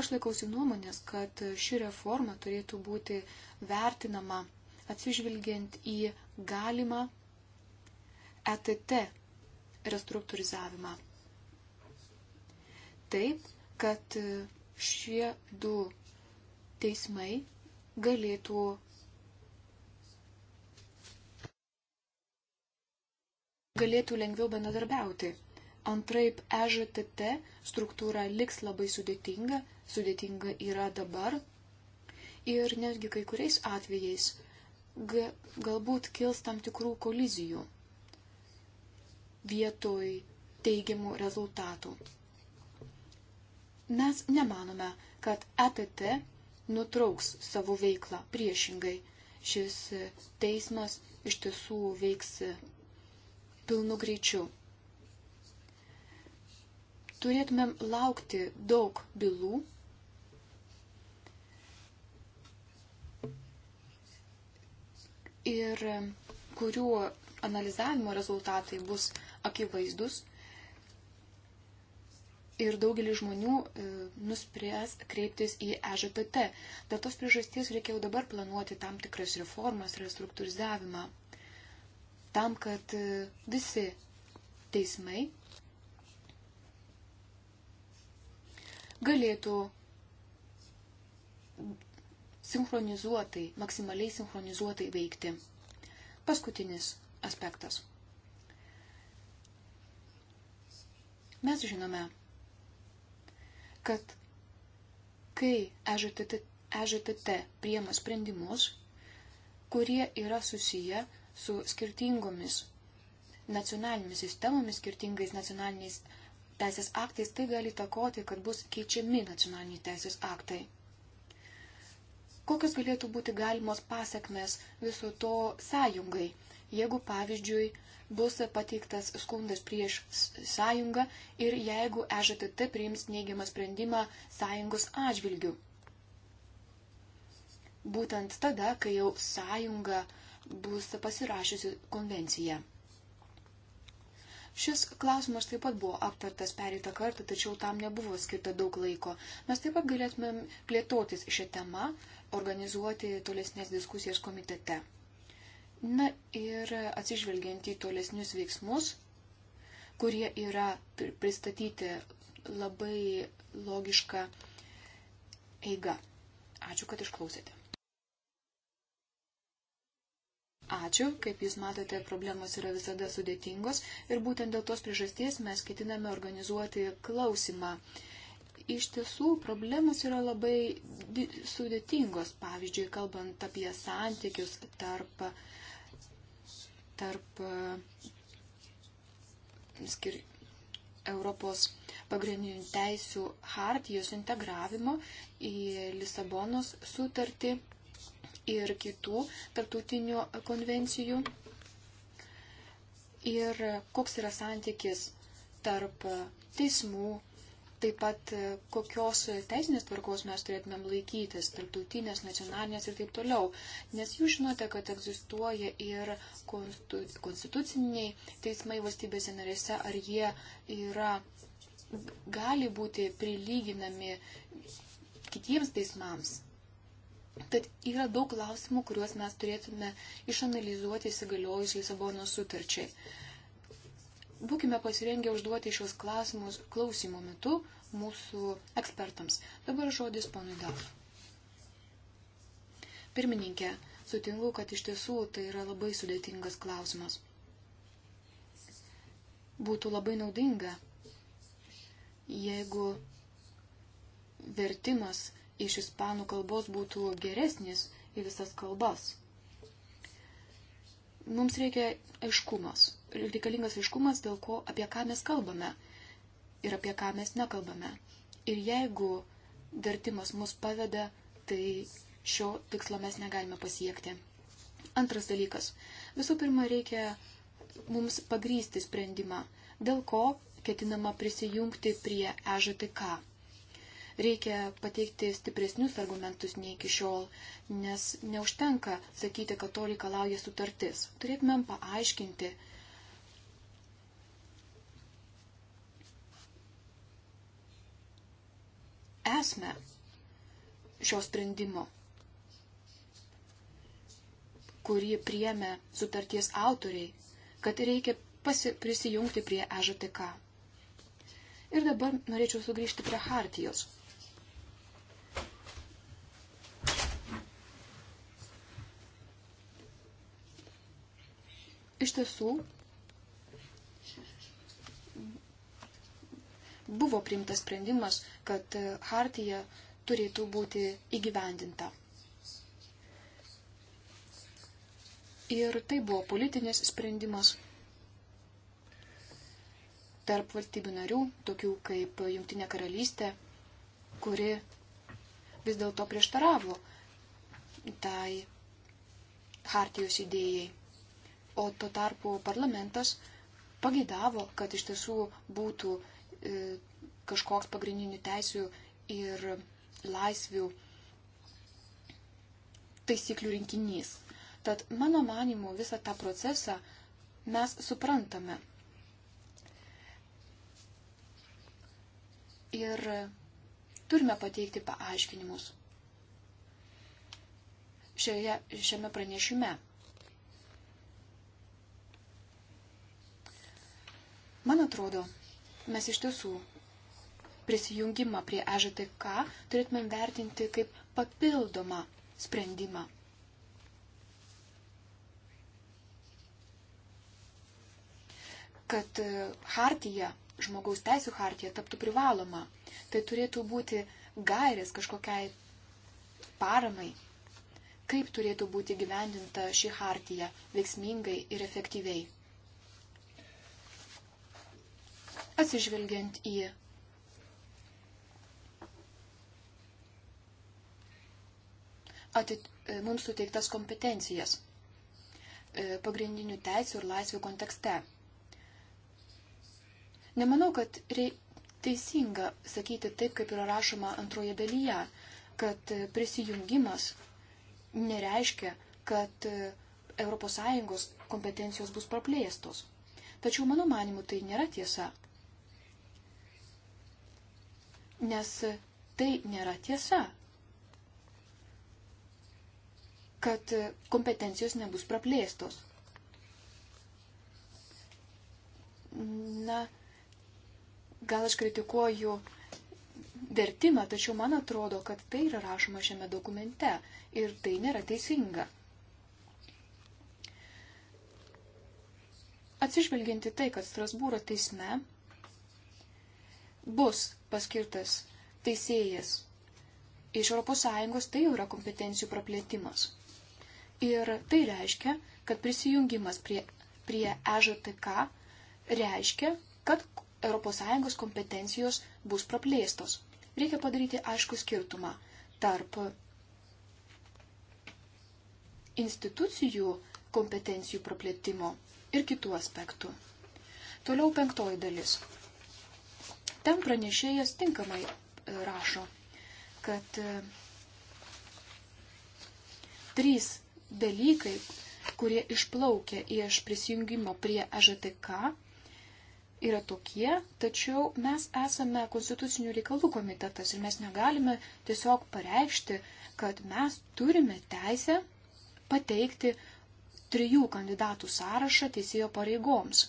Aš laikausi nuomonės, kad ši reforma turėtų būti vertinama atsižvelgiant į galimą ETT restruktūrizavimą. Taip, kad šie du teismai galėtų galėtų lengviau bendradarbiauti. Antraip EŽTT struktūra liks labai sudėtinga, sudėtinga yra dabar. Ir netgi kai kuriais atvejais ga, galbūt kils tam tikrų kolizijų vietoj teigiamų rezultatų. Mes nemanome, kad ETT nutrauks savo veiklą priešingai. Šis teismas iš tiesų veiks pilnu greičiu. Turėtumėm laukti daug bylų. Ir kurių analizavimo rezultatai bus akivaizdus ir daugelis žmonių e, nuspręs kreiptis į EŽPT. Dėl tos priežasties reikėjo dabar planuoti tam tikras reformas, restruktūrizavimą tam, kad e, visi teismai galėtų sinchronizuotai, maksimaliai sinchronizuotai veikti. Paskutinis aspektas. Mes žinome, kad kai EŽTT, EŽTT priema sprendimus, kurie yra susiję su skirtingomis nacionalinėmis sistemomis, skirtingais nacionaliniais teisės aktais, tai gali takoti, kad bus keičiami nacionaliniai teisės aktai. Kokios galėtų būti galimos pasiekmes viso to sąjungai, jeigu, pavyzdžiui, bus pateiktas skundas prieš sąjungą ir jeigu EŽTT priims neigiamą sprendimą sąjungos atžvilgių. Būtent tada, kai jau sąjunga uh, bus pasirašiusi konvenciją. Šis klausimas taip pat buvo aptartas pereitą kartą, tačiau tam nebuvo skirta daug laiko. Mes taip pat galėtumėm plėtotis šią temą, organizuoti tolesnės diskusijas komitete. Na ir atsižvelgiant į tolesnius veiksmus, kurie yra pristatyti labai logišką eigą. Ačiū, kad išklausėte. Ačiū, kaip jūs matote, problemos yra visada sudėtingos ir būtent dėl tos priežasties mes ketiname organizuoti klausimą. Iš tiesų, problemos yra labai sudėtingos, pavyzdžiui, kalbant apie santykius tarp, tarp e, skir, Europos pagrindinių teisių hartijos integravimo į Lisabonos sutartį ir kitų tarptautinių konvencijų. Ir koks yra santykis tarp teismų, taip pat kokios teisinės tvarkos mes turėtumėm laikytis, tarptautinės, nacionalinės ir taip toliau. Nes jūs žinote, kad egzistuoja ir konstituciniai teismai valstybėse narėse, ar jie yra, gali būti prilyginami kitiems teismams. Tad yra daug klausimų, kuriuos mes turėtume išanalizuoti įsigaliojus Lisabono sutarčiai. Būkime pasirengę užduoti šios klausimus klausimo metu mūsų ekspertams. Dabar žodis ponui Daf. Pirmininkė, sutinku, kad iš tiesų tai yra labai sudėtingas klausimas. Būtų labai naudinga, jeigu vertimas iš ispanų kalbos būtų geresnis į visas kalbas. Mums reikia aiškumas, reikalingas aiškumas, dėl ko, apie ką mes kalbame ir apie ką mes nekalbame. Ir jeigu vertimas mus paveda, tai šio tikslo mes negalime pasiekti. Antras dalykas. Visų pirma, reikia mums pagrysti sprendimą, dėl ko ketinama prisijungti prie EŽTK. Reikia pateikti stipresnius argumentus nei iki šiol, nes neužtenka sakyti, kad to reikalauja sutartis. Turėtumėm paaiškinti. Esmę šio sprendimo, kurį priemė sutarties autoriai, kad reikia pasi, prisijungti prie EŽTK. Ir dabar norėčiau sugrįžti prie Hartijos. Iš tiesų, buvo priimtas sprendimas, kad hartija turėtų būti įgyvendinta. Ir tai buvo politinis sprendimas tarp valstybių narių, tokių kaip Jungtinė karalystė, kuri vis dėlto prieštaravo tai hartijos idėjai. O tuo tarpu parlamentas pagėdavo, kad iš tiesų būtų e, kažkoks pagrindinių teisių ir laisvių taisyklių rinkinys. Tad mano manimu visą tą procesą mes suprantame. Ir turime pateikti paaiškinimus šioje, šiame pranešime. Man atrodo, mes iš tiesų prisijungimą prie EŽTK turėtumėm vertinti kaip papildomą sprendimą. Kad e, hartija, žmogaus teisų hartija taptų privaloma, tai turėtų būti gairės kažkokiai paramai, kaip turėtų būti gyvendinta ši hartija veiksmingai ir efektyviai. atsižvelgiant į atit, e, mums suteiktas kompetencijas e, pagrindinių teisų ir laisvių kontekste. Nemanau, kad rei, teisinga sakyti taip, kaip yra rašoma antroje dalyje, kad e, prisijungimas nereiškia, kad ES kompetencijos bus praplėstos. Tačiau mano manimu tai nėra tiesa nes tai nėra tiesa, kad kompetencijos nebus praplėstos. Na, gal aš kritikuoju vertimą, tačiau man atrodo, kad tai yra rašoma šiame dokumente ir tai nėra teisinga. Atsižvelginti tai, kad Strasbūro teisme bus paskirtas teisėjas iš ES, tai jau yra kompetencijų praplėtimas. Ir tai reiškia, kad prisijungimas prie, prie EŽTK reiškia, kad ES kompetencijos bus praplėstos. Reikia padaryti aišku skirtumą tarp institucijų kompetencijų praplėtimo ir kitų aspektų. Toliau penktoji dalis Ten pranešėjas tinkamai e, rašo, kad e, trys dalykai, kurie išplaukia iš prisijungimo prie AŽTK, e yra tokie, tačiau mes esame konstitucinių reikalų komitetas ir mes negalime tiesiog pareikšti, kad mes turime teisę pateikti trijų kandidatų sąrašą teisėjo pareigoms.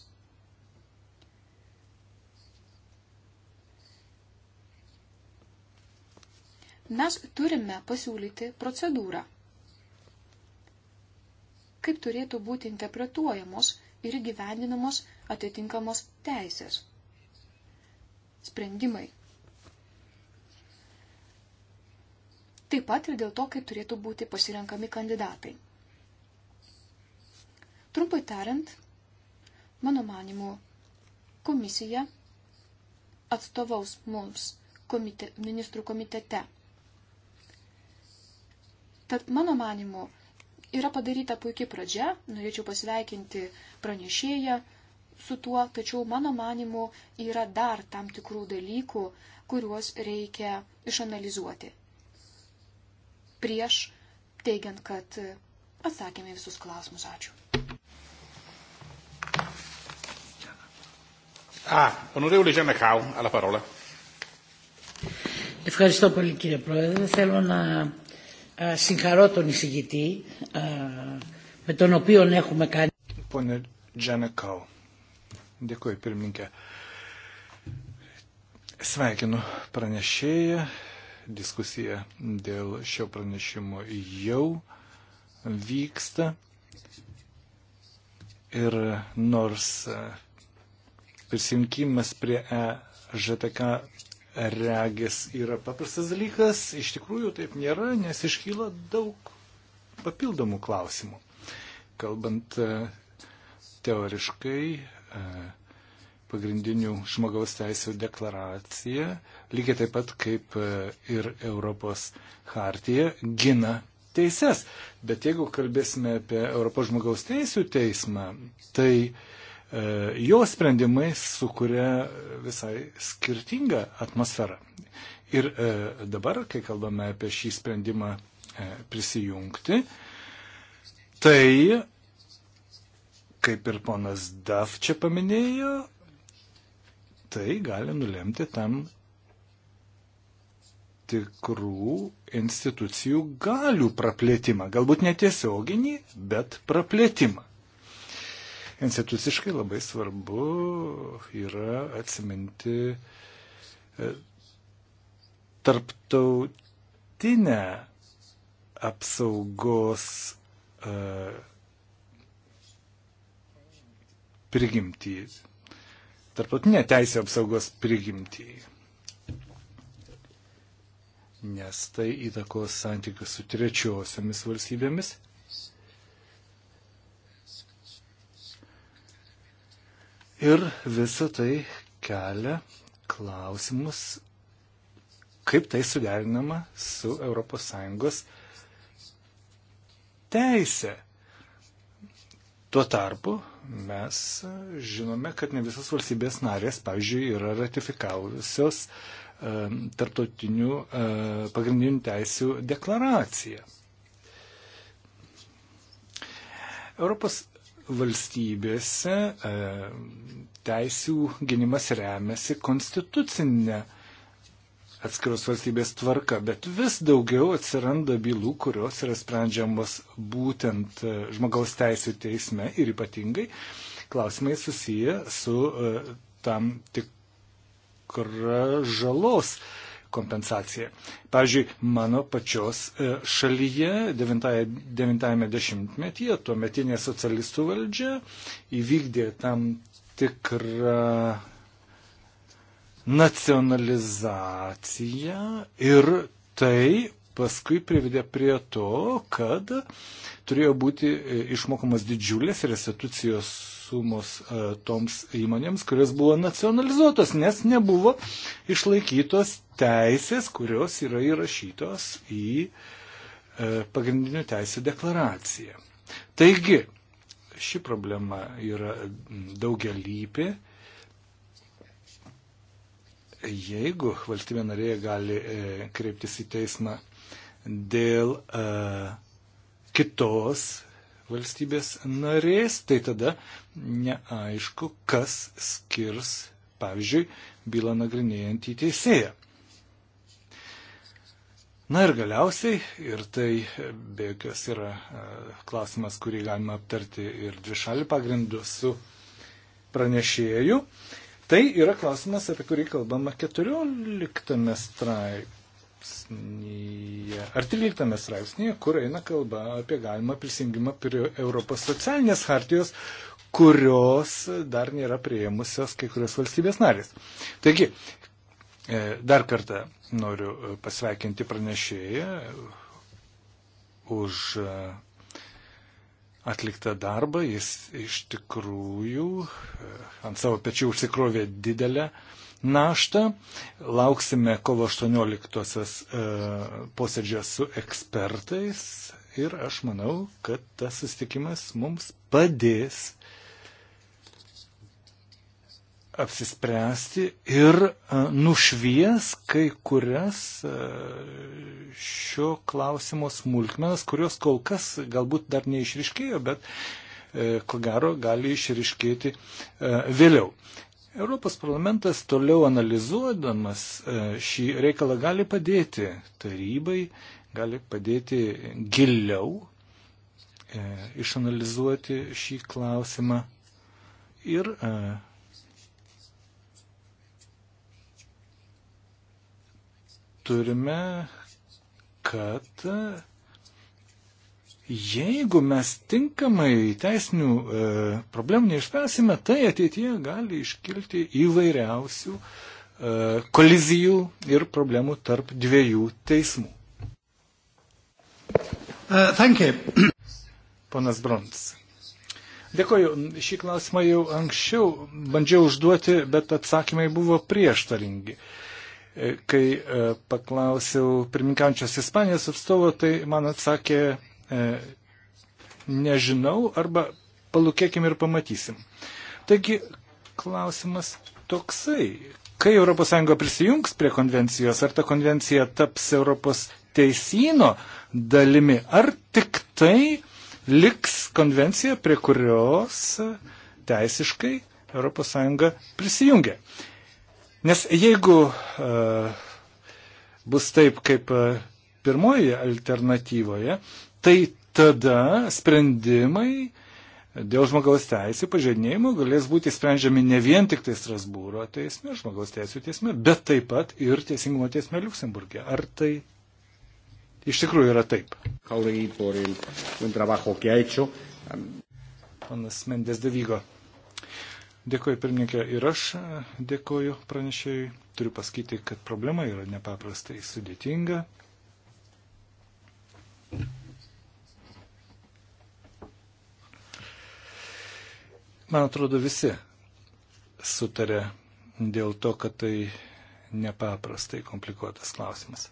mes turime pasiūlyti procedūrą, kaip turėtų būti interpretuojamos ir gyvendinamos atitinkamos teisės. Sprendimai. Taip pat ir dėl to, kaip turėtų būti pasirenkami kandidatai. Trumpai tariant, mano manimu, komisija atstovaus mums komite, ministrų komitete Tad mano manimu yra padaryta puikia pradžia, norėčiau pasveikinti pranešėją su tuo, tačiau mano manimu yra dar tam tikrų dalykų, kuriuos reikia išanalizuoti. Prieš teigiant, kad atsakėme visus klausimus. Ačiū. Ah, onorevole Giannacau, alla parola. Ευχαριστώ πολύ κύριε Πρόεδρε. Θέλω να συγχαρώ τον εισηγητή με τον οποίο έχουμε κάνει. Pone Dženekau, dėkuoju pirmininkė. Sveikinu pranešėją, diskusija dėl šio pranešimo jau vyksta. Ir nors e, prisimkimas prie EŽTK regis yra paprastas dalykas, iš tikrųjų taip nėra, nes iškyla daug papildomų klausimų. Kalbant e, teoriškai, e, pagrindinių žmogaus teisų deklaracija, lygiai taip pat kaip e, ir Europos hartija, gina teises. Bet jeigu kalbėsime apie Europos žmogaus teisų teismą, tai uh, E, jo sprendimai sukuria visai skirtingą atmosferą. Ir e, dabar, kai kalbame apie šį sprendimą e, prisijungti, tai, kaip ir ponas Daf čia paminėjo, tai gali nulemti tam tikrų institucijų galių praplėtimą. Galbūt netiesioginį, bet praplėtimą. Instituciškai labai svarbu yra atsiminti e, tarptautinę apsaugos e, prigimtį, tarptautinę teisę apsaugos prigimtį. Nes tai įtakos santykius su trečiosiomis valstybėmis. Ir visa tai kelia klausimus, kaip tai suderinama su ES teisė. Tuo tarpu mes žinome, kad ne visas valstybės narės, pavyzdžiui, yra ratifikavusios e, tarptautinių e, pagrindinių teisių deklaraciją. Europos valstybėse e, teisių gynimas remiasi konstitucinė atskiros valstybės tvarka, bet vis daugiau atsiranda bylų, kurios yra sprendžiamos būtent e, žmogaus teisų teisme ir ypatingai klausimai susiję su e, tam tikra žalos uh, kompensacija. Pavyzdžiui, mano pačios e, šalyje 90-metyje tuometinė socialistų valdžia įvykdė tam tikrą nacionalizaciją ir tai paskui privedė prie to, kad turėjo būti e, išmokamas didžiulės restitucijos sumos e, toms įmonėms, kurios buvo nacionalizuotos, nes nebuvo išlaikytos teisės, kurios yra įrašytos į e, pagrindinių teisų deklaraciją. Taigi, ši problema yra daugialypė. Jeigu valstybė narėje gali e, kreiptis į teismą dėl uh, kitos valstybės narės, tai tada neaišku, kas skirs, pavyzdžiui, bylą nagrinėjant į teisėją. Na ir galiausiai, ir tai be jokios yra e, klausimas, kurį galima aptarti ir dvišalį pagrindu su pranešėju, tai yra klausimas, apie kurį kalbama 14 straipsnė straipsnyje, ar 13 straipsnyje, kur eina kalba apie galimą prisijungimą prie Europos socialinės hartijos, kurios dar nėra prieimusios kai kurios valstybės narės. Taigi, e, dar kartą noriu pasveikinti pranešėją už e, atliktą darbą. Jis iš tikrųjų e, ant savo pečių užsikrovė didelę uh, naštą. Lauksime kovo 18-osios e, posėdžio su ekspertais ir aš manau, kad tas susitikimas mums padės apsispręsti ir e, nušvies kai kurias e, šio klausimo smulkmenas, kurios kol kas galbūt dar neišriškėjo, bet ko gero gali išriškėti vėliau. Europos parlamentas toliau analizuodamas e, šį reikalą gali padėti tarybai, gali padėti giliau e, išanalizuoti šį klausimą ir e, turime, kad Jeigu mes tinkamai teisinių e, problemų neišspręsime, tai ateitie gali iškilti įvairiausių e, kolizijų ir problemų tarp dviejų teismų. Uh, Ponas Brons. Dėkoju. Šį klausimą jau anksčiau bandžiau užduoti, bet atsakymai buvo prieštaringi. E, kai e, paklausiau pirmininkančios Ispanijos atstovo, tai man atsakė E, nežinau arba palūkėkim ir pamatysim. Taigi klausimas toksai. Kai ES prisijungs prie konvencijos, ar ta konvencija taps Europos teisino dalimi, ar tik tai liks konvencija, prie kurios teisiškai ES prisijungia. Nes jeigu uh, bus taip, kaip uh, e, pirmoje alternatyvoje, tai tada sprendimai dėl žmogaus teisų pažeidinėjimų galės būti sprendžiami ne vien tik tai Strasbūro teisme, žmogaus teisų teisme, bet taip pat ir Teisingumo teisme Luksemburgė. Ar tai iš tikrųjų yra taip? Panas Mendes Devygo. Dėkuoju pirmininkė ir aš dėkuoju pranešėjui. Turiu pasakyti, kad problema yra nepaprastai sudėtinga. Man atrodo, visi sutarė dėl to, kad tai nepaprastai komplikuotas klausimas.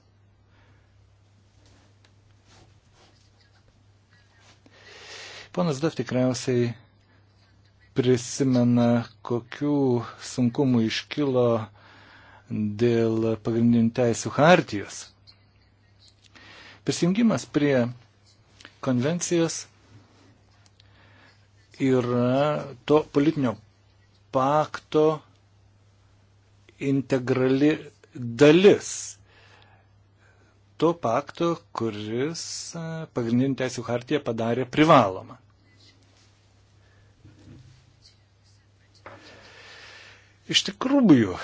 Ponas Daf tikriausiai prisimena, kokių sunkumų iškilo dėl pagrindinių teisų hartijos. Prisijungimas prie konvencijos yra to politinio pakto integrali dalis. To pakto, kuris e, pagrindinį teisų hartiją padarė privalomą. Iš tikrųjų,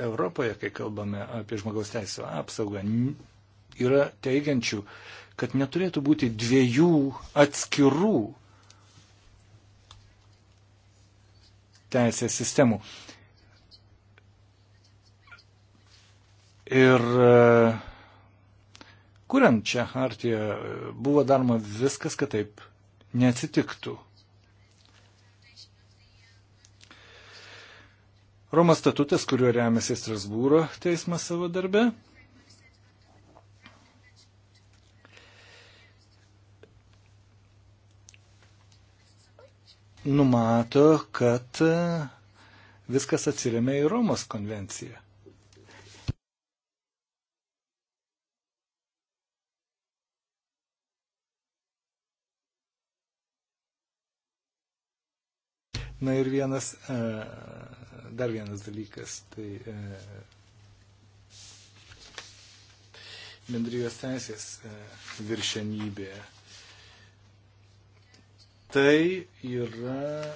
Europoje, kai kalbame apie žmogaus teisų apsaugą, yra teigiančių, kad neturėtų būti dviejų atskirų teisės sistemų. Ir e, kuriant čia hartiją buvo daroma viskas, kad taip neatsitiktų. Romos statutas, kuriuo remiasi Strasbūro teismas savo darbe, numato, kad viskas atsiriame į Romos konvenciją. Na ir vienas, e, dar vienas dalykas, tai e, bendrijos teisės e, viršenybė tai yra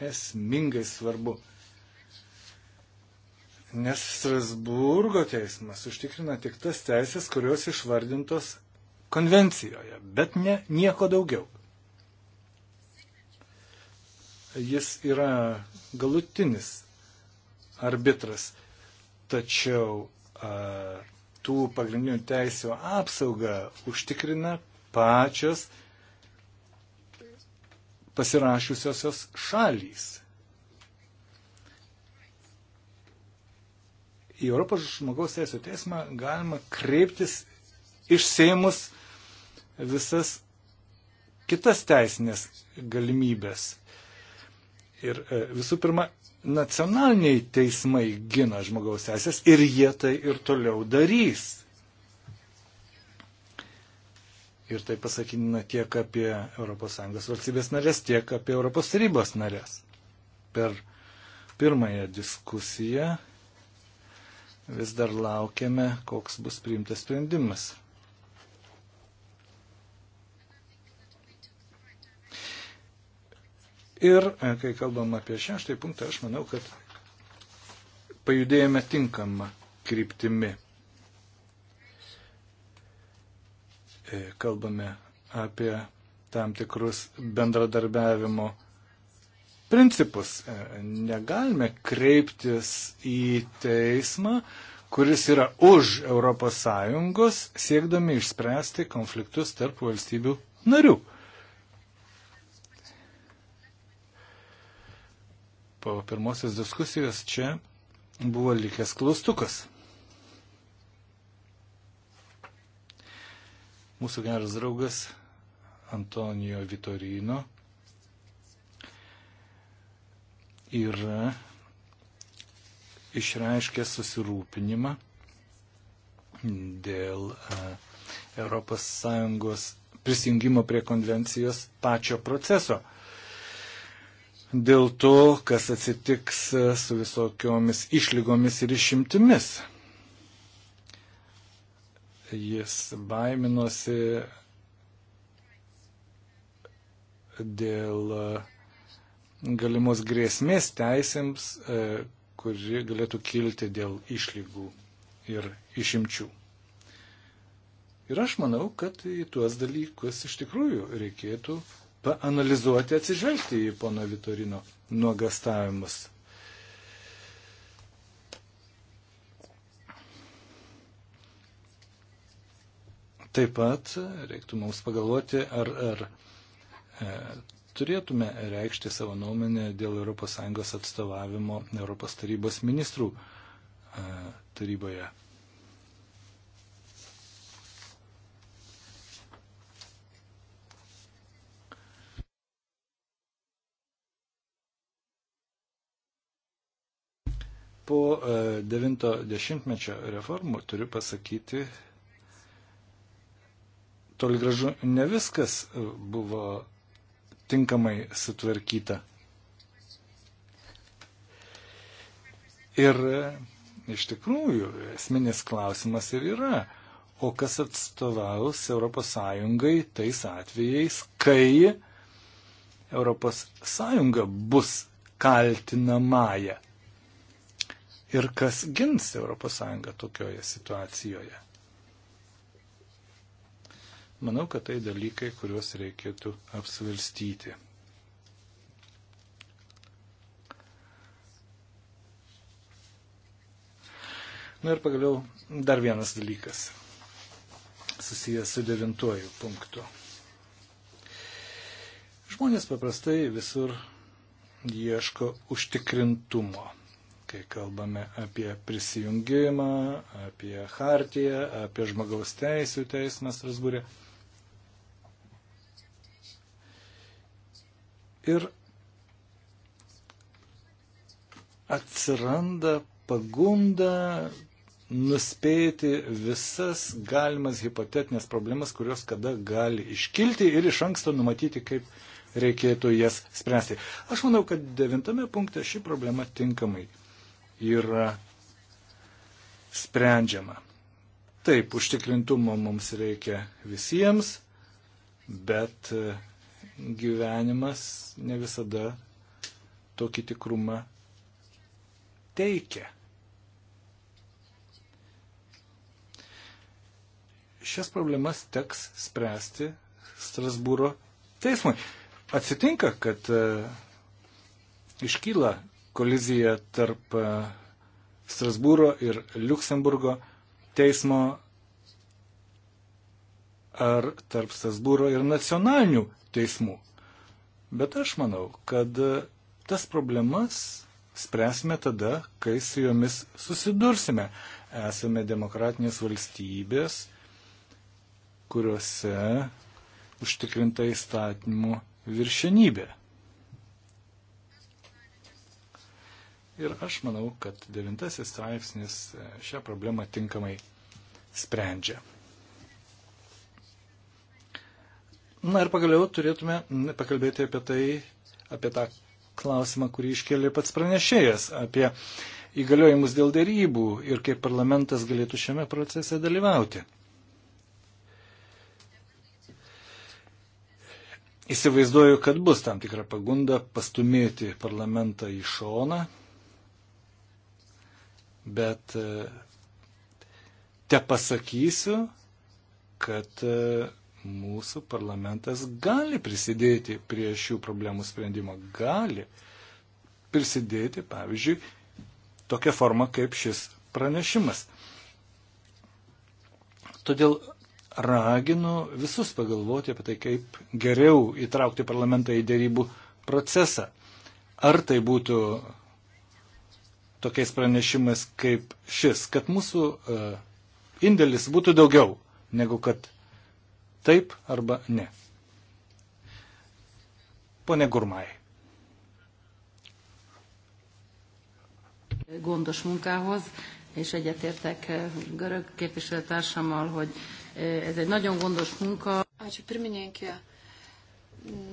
esmingai svarbu. Nes Strasburgo teismas užtikrina tik tas teisės, kurios išvardintos konvencijoje, bet ne nieko daugiau. Jis yra galutinis arbitras, tačiau a, tų pagrindinių teisų apsaugą užtikrina pačios pasirašiusiosios šalys. Į Europos žmogaus teisų teismą galima kreiptis išsėmus visas kitas teisinės galimybės. Ir e, visų pirma, nacionaliniai teismai gina žmogaus teisės ir jie tai ir toliau darys. Ir tai pasakytina tiek apie ES valstybės narės, tiek apie ES tarybos narės. Per pirmąją diskusiją vis dar laukiame, koks bus priimtas sprendimas. Ir e, kai kalbam apie šeštąjį punktą, aš manau, kad pajudėjome tinkamą kryptimi. E, kalbame apie tam tikrus bendradarbiavimo principus. E, negalime kreiptis į teismą, kuris yra už ES, siekdami išspręsti konfliktus tarp valstybių narių. Po pirmosios diskusijos čia buvo likęs klaustukas. Mūsų geras draugas Antonijo Vitorino yra išreiškė susirūpinimą dėl ES prisijungimo prie konvencijos pačio proceso. Dėl to, kas atsitiks e, su visokiomis išlygomis ir išimtimis. Iš Jis baiminosi dėl e, galimos grėsmės teisėms, e, kuri galėtų kilti dėl išlygų ir išimčių. Ir aš manau, kad į tuos dalykus iš tikrųjų reikėtų paanalizuoti, atsižvelgti į pono Vitorino nuogastavimus. Taip pat reiktų mums pagalvoti, ar, ar e, turėtume reikšti savo nuomonę dėl ES atstovavimo ES tarybos ministrų e, taryboje. po 90-mečio e, reformų turiu pasakyti, toli gražu ne viskas e, buvo tinkamai sutvarkyta. Ir e, iš tikrųjų esminis klausimas ir yra, o kas atstovaus ES tais atvejais, kai ES bus kaltinamąją ir kas gins ES tokioje situacijoje. Manau, kad tai dalykai, kuriuos reikėtų apsvarstyti. Na ir pagaliau dar vienas dalykas susijęs su devintuoju punktu. Žmonės paprastai visur ieško užtikrintumo, kai kalbame apie prisijungimą, apie hartiją, apie žmogaus teisų teismą Strasbūrė. E. ir atsiranda pagunda nuspėti visas galimas hipotetinės problemas, kurios kada gali iškilti ir iš anksto numatyti, kaip reikėtų jas spręsti. Aš manau, kad devintame punkte ši problema tinkamai yra sprendžiama. Taip, užtikrintumo mums reikia visiems, bet gyvenimas ne visada tokį tikrumą teikia. Šias problemas teks spręsti Strasbūro teismui. Atsitinka, kad e, iškyla kolizija tarp e, Strasbūro ir Luksemburgo teismo ar tarp Stasbūro ir nacionalinių teismų. Bet aš manau, kad e, tas problemas spręsime tada, kai su jomis susidursime. Esame demokratinės valstybės, kuriuose užtikrinta įstatymų viršenybė. Ir aš manau, kad devintasis straipsnis e, šią problemą tinkamai sprendžia. Na ir pagaliau turėtume pakalbėti apie tai, apie tą klausimą, kurį iškėlė pats pranešėjas, apie įgaliojimus dėl dėrybų ir kaip parlamentas galėtų šiame procese dalyvauti. Įsivaizduoju, kad bus tam tikra pagunda pastumėti parlamentą į šoną, bet e, te pasakysiu, kad e, mūsų parlamentas gali prisidėti prie šių problemų sprendimo. Gali prisidėti, pavyzdžiui, tokia forma kaip šis pranešimas. Todėl raginu visus pagalvoti apie tai, kaip geriau įtraukti parlamentą į dėrybų procesą. Ar tai būtų tokiais pranešimais kaip šis, kad mūsų e, indėlis būtų daugiau negu kad Taip arba ne. Pone Gurmai. Gondos munkához, és egyetértek eh, görög képviselőtársammal, hogy eh, ez egy nagyon gondos munka. Ačiū pirmininkė.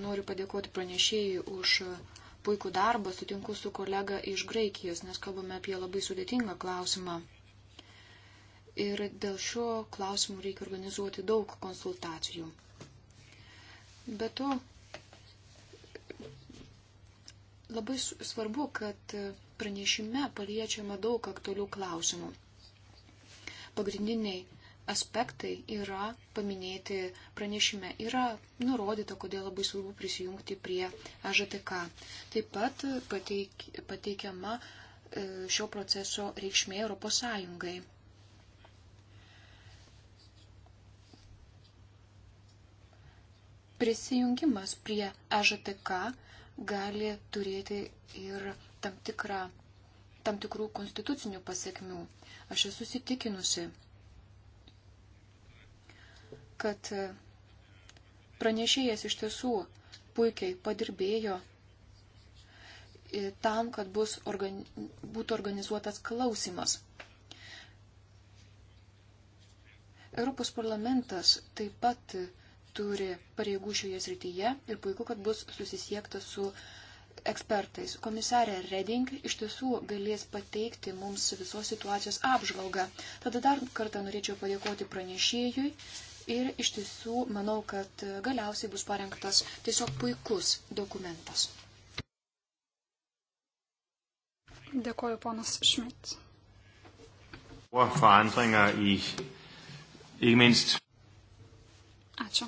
Noriu padėkoti pranešėjai už eh, puikų darbą, sutinku su kolega iš Graikijos, nes kalbame apie labai sudėtingą klausimą ir dėl šio klausimų reikia organizuoti daug konsultacijų. Be to, labai svarbu, kad pranešime paliečiama daug aktualių klausimų. Pagrindiniai aspektai yra paminėti pranešime, yra nurodyta, kodėl labai svarbu prisijungti prie AŽTK. Taip pat pateik, pateikiama e, šio proceso reikšmė Europos Sąjungai. prisijungimas prie AŽTK gali turėti ir tam, tikrą, tam tikrų konstitucinių pasiekmių. Aš esu sitikinusi, kad pranešėjas iš tiesų puikiai padirbėjo tam, kad bus organi būtų organizuotas klausimas. Europos parlamentas taip pat turi pareigų šioje srityje ir puiku, kad bus susisiekta su ekspertais. Komisarė Reding iš tiesų galės pateikti mums visos situacijos apžvalgą. Tada dar kartą norėčiau padėkoti pranešėjui ir iš tiesų manau, kad galiausiai bus parengtas tiesiog puikus dokumentas. Dėkoju, ponas Šmit. Forandringer i ikke mindst Ačiū.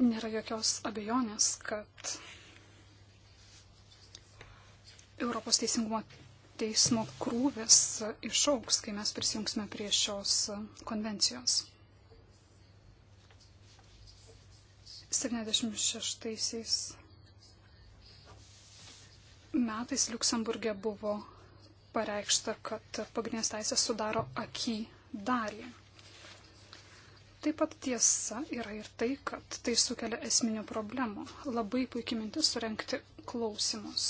Nėra jokios abejonės, kad Europos teisingumo teismo krūvis išauks, kai mes prisijungsime prie šios konvencijos. 76 metais Luksemburgė buvo pareikšta, kad pagrindinės teisės sudaro akį dalį. Taip pat tiesa yra ir tai, kad tai sukelia esminių problemų. Labai puikiai mintis surenkti klausimus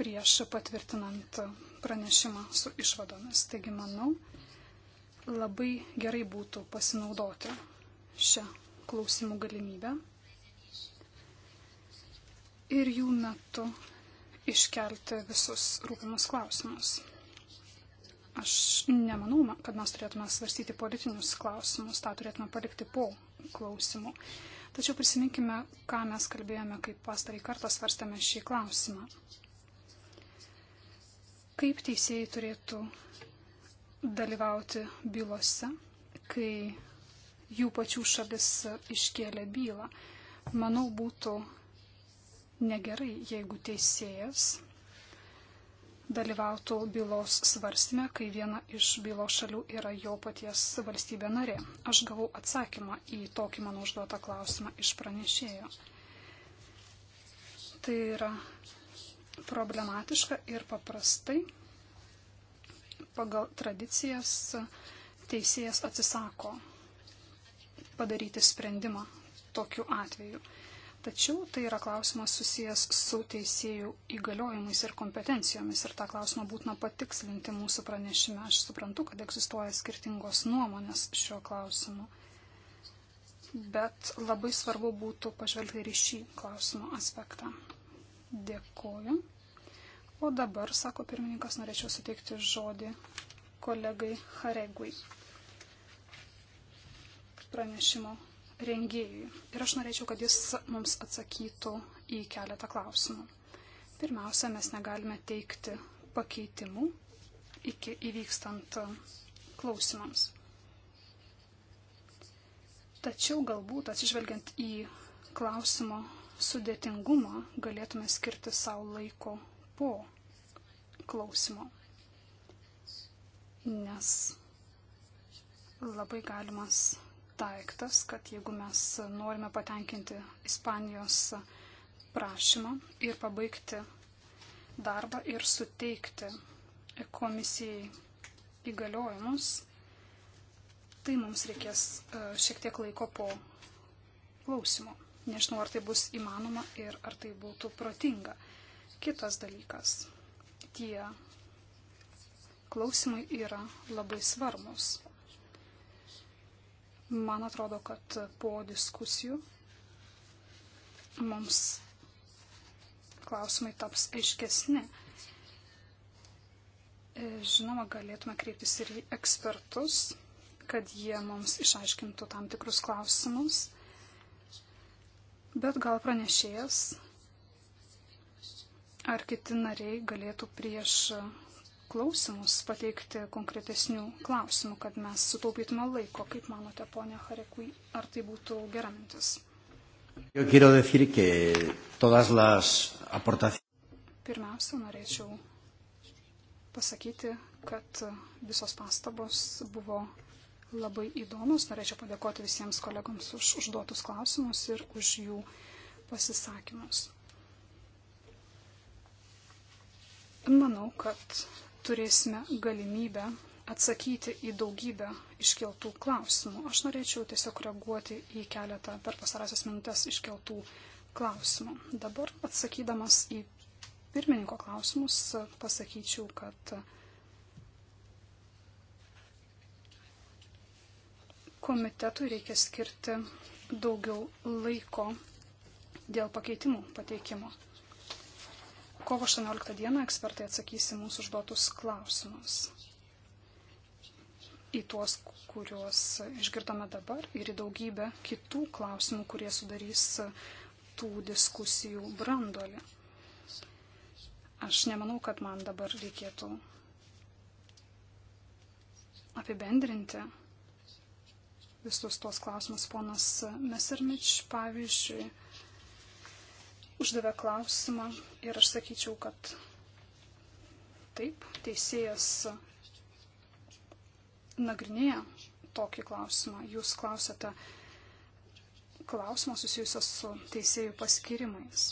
prieš patvirtinant pranešimą su išvadomis. Taigi, manau, labai gerai būtų pasinaudoti šią klausimų galimybę ir jų metu iškelti visus rūpimus klausimus. Aš nemanau, kad mes turėtume svarstyti politinius klausimus, tą turėtume palikti po klausimų. Tačiau prisiminkime, ką mes kalbėjome, kai pastarį kartą svarstėme šį klausimą. Kaip teisėjai turėtų dalyvauti bylose, kai jų pačių šalis iškėlė bylą. Manau, būtų negerai, jeigu teisėjas dalyvautų bylos svarstymė, kai viena iš bylos šalių yra jo paties valstybė narė. Aš gavau atsakymą į tokį mano užduotą klausimą iš pranešėjo. Tai yra problematiška ir paprastai pagal tradicijas teisėjas atsisako padaryti sprendimą tokiu atveju. Tačiau tai yra klausimas susijęs su teisėjų įgaliojimais ir kompetencijomis ir tą klausimą būtina patikslinti mūsų pranešime. Aš suprantu, kad egzistuoja skirtingos nuomonės šiuo klausimu, bet labai svarbu būtų pažvelgti ir į šį klausimo aspektą. Dėkoju. O dabar, sako pirmininkas, norėčiau suteikti žodį kolegai Haregui pranešimo rengėjui. Ir aš norėčiau, kad jis mums atsakytų į keletą klausimų. Pirmiausia, mes negalime teikti pakeitimų iki įvykstant klausimams. Tačiau galbūt atsižvelgiant į klausimo sudėtingumą galėtume skirti savo laiko po klausimo. Nes labai galimas daiktas, kad jeigu mes norime patenkinti Ispanijos prašymą ir pabaigti darbą ir suteikti komisijai įgaliojimus, tai mums reikės e, šiek tiek laiko po klausimo. Nežinau, ar tai bus įmanoma ir ar tai būtų protinga. Kitas dalykas. Tie klausimai yra labai svarbus. Man atrodo, kad po diskusijų mums klausimai taps aiškesni. E, žinoma, galėtume kreiptis ir į ekspertus, kad jie mums išaiškintų tam tikrus klausimus. Bet gal pranešėjas ar kiti nariai galėtų prieš klausimus, pateikti konkretesnių klausimų, kad mes sutaupytume laiko. Kaip manote, ponia Harekui, ar tai būtų gera mintis? Pirmiausia, norėčiau pasakyti, kad visos pastabos buvo labai įdomus. Norėčiau padėkoti visiems kolegams už užduotus klausimus ir už jų pasisakymus. Manau, kad turėsime galimybę atsakyti į daugybę iškeltų klausimų. Aš norėčiau tiesiog reaguoti į keletą per pasarasias minutės iškeltų klausimų. Dabar atsakydamas į pirmininko klausimus pasakyčiau, kad komitetui reikia skirti daugiau laiko dėl pakeitimų pateikimo. Kovo 18 dieną ekspertai atsakys į mūsų užduotus klausimus. Į tuos, kuriuos išgirdome dabar ir į daugybę kitų klausimų, kurie sudarys tų diskusijų brandolį. Aš nemanau, kad man dabar reikėtų apibendrinti visus tuos klausimus. Ponas Mesermič, pavyzdžiui, uždavė klausimą ir aš sakyčiau, kad taip, teisėjas nagrinėja tokį klausimą. Jūs klausėte klausimą susijusios su teisėjų paskirimais.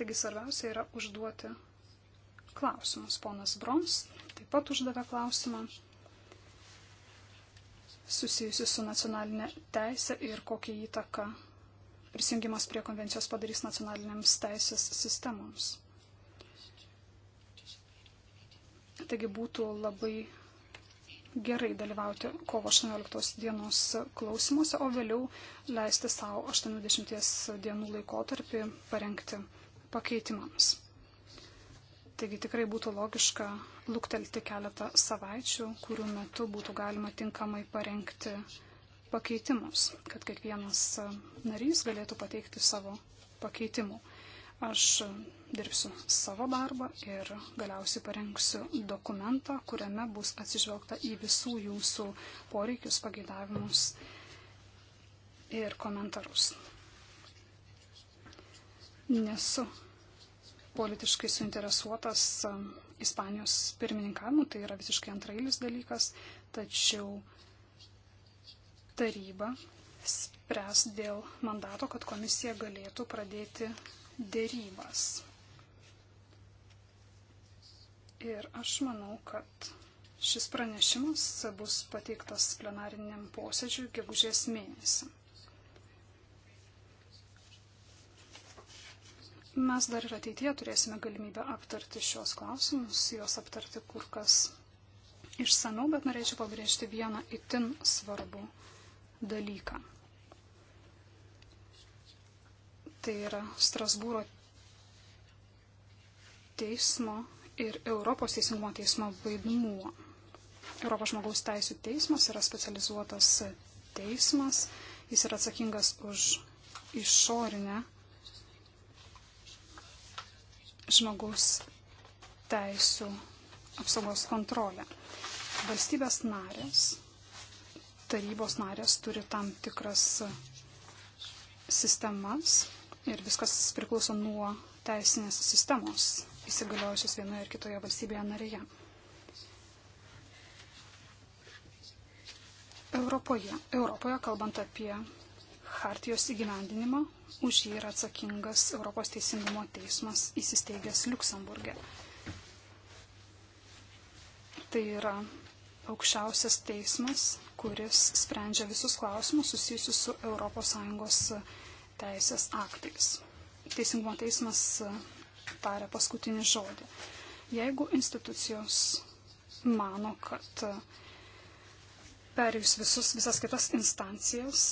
Taigi svarbiausia yra užduoti klausimus. Ponas Broms taip pat uždavė klausimą susijusi su nacionalinė teisė ir kokią įtaką prisijungimas prie konvencijos padarys nacionalinėms teisės sistemoms. Taigi būtų labai gerai dalyvauti kovo 18 dienos klausimuose, o vėliau leisti savo 80 dienų laikotarpį parengti pakeitimams. Taigi tikrai būtų logiška luktelti keletą savaičių, kurių metu būtų galima tinkamai parengti pakeitimus, kad kiekvienas e, narys galėtų pateikti savo pakeitimų. Aš e, dirbsiu savo darbą ir galiausiai parengsiu dokumentą, kuriame bus atsižvelgta į visų jūsų poreikius, pageidavimus ir komentarus. Nesu politiškai suinteresuotas e, Ispanijos pirmininkavimu, tai yra visiškai antrailis dalykas, tačiau taryba spręs dėl mandato, kad komisija galėtų pradėti dėrybas. Ir aš manau, kad šis pranešimas bus pateiktas plenariniam posėdžiui gegužės mėnesį. Mes dar ir ateityje turėsime galimybę aptarti šios klausimus, juos aptarti kur kas išsameu, bet norėčiau pabrėžti vieną itin svarbų klausimą dalyką. Tai yra Strasbūro teismo ir Europos teisingumo teismo vaidmuo. Europos žmogaus teisų teismas yra specializuotas teismas, jis yra atsakingas už išorinę žmogaus teisų apsaugos kontrolę. Valstybės narės tarybos narės turi tam tikras sistemas ir viskas priklauso nuo teisinės sistemos įsigaliojusios vienoje ir kitoje valstybėje narėje. Europoje, Europoje kalbant apie Hartijos įgyvendinimą, už jį yra atsakingas Europos Teisingumo teismas įsisteigęs Luksemburgė. Tai yra aukščiausias teismas, kuris sprendžia visus klausimus susijusius su ES teisės aktais. Teisingumo teismas e, tarė paskutinį žodį. Jeigu institucijos mano, kad e, perėjus visus, visas kitas instancijas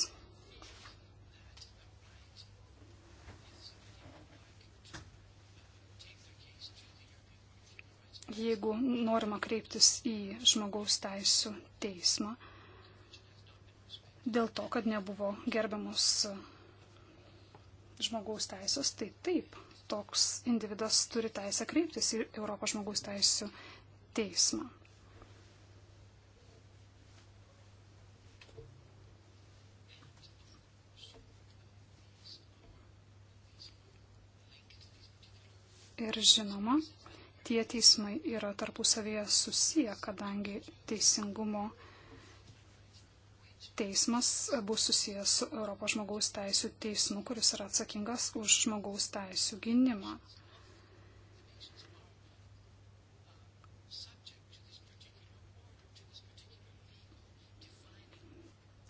jeigu norima kreiptis į žmogaus teisų teismą dėl to, kad nebuvo gerbiamos žmogaus teisės, tai taip, toks individas turi teisę kreiptis į Europos žmogaus teisų teismą. Ir žinoma, tie teismai yra tarpusavėje susiję, kadangi teisingumo teismas bus susijęs su Europos žmogaus teisų teismu, kuris yra atsakingas už žmogaus teisų gynimą.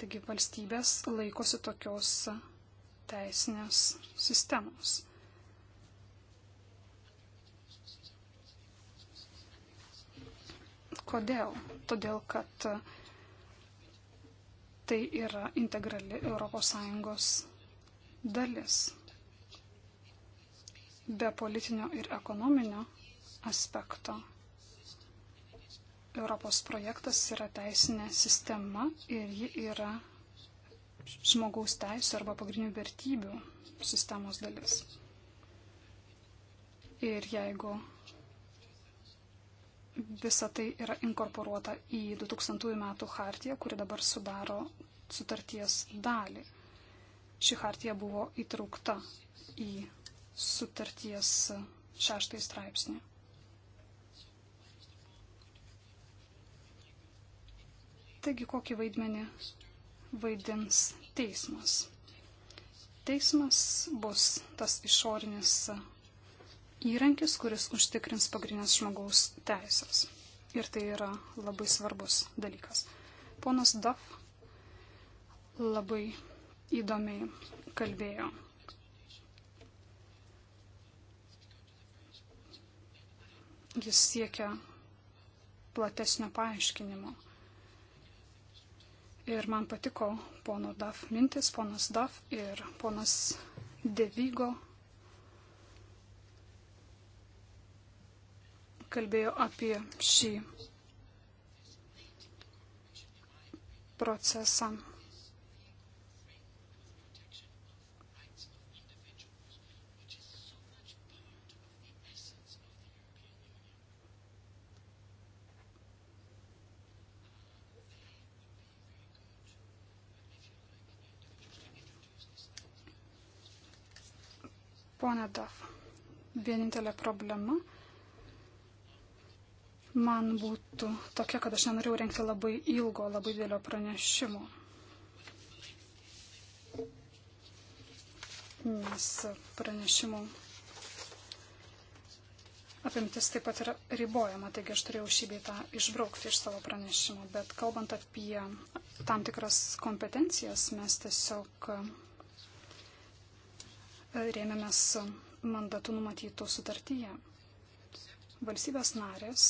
Taigi valstybės laikosi tokios teisinės sistemos. Kodėl? Todėl, kad tai yra integrali ES dalis. Be politinio ir ekonominio aspekto Europos projektas yra teisinė sistema ir ji yra žmogaus teisų arba pagrindinių vertybių sistemos dalis. Ir jeigu visa tai yra inkorporuota į 2000 metų hartiją, kuri dabar sudaro sutarties dalį. Ši hartija buvo įtraukta į sutarties šeštąjį straipsnį. Taigi, kokį vaidmenį vaidins teismas? Teismas bus tas išorinis įrankis, kuris užtikrins pagrindinės žmogaus teisės. Ir tai yra labai svarbus dalykas. Ponas Duff labai įdomiai kalbėjo. Jis siekia platesnio paaiškinimo. Ir man patiko pono Duff mintis, ponas Duff ir ponas Devygo kalbėjo apie šį procesą. Pone Daf, vienintelė problema – man būtų tokia, kad aš nenorėjau renkti labai ilgo, labai didelio pranešimo. Nes pranešimo apimtis taip pat yra ribojama, taigi aš turėjau šį beitą išbraukti iš savo pranešimo. Bet kalbant apie tam tikras kompetencijas, mes tiesiog rėmėmės mandatų numatytų sutartyje. Valstybės narės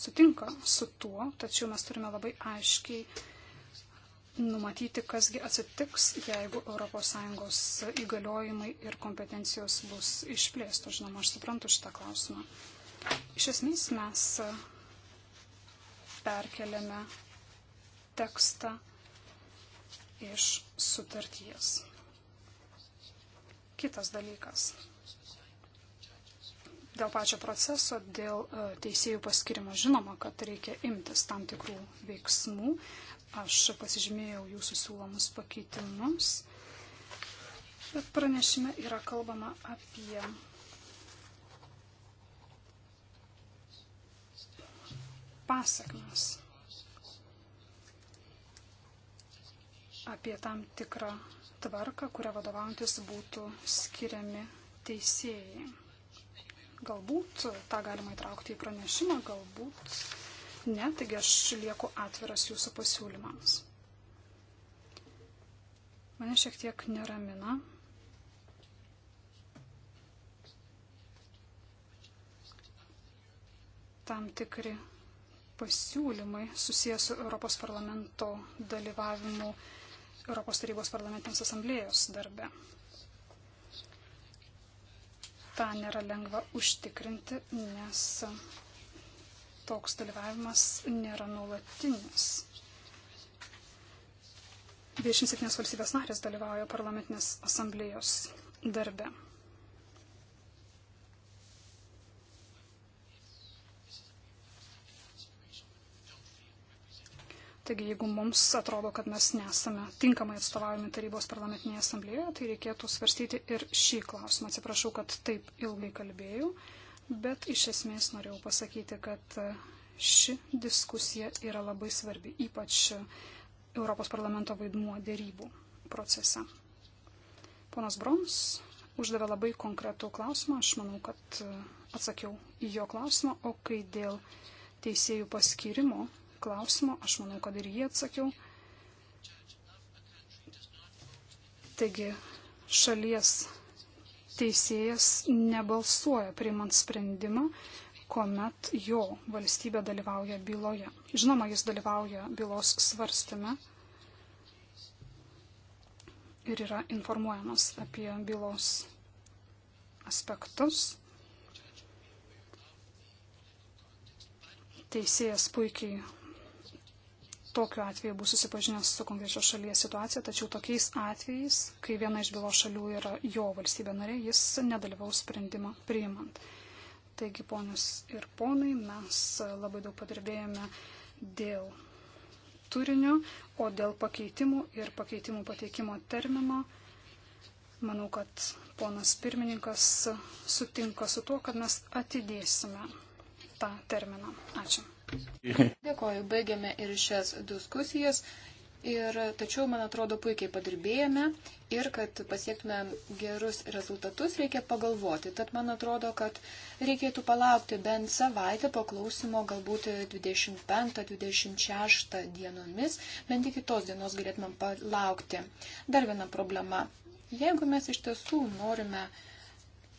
sutinka su tuo, tačiau mes turime labai aiškiai numatyti, kasgi atsitiks, jeigu ES įgaliojimai ir kompetencijos bus išplėstos. Žinoma, aš suprantu šitą klausimą. Iš esmės mes perkeliame tekstą iš sutarties. Kitas dalykas Dėl pačio proceso, dėl e, teisėjų paskirimo žinoma, kad reikia imtis tam tikrų veiksmų. Aš pasižymėjau jūsų siūlomus pakeitimus. Bet pranešime yra kalbama apie pasakmes. Apie tam tikrą tvarką, kurią vadovaujantis būtų skiriami teisėjai. Galbūt tą galima įtraukti į pranešimą, galbūt ne, taigi aš lieku atviras jūsų pasiūlymams. Mane šiek tiek neramina. Tam tikri pasiūlymai susijęs su Europos parlamento dalyvavimu Europos tarybos parlamentinės asamblėjos darbe tą nėra lengva užtikrinti, nes toks dalyvavimas nėra nuolatinis. 27 valstybės narės dalyvauja parlamentinės asamblėjos darbe. Taigi, jeigu mums atrodo, kad mes nesame tinkamai atstovaujami tarybos parlamentinėje asamblėje, tai reikėtų svarstyti ir šį klausimą. Atsiprašau, kad taip ilgai kalbėjau, bet iš esmės norėjau pasakyti, kad ši diskusija yra labai svarbi, ypač Europos parlamento vaidmuo dėrybų procese. Ponas Broms uždavė labai konkretų klausimą, aš manau, kad atsakiau į jo klausimą, o kai dėl teisėjų paskirimo klausimo, aš manau, kad ir jį atsakiau. Taigi šalies teisėjas nebalsuoja priimant sprendimą, kuomet jo valstybė dalyvauja byloje. Žinoma, jis dalyvauja bylos svarstime ir yra informuojamas apie bylos aspektus. Teisėjas puikiai tokiu atveju bus susipažinęs su konkrečios šalies situacija, tačiau tokiais atvejais, kai viena iš bylos šalių yra jo valstybė narė, jis nedalyvaus sprendimą priimant. Taigi, ponius ir ponai, mes labai daug padirbėjome dėl turinio, o dėl pakeitimų ir pakeitimų pateikimo termino, manau, kad ponas pirmininkas sutinka su tuo, kad mes atidėsime tą terminą. Ačiū. Dėkoju, baigiame ir šias diskusijas. Ir tačiau, man atrodo, puikiai padirbėjome ir kad pasiektume gerus rezultatus, reikia pagalvoti. Tad man atrodo, kad reikėtų palaukti bent savaitę po klausimo, galbūt 25-26 dienomis, bent iki tos dienos galėtumėm palaukti. Dar viena problema. Jeigu mes iš tiesų norime uh,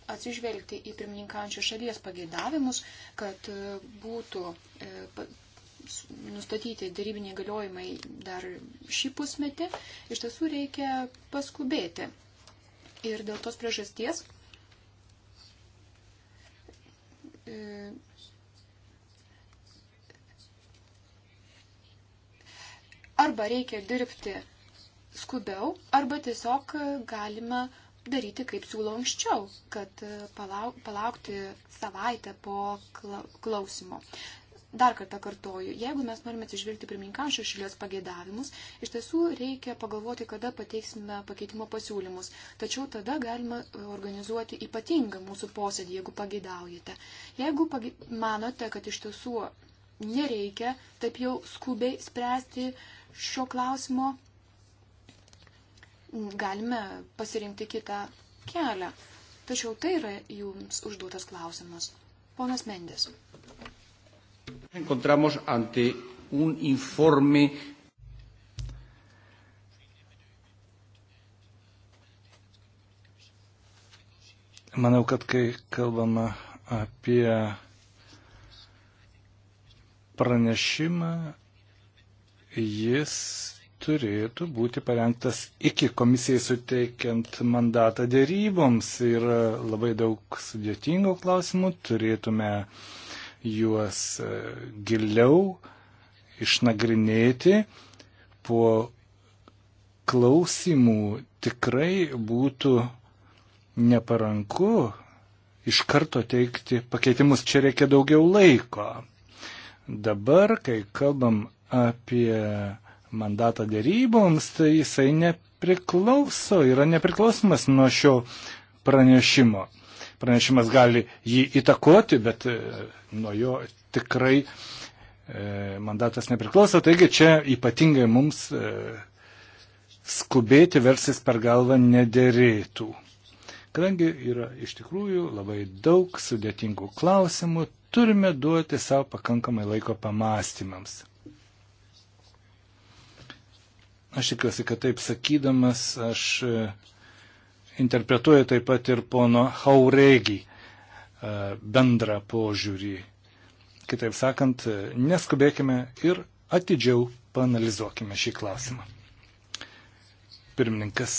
atsižvelgti į pirmininkančių šalies pageidavimus, kad e, būtų e, nustatyti dėrybiniai galiojimai dar šį pusmetį, iš tiesų reikia paskubėti. Ir dėl tos priežasties e, arba reikia dirbti skubiau, arba tiesiog galima uh, daryti, kaip siūlau anksčiau, kad e, palauk, palaukti savaitę po klausimo. Dar kartą kartoju, jeigu mes norime atsižvelgti pirmininkančio šalies pageidavimus, iš tiesų reikia pagalvoti, kada pateiksime pakeitimo pasiūlymus. Tačiau tada galima e, organizuoti ypatingą mūsų posėdį, jeigu pageidaujate. Jeigu page... manote, kad iš tiesų nereikia taip jau skubiai spręsti šio klausimo, galime pasirinkti kitą kelią. Tačiau tai yra jums užduotas klausimas. Ponas Mendes. Encontramos ante un informe. Manau, kad kai kalbama apie pranešimą, jis turėtų būti parengtas iki komisijai suteikiant mandatą dėryboms. Yra labai daug sudėtingų klausimų, turėtume juos e, giliau išnagrinėti. Po klausimų tikrai būtų neparanku iš karto teikti pakeitimus. Čia reikia daugiau laiko. Dabar, kai kalbam apie mandatą dėryboms, tai jisai nepriklauso, yra nepriklausomas nuo šio pranešimo. Pranešimas gali jį įtakoti, bet e, nuo jo tikrai e, mandatas nepriklauso. Taigi čia ypatingai mums e, skubėti versis per galvą nederėtų. Kadangi yra iš tikrųjų labai daug sudėtingų klausimų, turime duoti savo pakankamai laiko pamastymams. Aš tikiuosi, kad taip sakydamas, aš e, interpretuoju taip pat ir pono Hauregi e, bendrą požiūrį. Kitaip sakant, e, neskubėkime ir atidžiau panalizuokime šį klausimą. Pirmininkas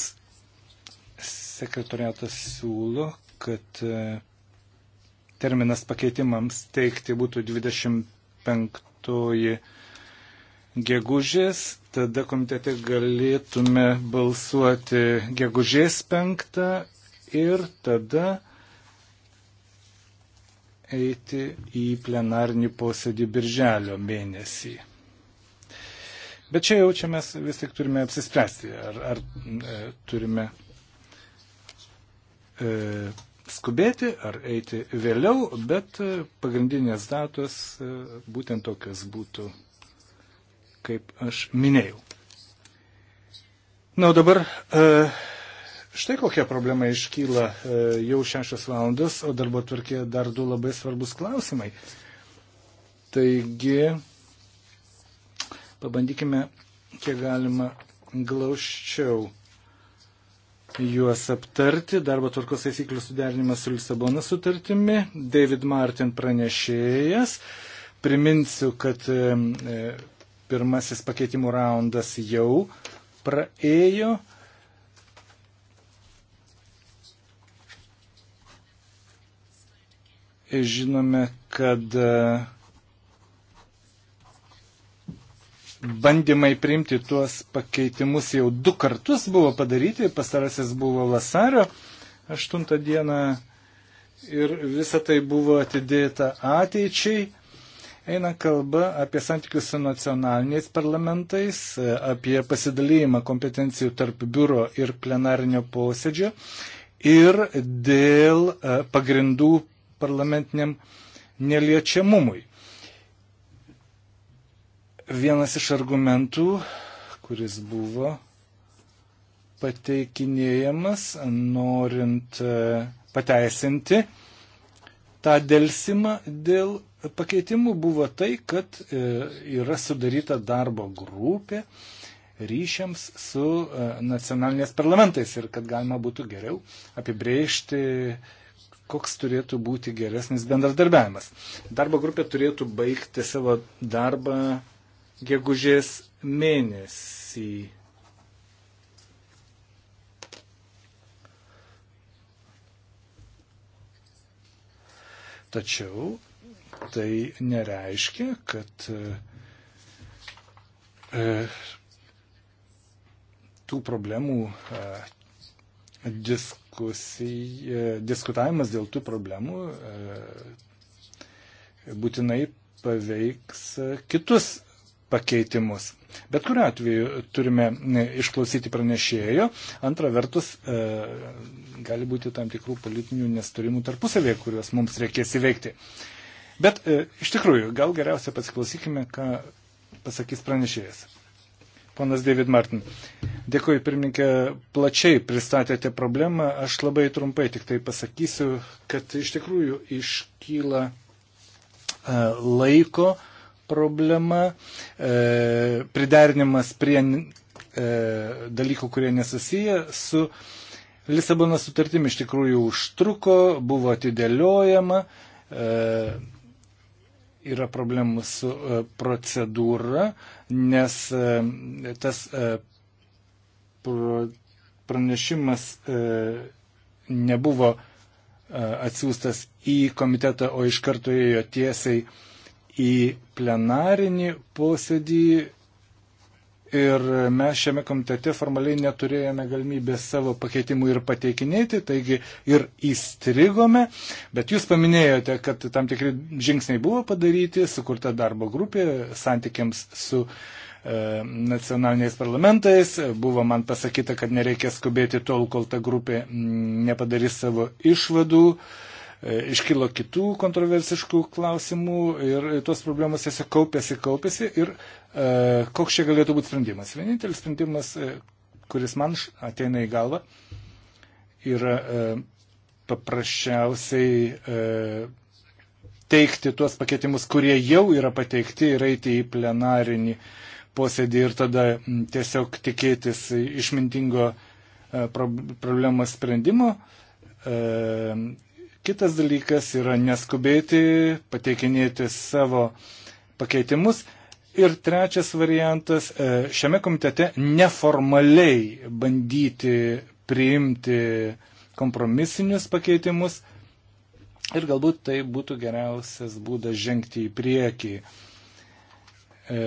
sekretoriatas siūlo, kad terminas pakeitimams teikti būtų 25 gegužės, tada komitete galėtume balsuoti gegužės penktą ir tada eiti į plenarnį posėdį birželio mėnesį. Bet čia jaučiamės, vis tik turime apsispręsti, ar, ar e, turime e, skubėti, ar eiti vėliau, bet e, pagrindinės datos e, būtent tokios būtų kaip aš minėjau. Na, o dabar e, štai kokia problema iškyla e, jau šešias valandas, o darbo tvarkė dar du labai svarbus klausimai. Taigi, pabandykime, kiek galima glaučiau juos aptarti. Darbo tvarkos taisyklių suderinimas su Lisabono sutartimi. David Martin pranešėjas. Priminsiu, kad e, Pirmasis pakeitimų raundas jau praėjo. Žinome, kad e, bandymai priimti tuos pakeitimus jau du kartus buvo padaryti, pastarasis buvo vasario 8 dieną ir visa tai buvo atidėta ateičiai. Eina kalba apie santykius su nacionaliniais parlamentais, apie pasidalymą kompetencijų tarp biuro ir plenarinio posėdžio ir dėl e, pagrindų parlamentiniam neliečiamumui. Vienas iš argumentų, kuris buvo pateikinėjamas, norint e, pateisinti tą dėlsimą dėl pakeitimų buvo tai, kad e, yra sudaryta darbo grupė ryšiams su e, nacionalinės parlamentais ir kad galima būtų geriau apibrėžti, koks turėtų būti geresnis bendradarbiavimas. Darbo grupė turėtų baigti savo darbą gegužės mėnesį. Tačiau tai nereiškia, kad e, e, tų problemų e, diskusij, e, diskutavimas dėl tų problemų e, būtinai paveiks kitus pakeitimus. Bet kuriu atveju turime e, išklausyti pranešėjo. Antra vertus, e, gali būti tam tikrų politinių nesturimų tarpusavėje, kuriuos mums reikės įveikti. E, Bet e, iš tikrųjų, gal geriausia pasiklausykime, ką pasakys pranešėjas. Ponas David Martin, dėkuoju pirmininkė, plačiai pristatėte problemą, aš labai trumpai tik tai pasakysiu, kad iš tikrųjų iškyla e, laiko problema, e, priderinimas prie e, dalykų, kurie nesusiję su Lisabono sutartimi iš tikrųjų užtruko, buvo atidėliojama. E, yra problemų su e, procedūra, nes e, tas e, pranešimas nebuvo atsiųstas į komitetą, o iš karto ėjo tiesiai į plenarinį posėdį ir mes šiame komitete formaliai neturėjome galimybės savo pakeitimų ir pateikinėti, taigi ir įstrigome, bet jūs paminėjote, kad tam tikri žingsniai buvo padaryti, sukurta darbo grupė santykiams su e, nacionaliniais parlamentais. Buvo man pasakyta, kad nereikia skubėti tol, kol ta grupė mm, nepadarys savo išvadų. E, E, iškilo kitų kontroversiškų klausimų ir tos problemos tiesiog kaupėsi, kaupėsi ir e, koks čia galėtų būti sprendimas. Vienintelis sprendimas, e, kuris man ateina į galvą, yra e, paprasčiausiai e, teikti tuos pakeitimus, kurie jau yra pateikti ir eiti į plenarinį posėdį ir tada tiesiog tikėtis išmintingo e, problemos sprendimo. E, Kitas dalykas yra neskubėti, pateikinėti savo pakeitimus. Ir trečias variantas e, - šiame komitete neformaliai bandyti priimti kompromisinius pakeitimus. Ir galbūt tai būtų geriausias būdas žengti į priekį. E,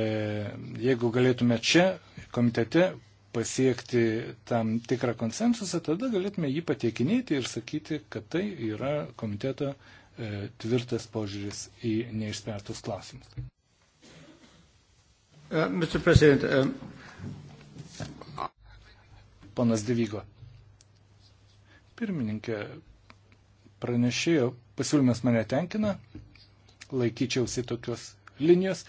jeigu galėtume čia komitete pasiekti tam tikrą konsensusą, tada galėtume jį patiekinėti ir sakyti, kad tai yra komiteto e, tvirtas požiūris į neišspręstus klausimus. Uh, um... Ponas Devygo. Pirmininkė, pranešėjo, pasiūlymas mane tenkina, laikyčiausi tokios linijos.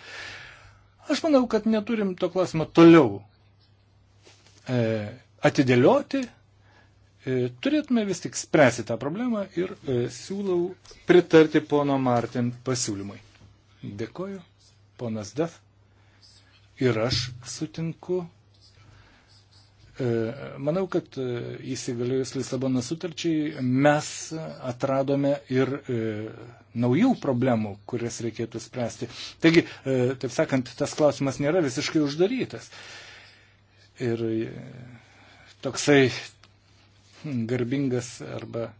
Aš manau, kad neturim to klausimo toliau E, atidėlioti, e, turėtume vis tik spręsti tą problemą ir e, siūlau pritarti pono Martin pasiūlymui. Dėkoju, ponas Def. Ir aš sutinku. Manau, kad įsigaliojus Lisabono sutarčiai mes atradome ir naujų problemų, kurias reikėtų spręsti. Taigi, taip sakant, tas klausimas nėra visiškai uždarytas. E, Ir e, toksai garbingas arba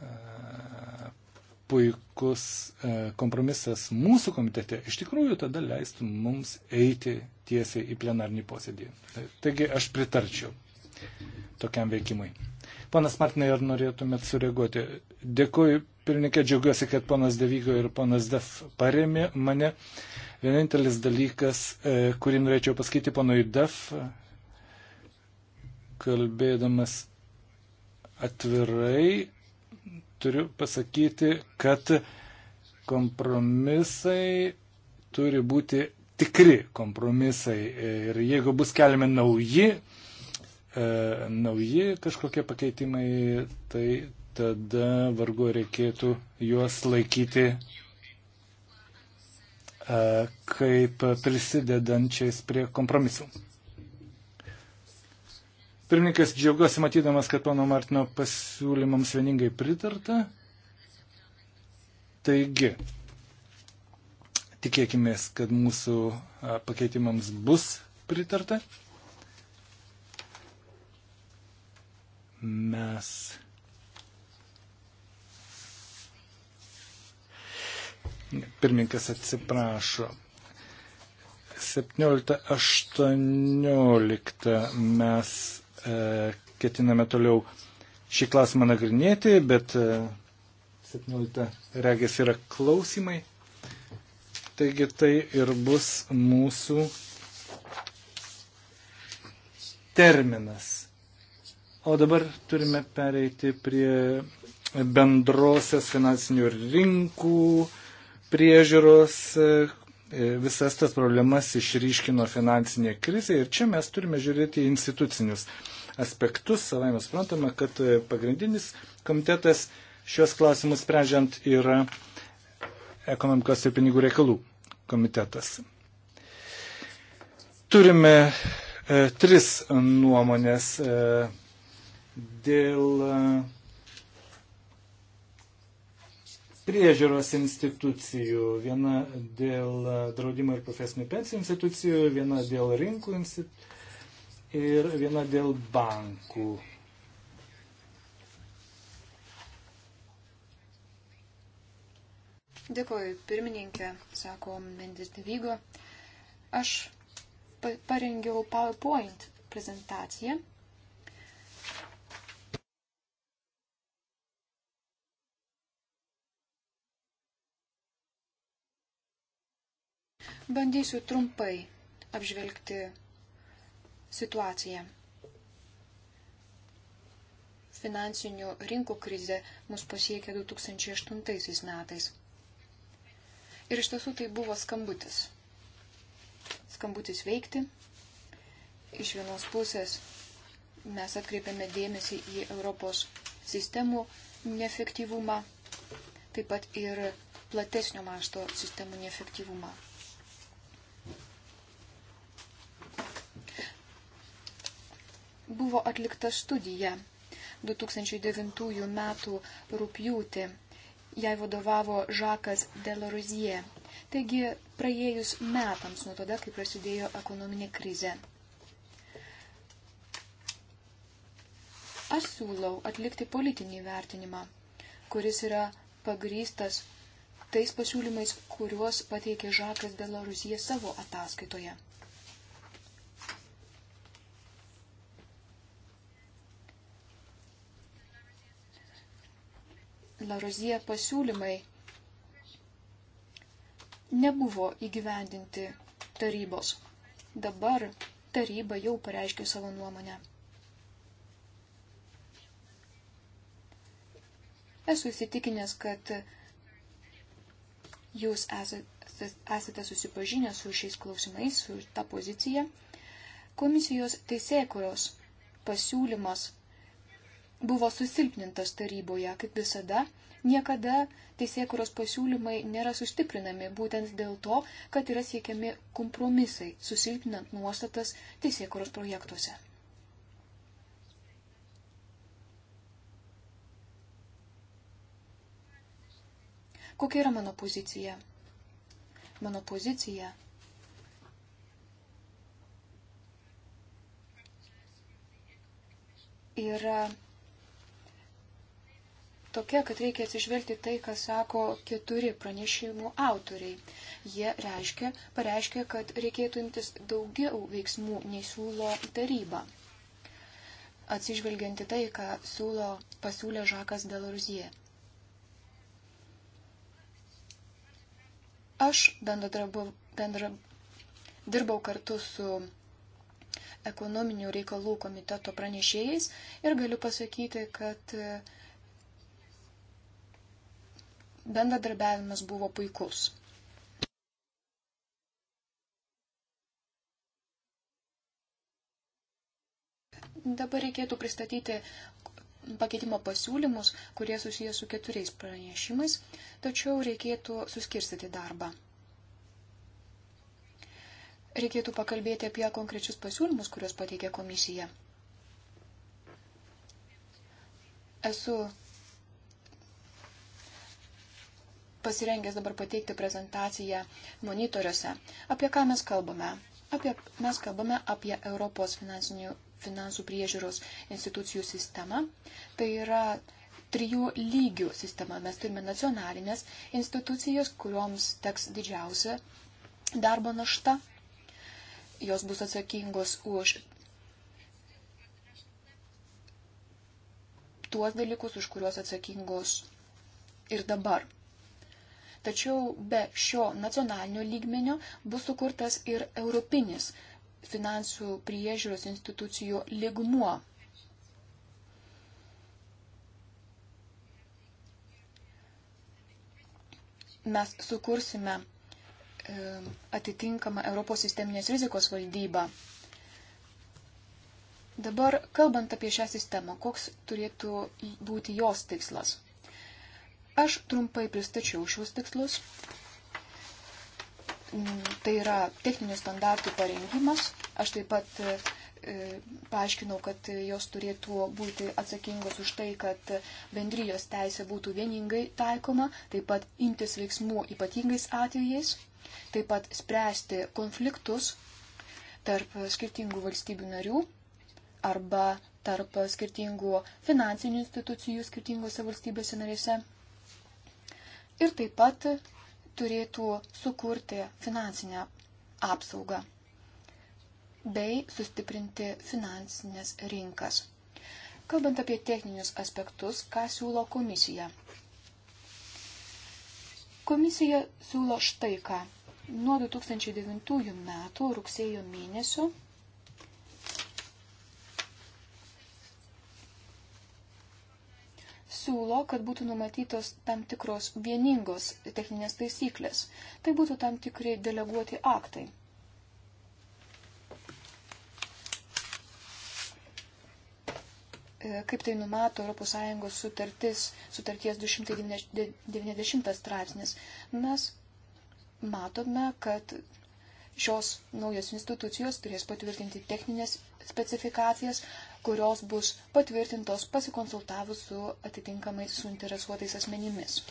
e, puikus e, kompromisas mūsų komitete iš tikrųjų tada leistų mums eiti tiesiai į plenarnį posėdį. Taigi aš pritarčiau tokiam veikimui. Panas Martinai, ar norėtumėt sureaguoti? Dėkuoju, pirmininkė, džiaugiuosi, kad ponas Devygo ir ponas Def paremė mane. Vienintelis dalykas, e, kurį norėčiau pasakyti ponui Def, kalbėdamas atvirai, turiu pasakyti, kad kompromisai turi būti tikri kompromisai. Ir jeigu bus keliami nauji e, nauji kažkokie pakeitimai, tai tada vargu reikėtų juos laikyti e, kaip prisidedančiais prie kompromisų. Pirmininkas džiaugiuosi matydamas, kad pono Martino pasiūlymams vieningai pritarta. Taigi, tikėkime, kad mūsų e, pakeitimams bus pritarta. mes pirmininkas atsiprašo. 17.18 mes e, ketiname toliau šį klausimą nagrinėti, bet e, 17 regės yra klausimai. Taigi tai ir bus mūsų terminas. O dabar turime pereiti prie bendrosios finansinių rinkų priežiūros. E, visas tas problemas išryškino finansinė krizė ir čia mes turime žiūrėti institucinius aspektus. Savai mes suprantame, kad e, pagrindinis komitetas šios klausimus sprendžiant yra ekonomikos ir pinigų reikalų komitetas. Turime e, tris nuomonės. E, dėl e, priežiūros institucijų, viena dėl e, draudimo ir profesinių pensijų institucijų, viena dėl rinkų institucijų ir viena dėl bankų. Dėkoju, pirmininkė, sako Mendis Devygo. Aš parengiau PowerPoint prezentaciją Bandysiu trumpai apžvelgti situaciją. Finansinių rinkų krizė mus pasiekė 2008 metais. Ir iš tiesų tai buvo skambutis. Skambutis veikti. Iš vienos pusės mes atkreipiame dėmesį į Europos sistemų neefektyvumą, taip pat ir platesnio mašto sistemų neefektyvumą. buvo atlikta studija 2009 m. rūpjūti. Jai vadovavo Žakas Deloruzie. Taigi praėjus metams nuo tada, kai prasidėjo ekonominė krizė. Aš siūlau atlikti politinį vertinimą, kuris yra pagrystas tais pasiūlymais, kuriuos pateikė Žakas Deloruzie savo ataskaitoje. Larozie pasiūlymai nebuvo įgyvendinti tarybos. Dabar taryba jau pareiškė savo nuomonę. Esu įsitikinęs, kad jūs esate, esate susipažinę su šiais klausimais, su ta pozicija. Komisijos teisėkurios pasiūlymas buvo susilpnintas taryboje, kaip visada, Niekada teisėkuros pasiūlymai nėra sustiprinami būtent dėl to, kad yra siekiami kompromisai, susilpinant nuostatas teisėkuros projektuose. Kokia yra mano pozicija? Mano pozicija yra tokia, kad reikia atsižvelgti tai, ką sako keturi pranešimų autoriai. Jie reiškia, pareiškia, kad reikėtų imtis daugiau veiksmų nei siūlo taryba. Atsižvelgianti tai, ką siūlo pasiūlė Žakas Delaruzie. Aš bendradarbu, bendra, dirbau kartu su ekonominių reikalų komiteto pranešėjais ir galiu pasakyti, kad uh, bendradarbiavimas buvo puikus. Dabar reikėtų pristatyti pakeitimo pasiūlymus, kurie susiję su keturiais pranešimais, tačiau reikėtų suskirstyti darbą. Reikėtų pakalbėti apie konkrečius pasiūlymus, kuriuos pateikė komisija. Esu pasirengęs dabar pateikti prezentaciją monitoriuose. Apie ką mes kalbame? Apie, mes kalbame apie Europos finansų priežiūros institucijų sistemą. Tai yra trijų lygių sistema. Mes turime nacionalinės institucijas, kurioms teks didžiausia darbo našta. Jos bus atsakingos už tuos dalykus, už kuriuos atsakingos ir dabar. Tačiau be šio nacionalinio lygmenio bus sukurtas ir europinis finansų priežiūros institucijų ligmuo. Mes sukursime e, atitinkamą Europos sisteminės rizikos valdybą. Dabar, kalbant apie šią sistemą, koks turėtų būti jos tikslas? Aš trumpai pristačiau šios tikslus. Mm, tai yra techninių standartų parengimas. Aš taip pat e, e, paaiškinau, kad jos turėtų būti atsakingos už tai, kad bendrijos teisė būtų vieningai taikoma, taip pat imtis veiksmų ypatingais atvejais, taip pat spręsti konfliktus tarp skirtingų valstybių narių arba tarp skirtingų finansinių institucijų skirtingose valstybėse narėse ir taip pat turėtų sukurti finansinę apsaugą bei sustiprinti finansinės rinkas. Kalbant apie techninius aspektus, ką siūlo komisija? Komisija siūlo štai ką. Nuo 2009 metų rugsėjo mėnesio siūlo, kad būtų numatytos tam tikros vieningos techninės taisyklės. Tai būtų tam tikrai deleguoti aktai. E, kaip tai numato ES sutartis, sutarties 290 straipsnis, mes matome, kad šios naujos institucijos turės patvirtinti techninės specifikacijas, kurios bus patvirtintos pasikonsultavus su atitinkamais suinteresuotais asmenimis.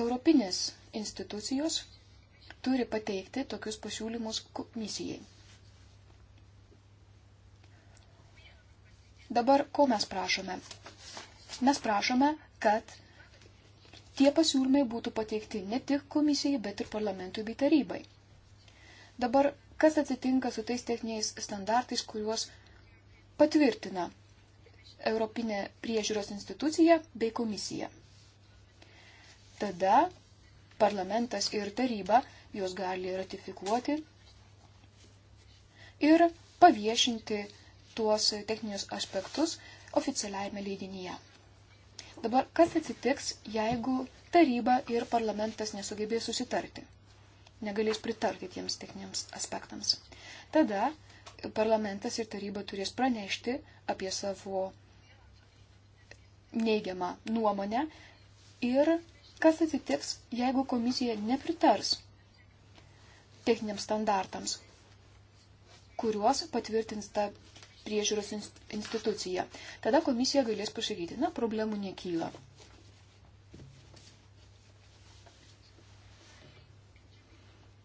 Europinės institucijos turi pateikti tokius pasiūlymus komisijai. Dabar ko mes prašome? Mes prašome, kad tie pasiūlymai būtų pateikti ne tik komisijai, bet ir parlamentui bei tarybai. Dabar kas atsitinka su tais techniniais standartais, kuriuos patvirtina Europinė priežiūros institucija bei komisija. Tada parlamentas ir taryba juos gali ratifikuoti ir paviešinti tuos techninius aspektus oficialiajame leidinyje. Dabar kas atsitiks, jeigu taryba ir parlamentas nesugebės susitarti? negalės pritarti tiems techniniams aspektams. Tada parlamentas ir taryba turės pranešti apie savo neigiamą nuomonę ir kas atsitiks, jeigu komisija nepritars techniniams standartams, kuriuos patvirtins ta priežiūros institucija. Tada komisija galės pasakyti, na, problemų nekyla.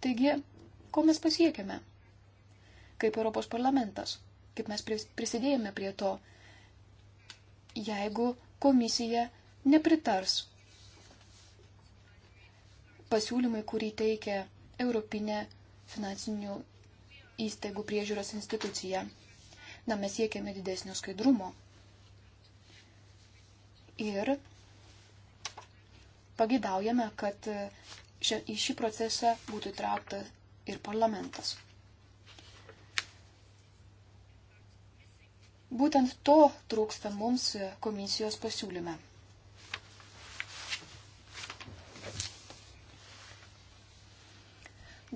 Taigi, ko mes pasiekėme? Kaip Europos parlamentas, kaip mes prisidėjome prie to, jeigu komisija nepritars pasiūlymai, kurį teikia Europinė finansinių įstaigų priežiūros institucija. Na, mes siekiame didesnio skaidrumo. Ir pagidaujame, kad šia, į šį procesą būtų įtraukta ir parlamentas. Būtent to trūksta mums komisijos pasiūlyme.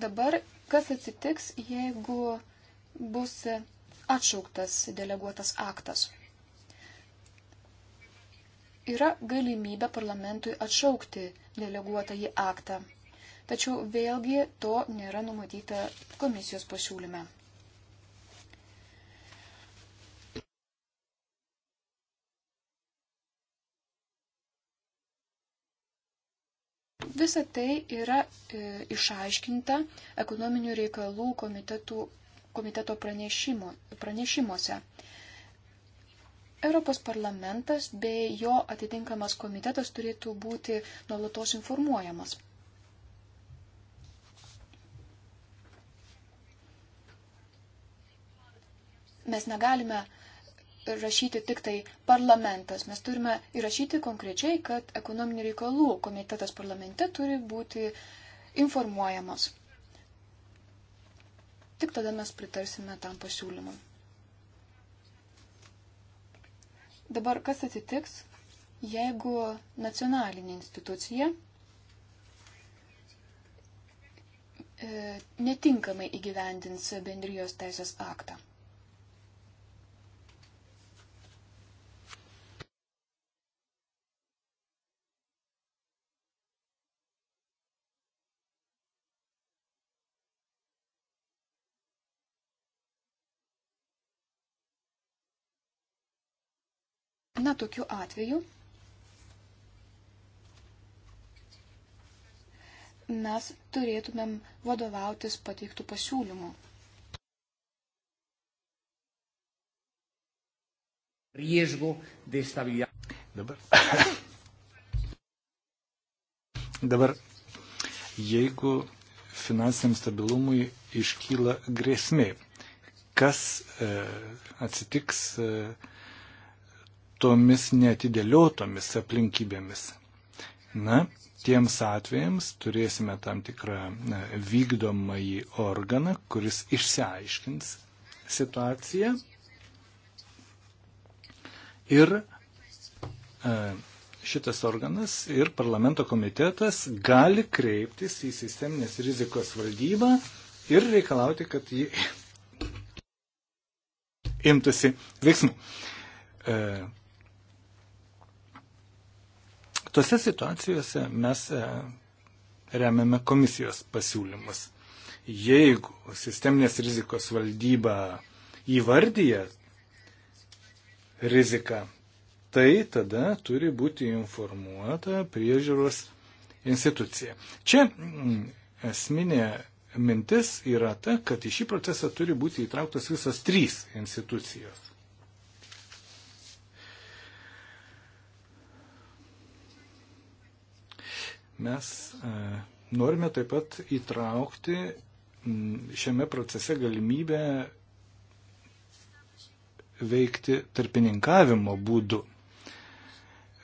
Dabar kas atsitiks, jeigu bus atšauktas deleguotas aktas? Yra galimybė parlamentui atšaukti deleguotąjį aktą tačiau vėlgi to nėra numatyta komisijos pasiūlyme. Visa tai yra e, išaiškinta ekonominių reikalų komitetų, komiteto pranešimo, pranešimuose. Europos parlamentas bei jo atitinkamas komitetas turėtų būti nuolatos informuojamas. mes negalime rašyti tik tai parlamentas. Mes turime įrašyti konkrečiai, kad ekonominių reikalų komitetas parlamente turi būti informuojamas. Tik tada mes pritarsime tam pasiūlymui. Dabar kas atsitiks, jeigu nacionalinė institucija e, netinkamai įgyvendins bendrijos teisės aktą? Na, tokiu atveju mes turėtumėm vadovautis pateiktų pasiūlymų. riesgo de estabilidad. Dabar. Dabar, jeigu finansiniam stabilumui iškyla grėsmė, kas e, atsitiks e, tomis netidėliotomis aplinkybėmis. Na, tiems atvejams turėsime tam tikrą e, vykdomąjį organą, kuris išsiaiškins situaciją ir e, šitas organas ir parlamento komitetas gali kreiptis į sisteminės rizikos valdybą ir reikalauti, kad ji imtųsi veiksmų e, Tose situacijose mes e, remiame komisijos pasiūlymus. Jeigu sisteminės rizikos valdyba įvardyja riziką, tai tada turi būti informuota priežiūros institucija. Čia mm, esminė mintis yra ta, kad į šį procesą turi būti įtrauktos visos trys institucijos. Mes e, norime taip pat įtraukti šiame procese galimybę veikti tarpininkavimo būdu.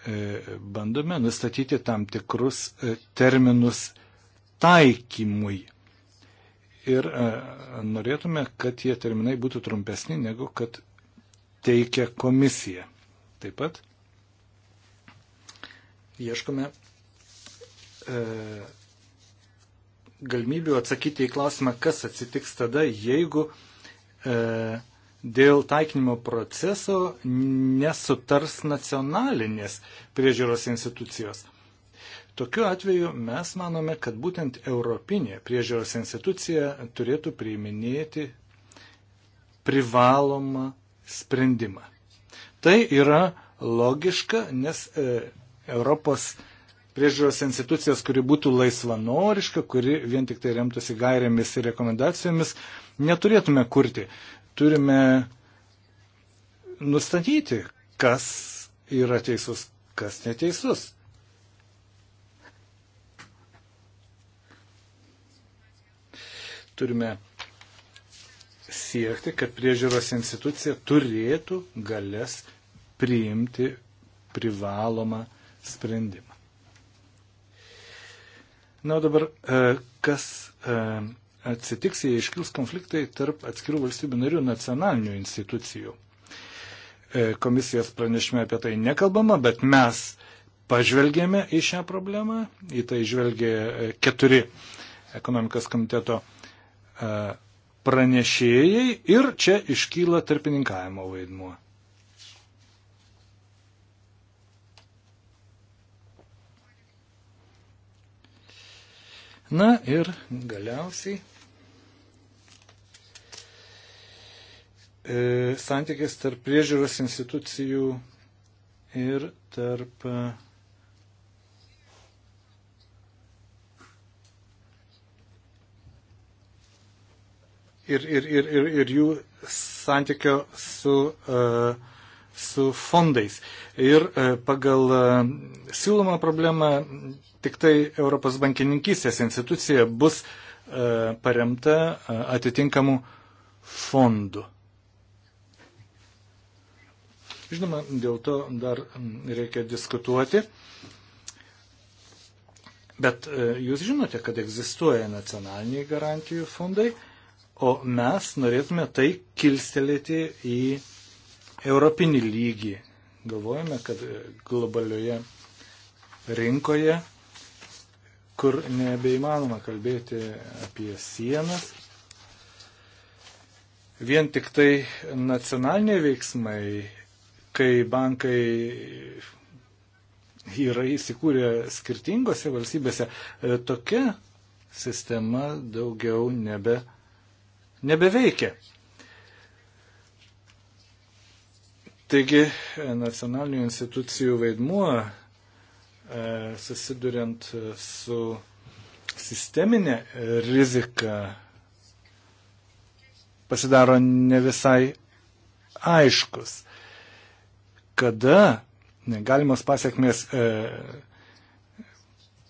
E, bandome nustatyti tam tikrus e, terminus taikymui. Ir norėtume, kad tie terminai būtų trumpesni negu kad teikia komisija. Taip pat ieškome E, galimybių atsakyti į klausimą, kas atsitiks tada, jeigu e, dėl taikinimo proceso nesutars nacionalinės priežiūros institucijos. Tokiu atveju mes manome, kad būtent Europinė priežiūros institucija turėtų priiminėti privalomą sprendimą. Tai yra logiška, nes e, Europos e, priežiūros institucijas, kuri būtų laisvanoriška, kuri vien tik tai remtųsi gairėmis ir rekomendacijomis, neturėtume kurti. Turime nustatyti, kas yra teisus, kas neteisus. Turime siekti, kad priežiūros institucija turėtų galės priimti privalomą sprendimą. Na dabar, e, kas e, atsitiks, jei iškils konfliktai tarp atskirų valstybių narių nacionalinių institucijų. E, komisijos pranešime apie tai nekalbama, bet mes pažvelgėme į šią problemą, į tai žvelgė keturi ekonomikos komiteto pranešėjai ir čia iškyla tarpininkavimo vaidmuo. Na ir galiausiai e, santykis tarp priežiūros institucijų ir tarp ir, ir, ir, ir, ir jų santykio su uh, su fondais. Ir e, pagal e, siūlomą problemą tik tai Europos bankininkystės institucija bus e, paremta atitinkamų fondų. Žinoma, dėl to dar reikia diskutuoti. Bet jūs žinote, kad egzistuoja nacionaliniai garantijų fondai, o mes norėtume tai kilstelėti į europinį lygį. Galvojame, kad e, globalioje rinkoje, kur nebeįmanoma kalbėti apie sienas, vien tik tai nacionaliniai veiksmai, kai bankai yra įsikūrę skirtingose valstybėse, e, tokia sistema daugiau nebe, nebeveikia. Taigi nacionalinių institucijų vaidmuo e, susiduriant su sisteminė rizika pasidaro ne visai aiškus. Kada galimos pasiekmės e,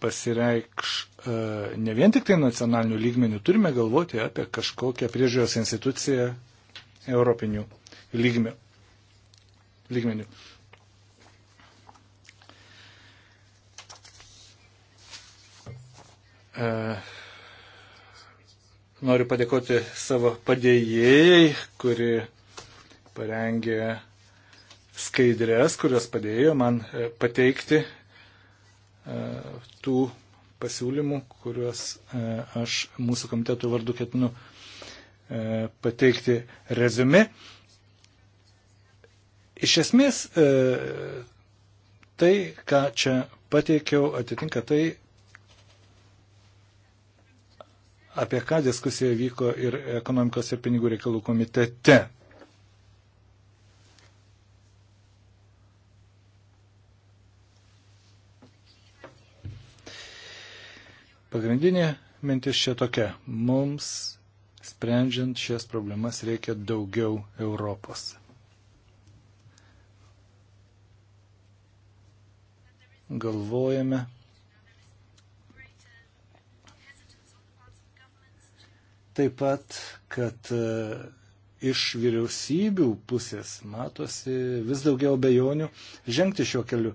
pasireikš e, ne vien tik tai nacionalinių lygmenių, turime galvoti apie kažkokią priežiūros instituciją europinių lygmenių lygmenių. E, noriu padėkoti savo padėjėjai, kuri parengė skaidrės, kurios padėjo man e, pateikti e, tų pasiūlymų, kuriuos e, aš mūsų komitetų vardu ketinu pateikti rezumi. Iš esmės, e, tai, ką čia pateikiau, atitinka tai, apie ką diskusija vyko ir ekonomikos ir pinigų reikalų komitete. Pagrindinė mintis čia tokia. Mums, sprendžiant šias problemas, reikia daugiau Europos. galvojame, taip pat, kad e, iš vyriausybių pusės matosi vis daugiau bejonių žengti šiuo keliu.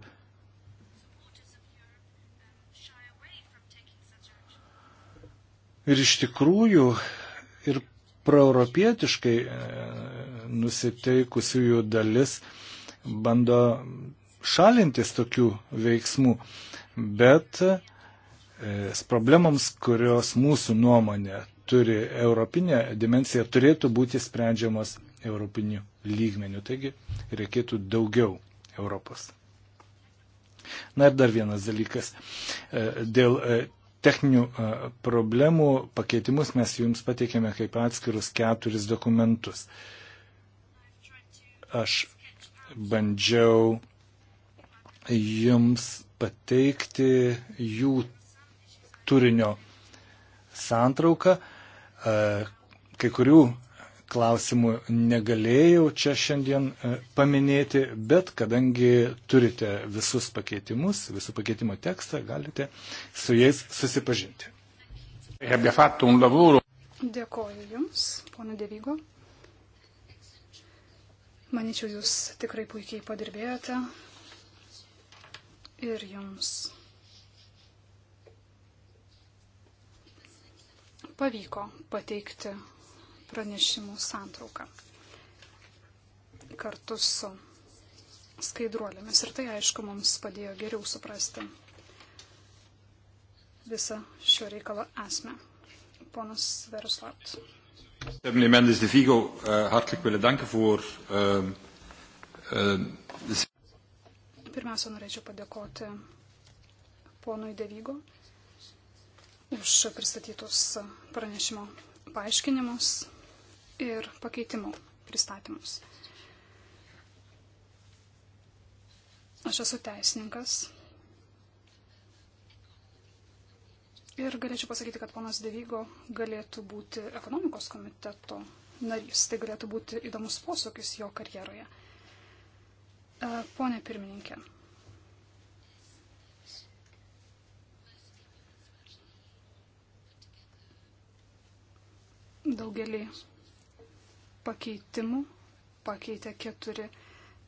Ir iš tikrųjų ir proeuropietiškai e, nusiteikusiųjų dalis bando šalintis tokių veiksmų, bet e, problemams, kurios mūsų nuomonė turi europinę dimenciją, turėtų būti sprendžiamas europiniu lygmeniu. Taigi reikėtų daugiau Europos. Na ir dar vienas dalykas. E, dėl e, techninių problemų pakeitimus mes jums pateikėme kaip atskirus keturis dokumentus. Aš bandžiau jums pateikti jų turinio santrauką. E, kai kurių klausimų negalėjau čia šiandien e, paminėti, bet kadangi turite visus pakeitimus, visų pakeitimo tekstą, galite su jais susipažinti. Dėkoju Jums, pono Devygo. Maničiau, Jūs tikrai puikiai padirbėjote, ir jums pavyko pateikti pranešimų santrauką kartu su skaidruolėmis. Ir tai, aišku, mums padėjo geriau suprasti visą šio reikalo esmę. Ponas Veruslat. Meneer Mendes de Vigo, uh, hartelijk willen danken voor. Uh, uh, Pirmiausia, norėčiau padėkoti ponui Devygo už pristatytus pranešimo paaiškinimus ir pakeitimų pristatymus. Aš esu teisininkas Ir galėčiau pasakyti, kad ponas Devygo galėtų būti ekonomikos komiteto narys. Tai galėtų būti įdomus posūkis jo karjeroje. Pone pirmininkė. Daugelį pakeitimų pakeitė keturi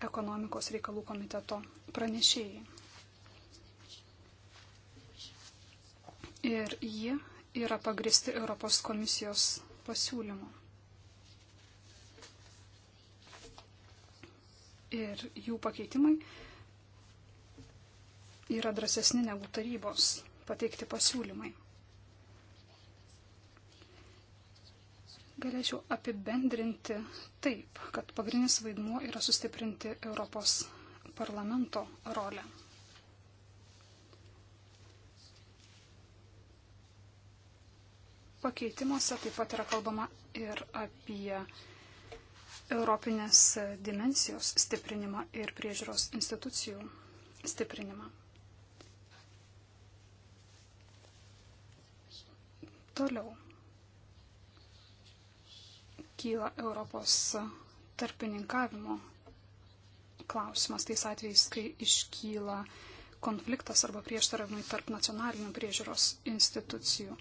ekonomikos reikalų komiteto pranešėjai. Ir jie yra pagristi Europos komisijos pasiūlymu. ir jų pakeitimai yra drąsesni negu tarybos pateikti pasiūlymai. Galėčiau apibendrinti taip, kad pagrindinis vaidmuo yra sustiprinti Europos parlamento rolę. Pakeitimuose taip pat yra kalbama ir apie Europinės dimensijos stiprinimą ir priežiūros institucijų stiprinimą. Toliau kyla Europos tarpininkavimo klausimas tais atvejais, kai iškyla konfliktas arba prieštaravimai tarp nacionalinių priežiūros institucijų.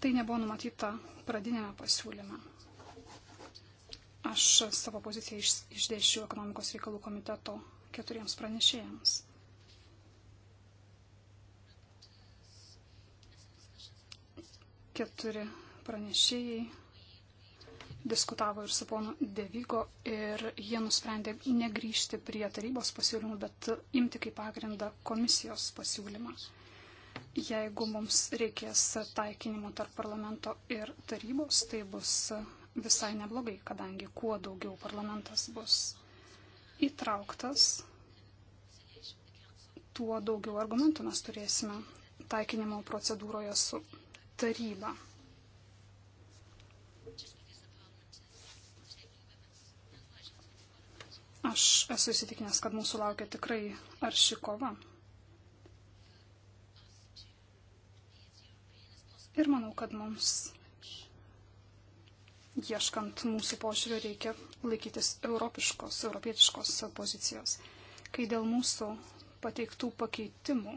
Tai nebuvo numatyta pradinėme pasiūlyme. Aš savo poziciją iš, išdėšiu ekonomikos reikalų komiteto keturiems pranešėjams. Keturi pranešėjai diskutavo ir su ponu Devygo ir jie nusprendė negryžti prie tarybos pasiūlymų, bet imti kaip pagrindą komisijos pasiūlymą. Jeigu mums reikės taikinimo tarp parlamento ir tarybos, tai bus visai neblogai, kadangi kuo daugiau parlamentas bus įtrauktas, tuo daugiau argumentų mes turėsime taikinimo procedūroje su taryba. Aš esu įsitikinęs, kad mūsų laukia tikrai arši kova. Ir manau, kad mums ieškant mūsų požiūrių reikia laikytis europiškos, europietiškos pozicijos. Kai dėl mūsų pateiktų pakeitimų,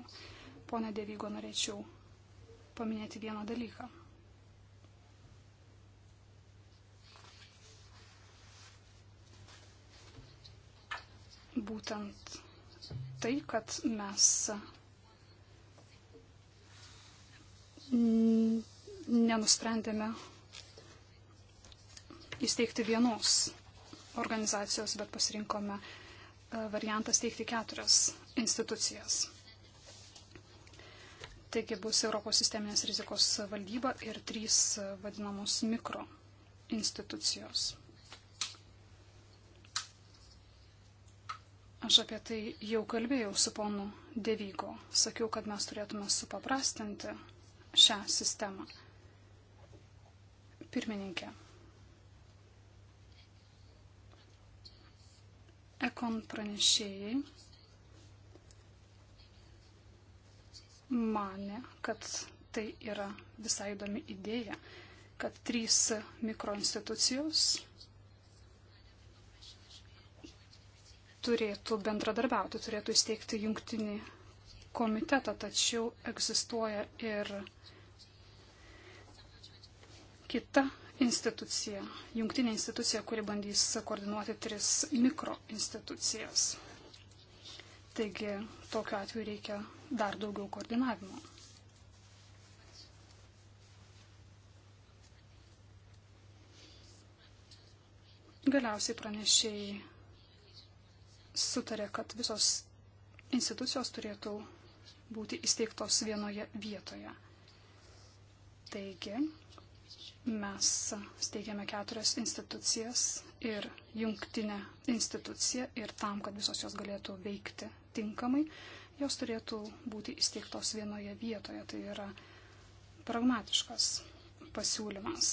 ponė Devygo, norėčiau paminėti vieną dalyką. Būtent tai, kad mes nenusprendėme įsteigti vienos organizacijos, bet pasirinkome e, variantą steigti keturias institucijas. Taigi bus Europos sisteminės rizikos valdyba ir trys e, vadinamos mikro institucijos. Aš apie tai jau kalbėjau su ponu Devygo. Sakiau, kad mes turėtume supaprastinti šią sistemą. Pirmininkė. ekon pranešėjai mane, kad tai yra visai įdomi idėja, kad trys mikroinstitucijos turėtų bendradarbiauti, turėtų įsteigti jungtinį komitetą, tačiau egzistuoja ir kita institucija, jungtinė institucija, kuri bandys koordinuoti tris mikro institucijas. Taigi tokiu atveju reikia dar daugiau koordinavimo. Galiausiai pranešėjai sutarė, kad visos institucijos turėtų būti įsteigtos vienoje vietoje. Taigi, Mes steigiame keturias institucijas ir jungtinę instituciją ir tam, kad visos jos galėtų veikti tinkamai, jos turėtų būti įsteigtos vienoje vietoje. Tai yra pragmatiškas pasiūlymas.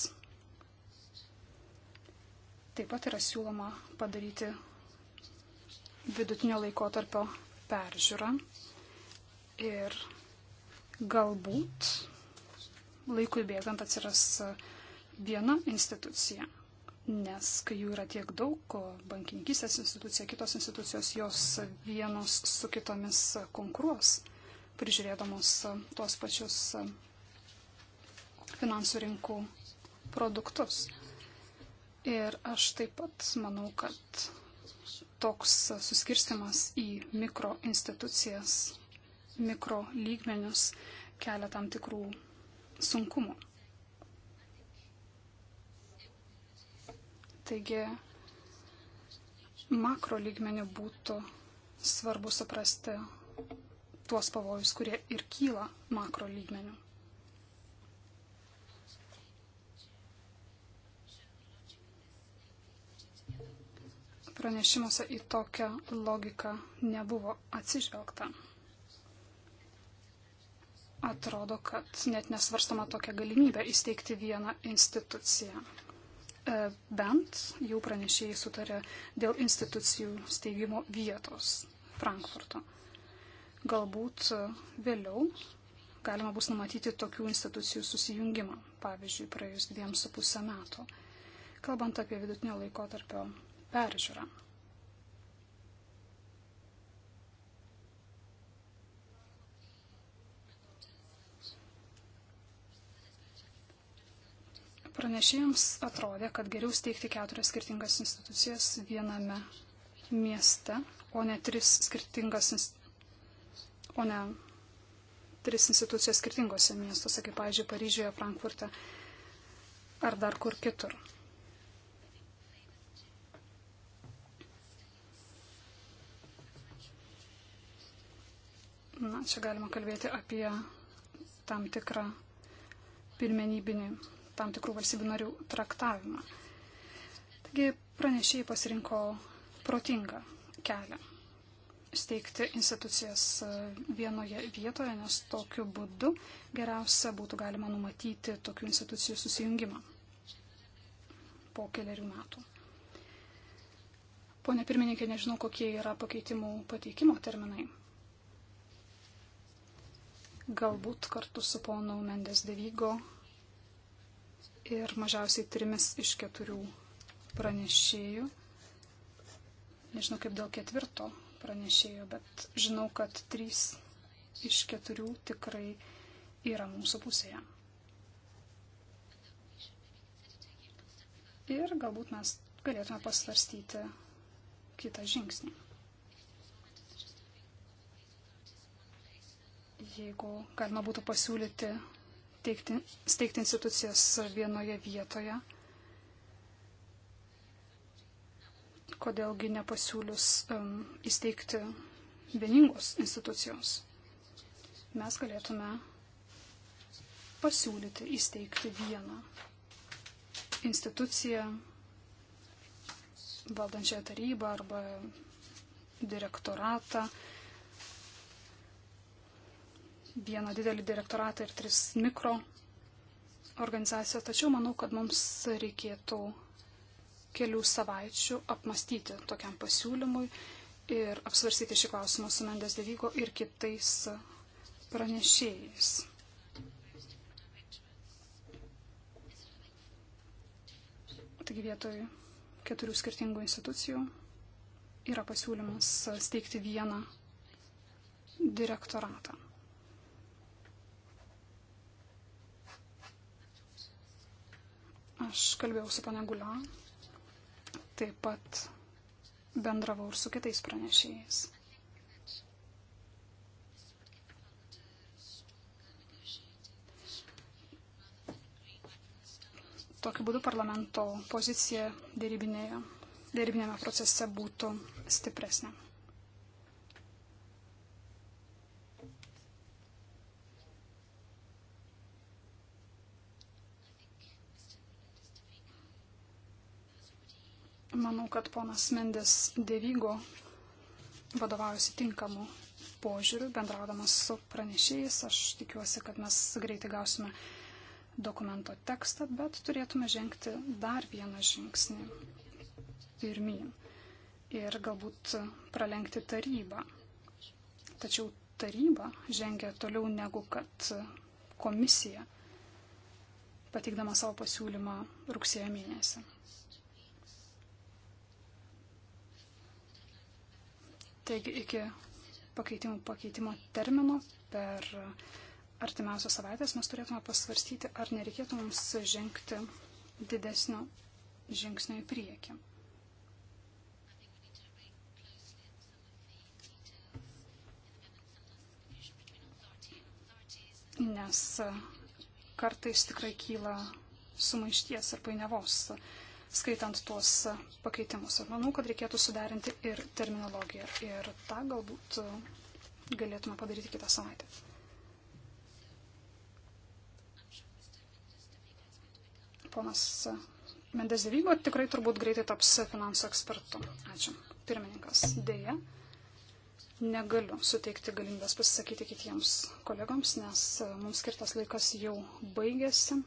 Taip pat yra siūloma padaryti vidutinio laikotarpio peržiūrą ir galbūt laikui bėgant atsiras viena institucija. Nes kai jų yra tiek daug, bankininkysės institucija, kitos institucijos, jos vienos su kitomis konkuruos, prižiūrėdamos tuos pačius finansų rinkų produktus. Ir aš taip pat manau, kad toks suskirstimas į mikro institucijas, mikro lygmenius kelia tam tikrų sunkumų. Taigi makro lygmenių būtų svarbu suprasti tuos pavojus, kurie ir kyla makro lygmenių. Pranešimuose į tokią logiką nebuvo atsižvelgta. Atrodo, kad net nesvarstama tokia galimybė įsteigti vieną instituciją. E, bent jau pranešėjai sutarė dėl institucijų steigimo vietos Frankfurto. Galbūt e, vėliau galima bus numatyti tokių institucijų susijungimą, pavyzdžiui, praėjus dviem su pusę metų, kalbant apie vidutinio laikotarpio peržiūrą. Pranešėjams atrodė, kad geriau steigti keturias skirtingas institucijas viename mieste, o ne tris skirtingas, o ne tris institucijas skirtingose miestuose, kaip, pavyzdžiui, Paryžiuje, Frankfurte ar dar kur kitur. Na, čia galima kalbėti apie tam tikrą pirmenybinį tam tikrų valstybių narių traktavimą. Taigi pranešėjai pasirinko protingą kelią steigti institucijas e, vienoje vietoje, nes tokiu būdu geriausia būtų galima numatyti tokių institucijų susijungimą po keliarių metų. Pone pirmininkė, nežinau, kokie yra pakeitimų pateikimo terminai. Galbūt kartu su ponu Mendes Devygo ir mažiausiai trimis iš keturių pranešėjų. Nežinau kaip dėl ketvirto pranešėjo, bet žinau, kad trys iš keturių tikrai yra mūsų pusėje. Ir galbūt mes galėtume pasvarstyti kitą žingsnį. Jeigu galima būtų pasiūlyti teikti, steigti institucijas vienoje vietoje. Kodėlgi nepasiūlius um, įsteigti vieningos institucijos. Mes galėtume pasiūlyti įsteigti vieną instituciją, valdančią tarybą arba direktoratą, uh, vieną didelį direktoratą ir tris mikro organizacijas, tačiau manau, kad mums reikėtų kelių savaičių apmastyti tokiam pasiūlymui ir apsvarsyti šį klausimą su Mendes Devygo ir kitais pranešėjais. Taigi vietoj keturių skirtingų institucijų yra pasiūlymas steigti vieną direktoratą. Aš kalbėjau su pana Gulio, taip pat bendravau ir su kitais pranešėjais. Tokiu būdu parlamento pozicija dėrybinėje, dėrybinėme procese būtų stipresnė. Manau, kad ponas Mendes Devygo vadovaujasi tinkamu požiūriu, bendraudamas su pranešėjais. Aš tikiuosi, kad mes greitai gausime dokumento tekstą, bet turėtume žengti dar vieną žingsnį pirmin ir galbūt pralenkti tarybą. Tačiau taryba žengia toliau negu kad komisija, pateikdama savo pasiūlymą rugsėjo mėnesį. Taigi iki pakeitimų pakeitimo termino per artimiausias savaitės mes turėtume pasvarstyti, ar nereikėtų mums žengti didesnio žingsnio į priekį. Nes kartais tikrai kyla sumaišties ir painiavos skaitant tuos pakeitimus. Ir manau, kad reikėtų suderinti ir terminologiją. Ir tą galbūt uh, galėtume padaryti kitą savaitę. Ponas uh, Mendes Devygo tikrai turbūt greitai taps finansų ekspertu. Ačiū. Pirmininkas, dėja, negaliu suteikti galimybės pasisakyti kitiems kolegoms, nes uh, mums skirtas laikas jau baigėsi.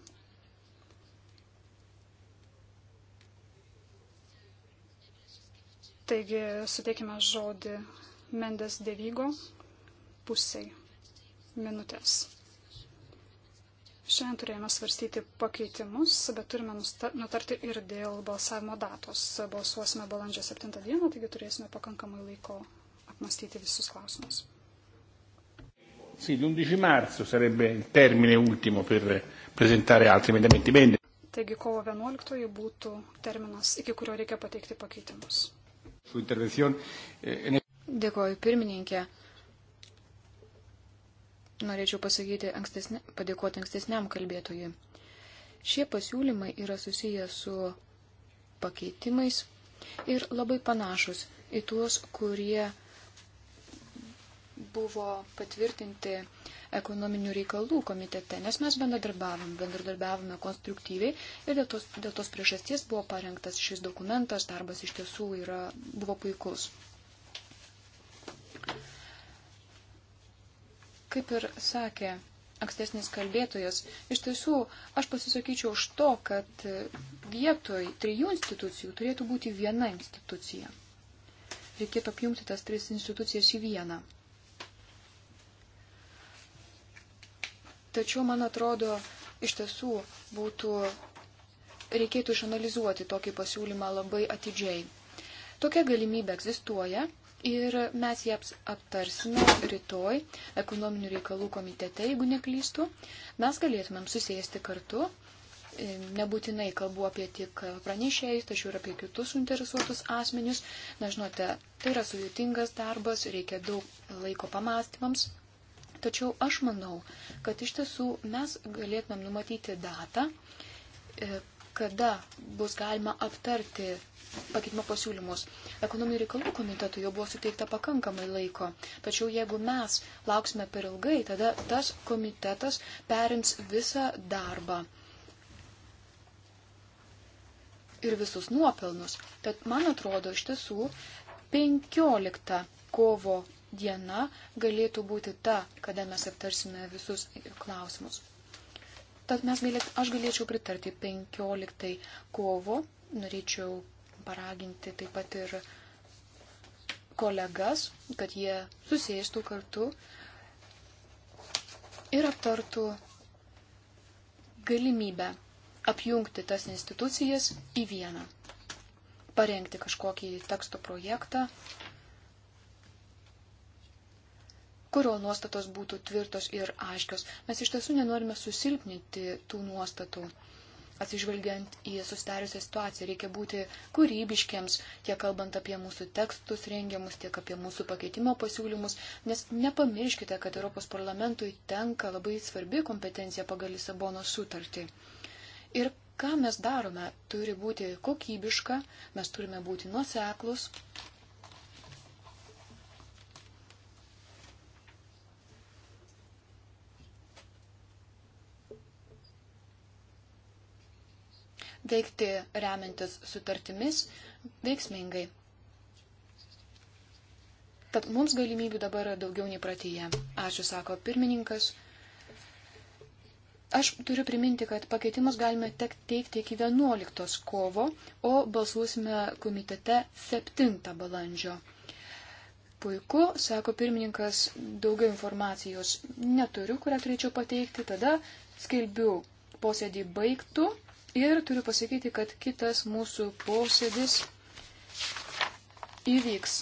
Taigi suteikime žodį Mendes Devygo pusiai minutės. Šiandien turėjome svarstyti pakeitimus, bet turime nutarti ir dėl balsavimo datos. Balsuosime balandžio 7 dieną, taigi turėsime pakankamai laiko apmastyti visus klausimus. Sì, l'11 marzo sarebbe il termine ultimo per presentare altri emendamenti. Taigi kovo 11 būtų terminas, iki kurio reikia pateikti pakeitimus. Eh, Dėkoju, pirmininkė. Norėčiau pasakyti ankstesnė, padėkoti ankstesniam kalbėtojui. Šie pasiūlymai yra susiję su pakeitimais ir labai panašus į tuos, kurie buvo patvirtinti uh, ekonominių reikalų komitete, nes mes bendradarbiavom, bendradarbiavome konstruktyviai ir dėl tos, dėl tos priežasties buvo parengtas šis dokumentas, darbas iš tiesų yra, buvo puikus. Kaip ir sakė ankstesnis kalbėtojas, iš tiesų aš pasisakyčiau už to, kad vietoj trijų institucijų turėtų būti viena institucija. Reikėtų apjungti tas tris institucijas į vieną. Tačiau, man atrodo, iš tiesų būtų, reikėtų išanalizuoti tokį pasiūlymą labai atidžiai. Tokia galimybė egzistuoja ir mes ją aptarsime rytoj ekonominių reikalų komitete, jeigu neklystų. Mes galėtumėm susėsti kartu, e, nebūtinai kalbu apie tik pranešėjus, tačiau ir apie kitus suinteresuotus asmenius. Na, žinote, tai yra sudėtingas darbas, reikia daug laiko pamastymams. Tačiau aš manau, kad iš tiesų mes galėtumėm numatyti datą, e, kada bus galima aptarti pakeitimo pasiūlymus. Ekonominių reikalų komitetui jau buvo suteikta pakankamai laiko. Tačiau jeigu mes lauksime per ilgai, tada tas komitetas perims visą darbą. Ir visus nuopelnus. Tad man atrodo, iš tiesų, 15 kovo diena galėtų būti ta, kada mes aptarsime visus klausimus. Tad mes galėt, aš galėčiau pritarti 15 kovo, norėčiau paraginti taip pat ir kolegas, kad jie susėstų kartu ir aptartų galimybę apjungti tas institucijas į vieną, parengti kažkokį teksto projektą, kurio nuostatos būtų tvirtos ir aiškios. Mes iš tiesų nenorime susilpninti tų nuostatų. Atsižvelgiant į susidariusią situaciją, reikia būti kūrybiškiams, tiek kalbant apie mūsų tekstus rengiamus, tiek apie mūsų pakeitimo pasiūlymus, nes nepamirškite, kad Europos parlamentui tenka labai svarbi kompetencija pagal Lisabono sutartį. Ir ką mes darome, turi būti kokybiška, mes turime būti nuoseklus, veikti remiantis sutartimis veiksmingai. Tad mums galimybių dabar yra daugiau nei pratyje. Ačiū, sako pirmininkas. Aš turiu priminti, kad pakeitimus galime tek teikti iki 11 kovo, o balsuosime komitete 7 balandžio. Puiku, sako pirmininkas, daugiau informacijos neturiu, kurią turėčiau pateikti, tada skelbiu posėdį baigtų. Ir turiu pasakyti, kad kitas mūsų posėdis įvyks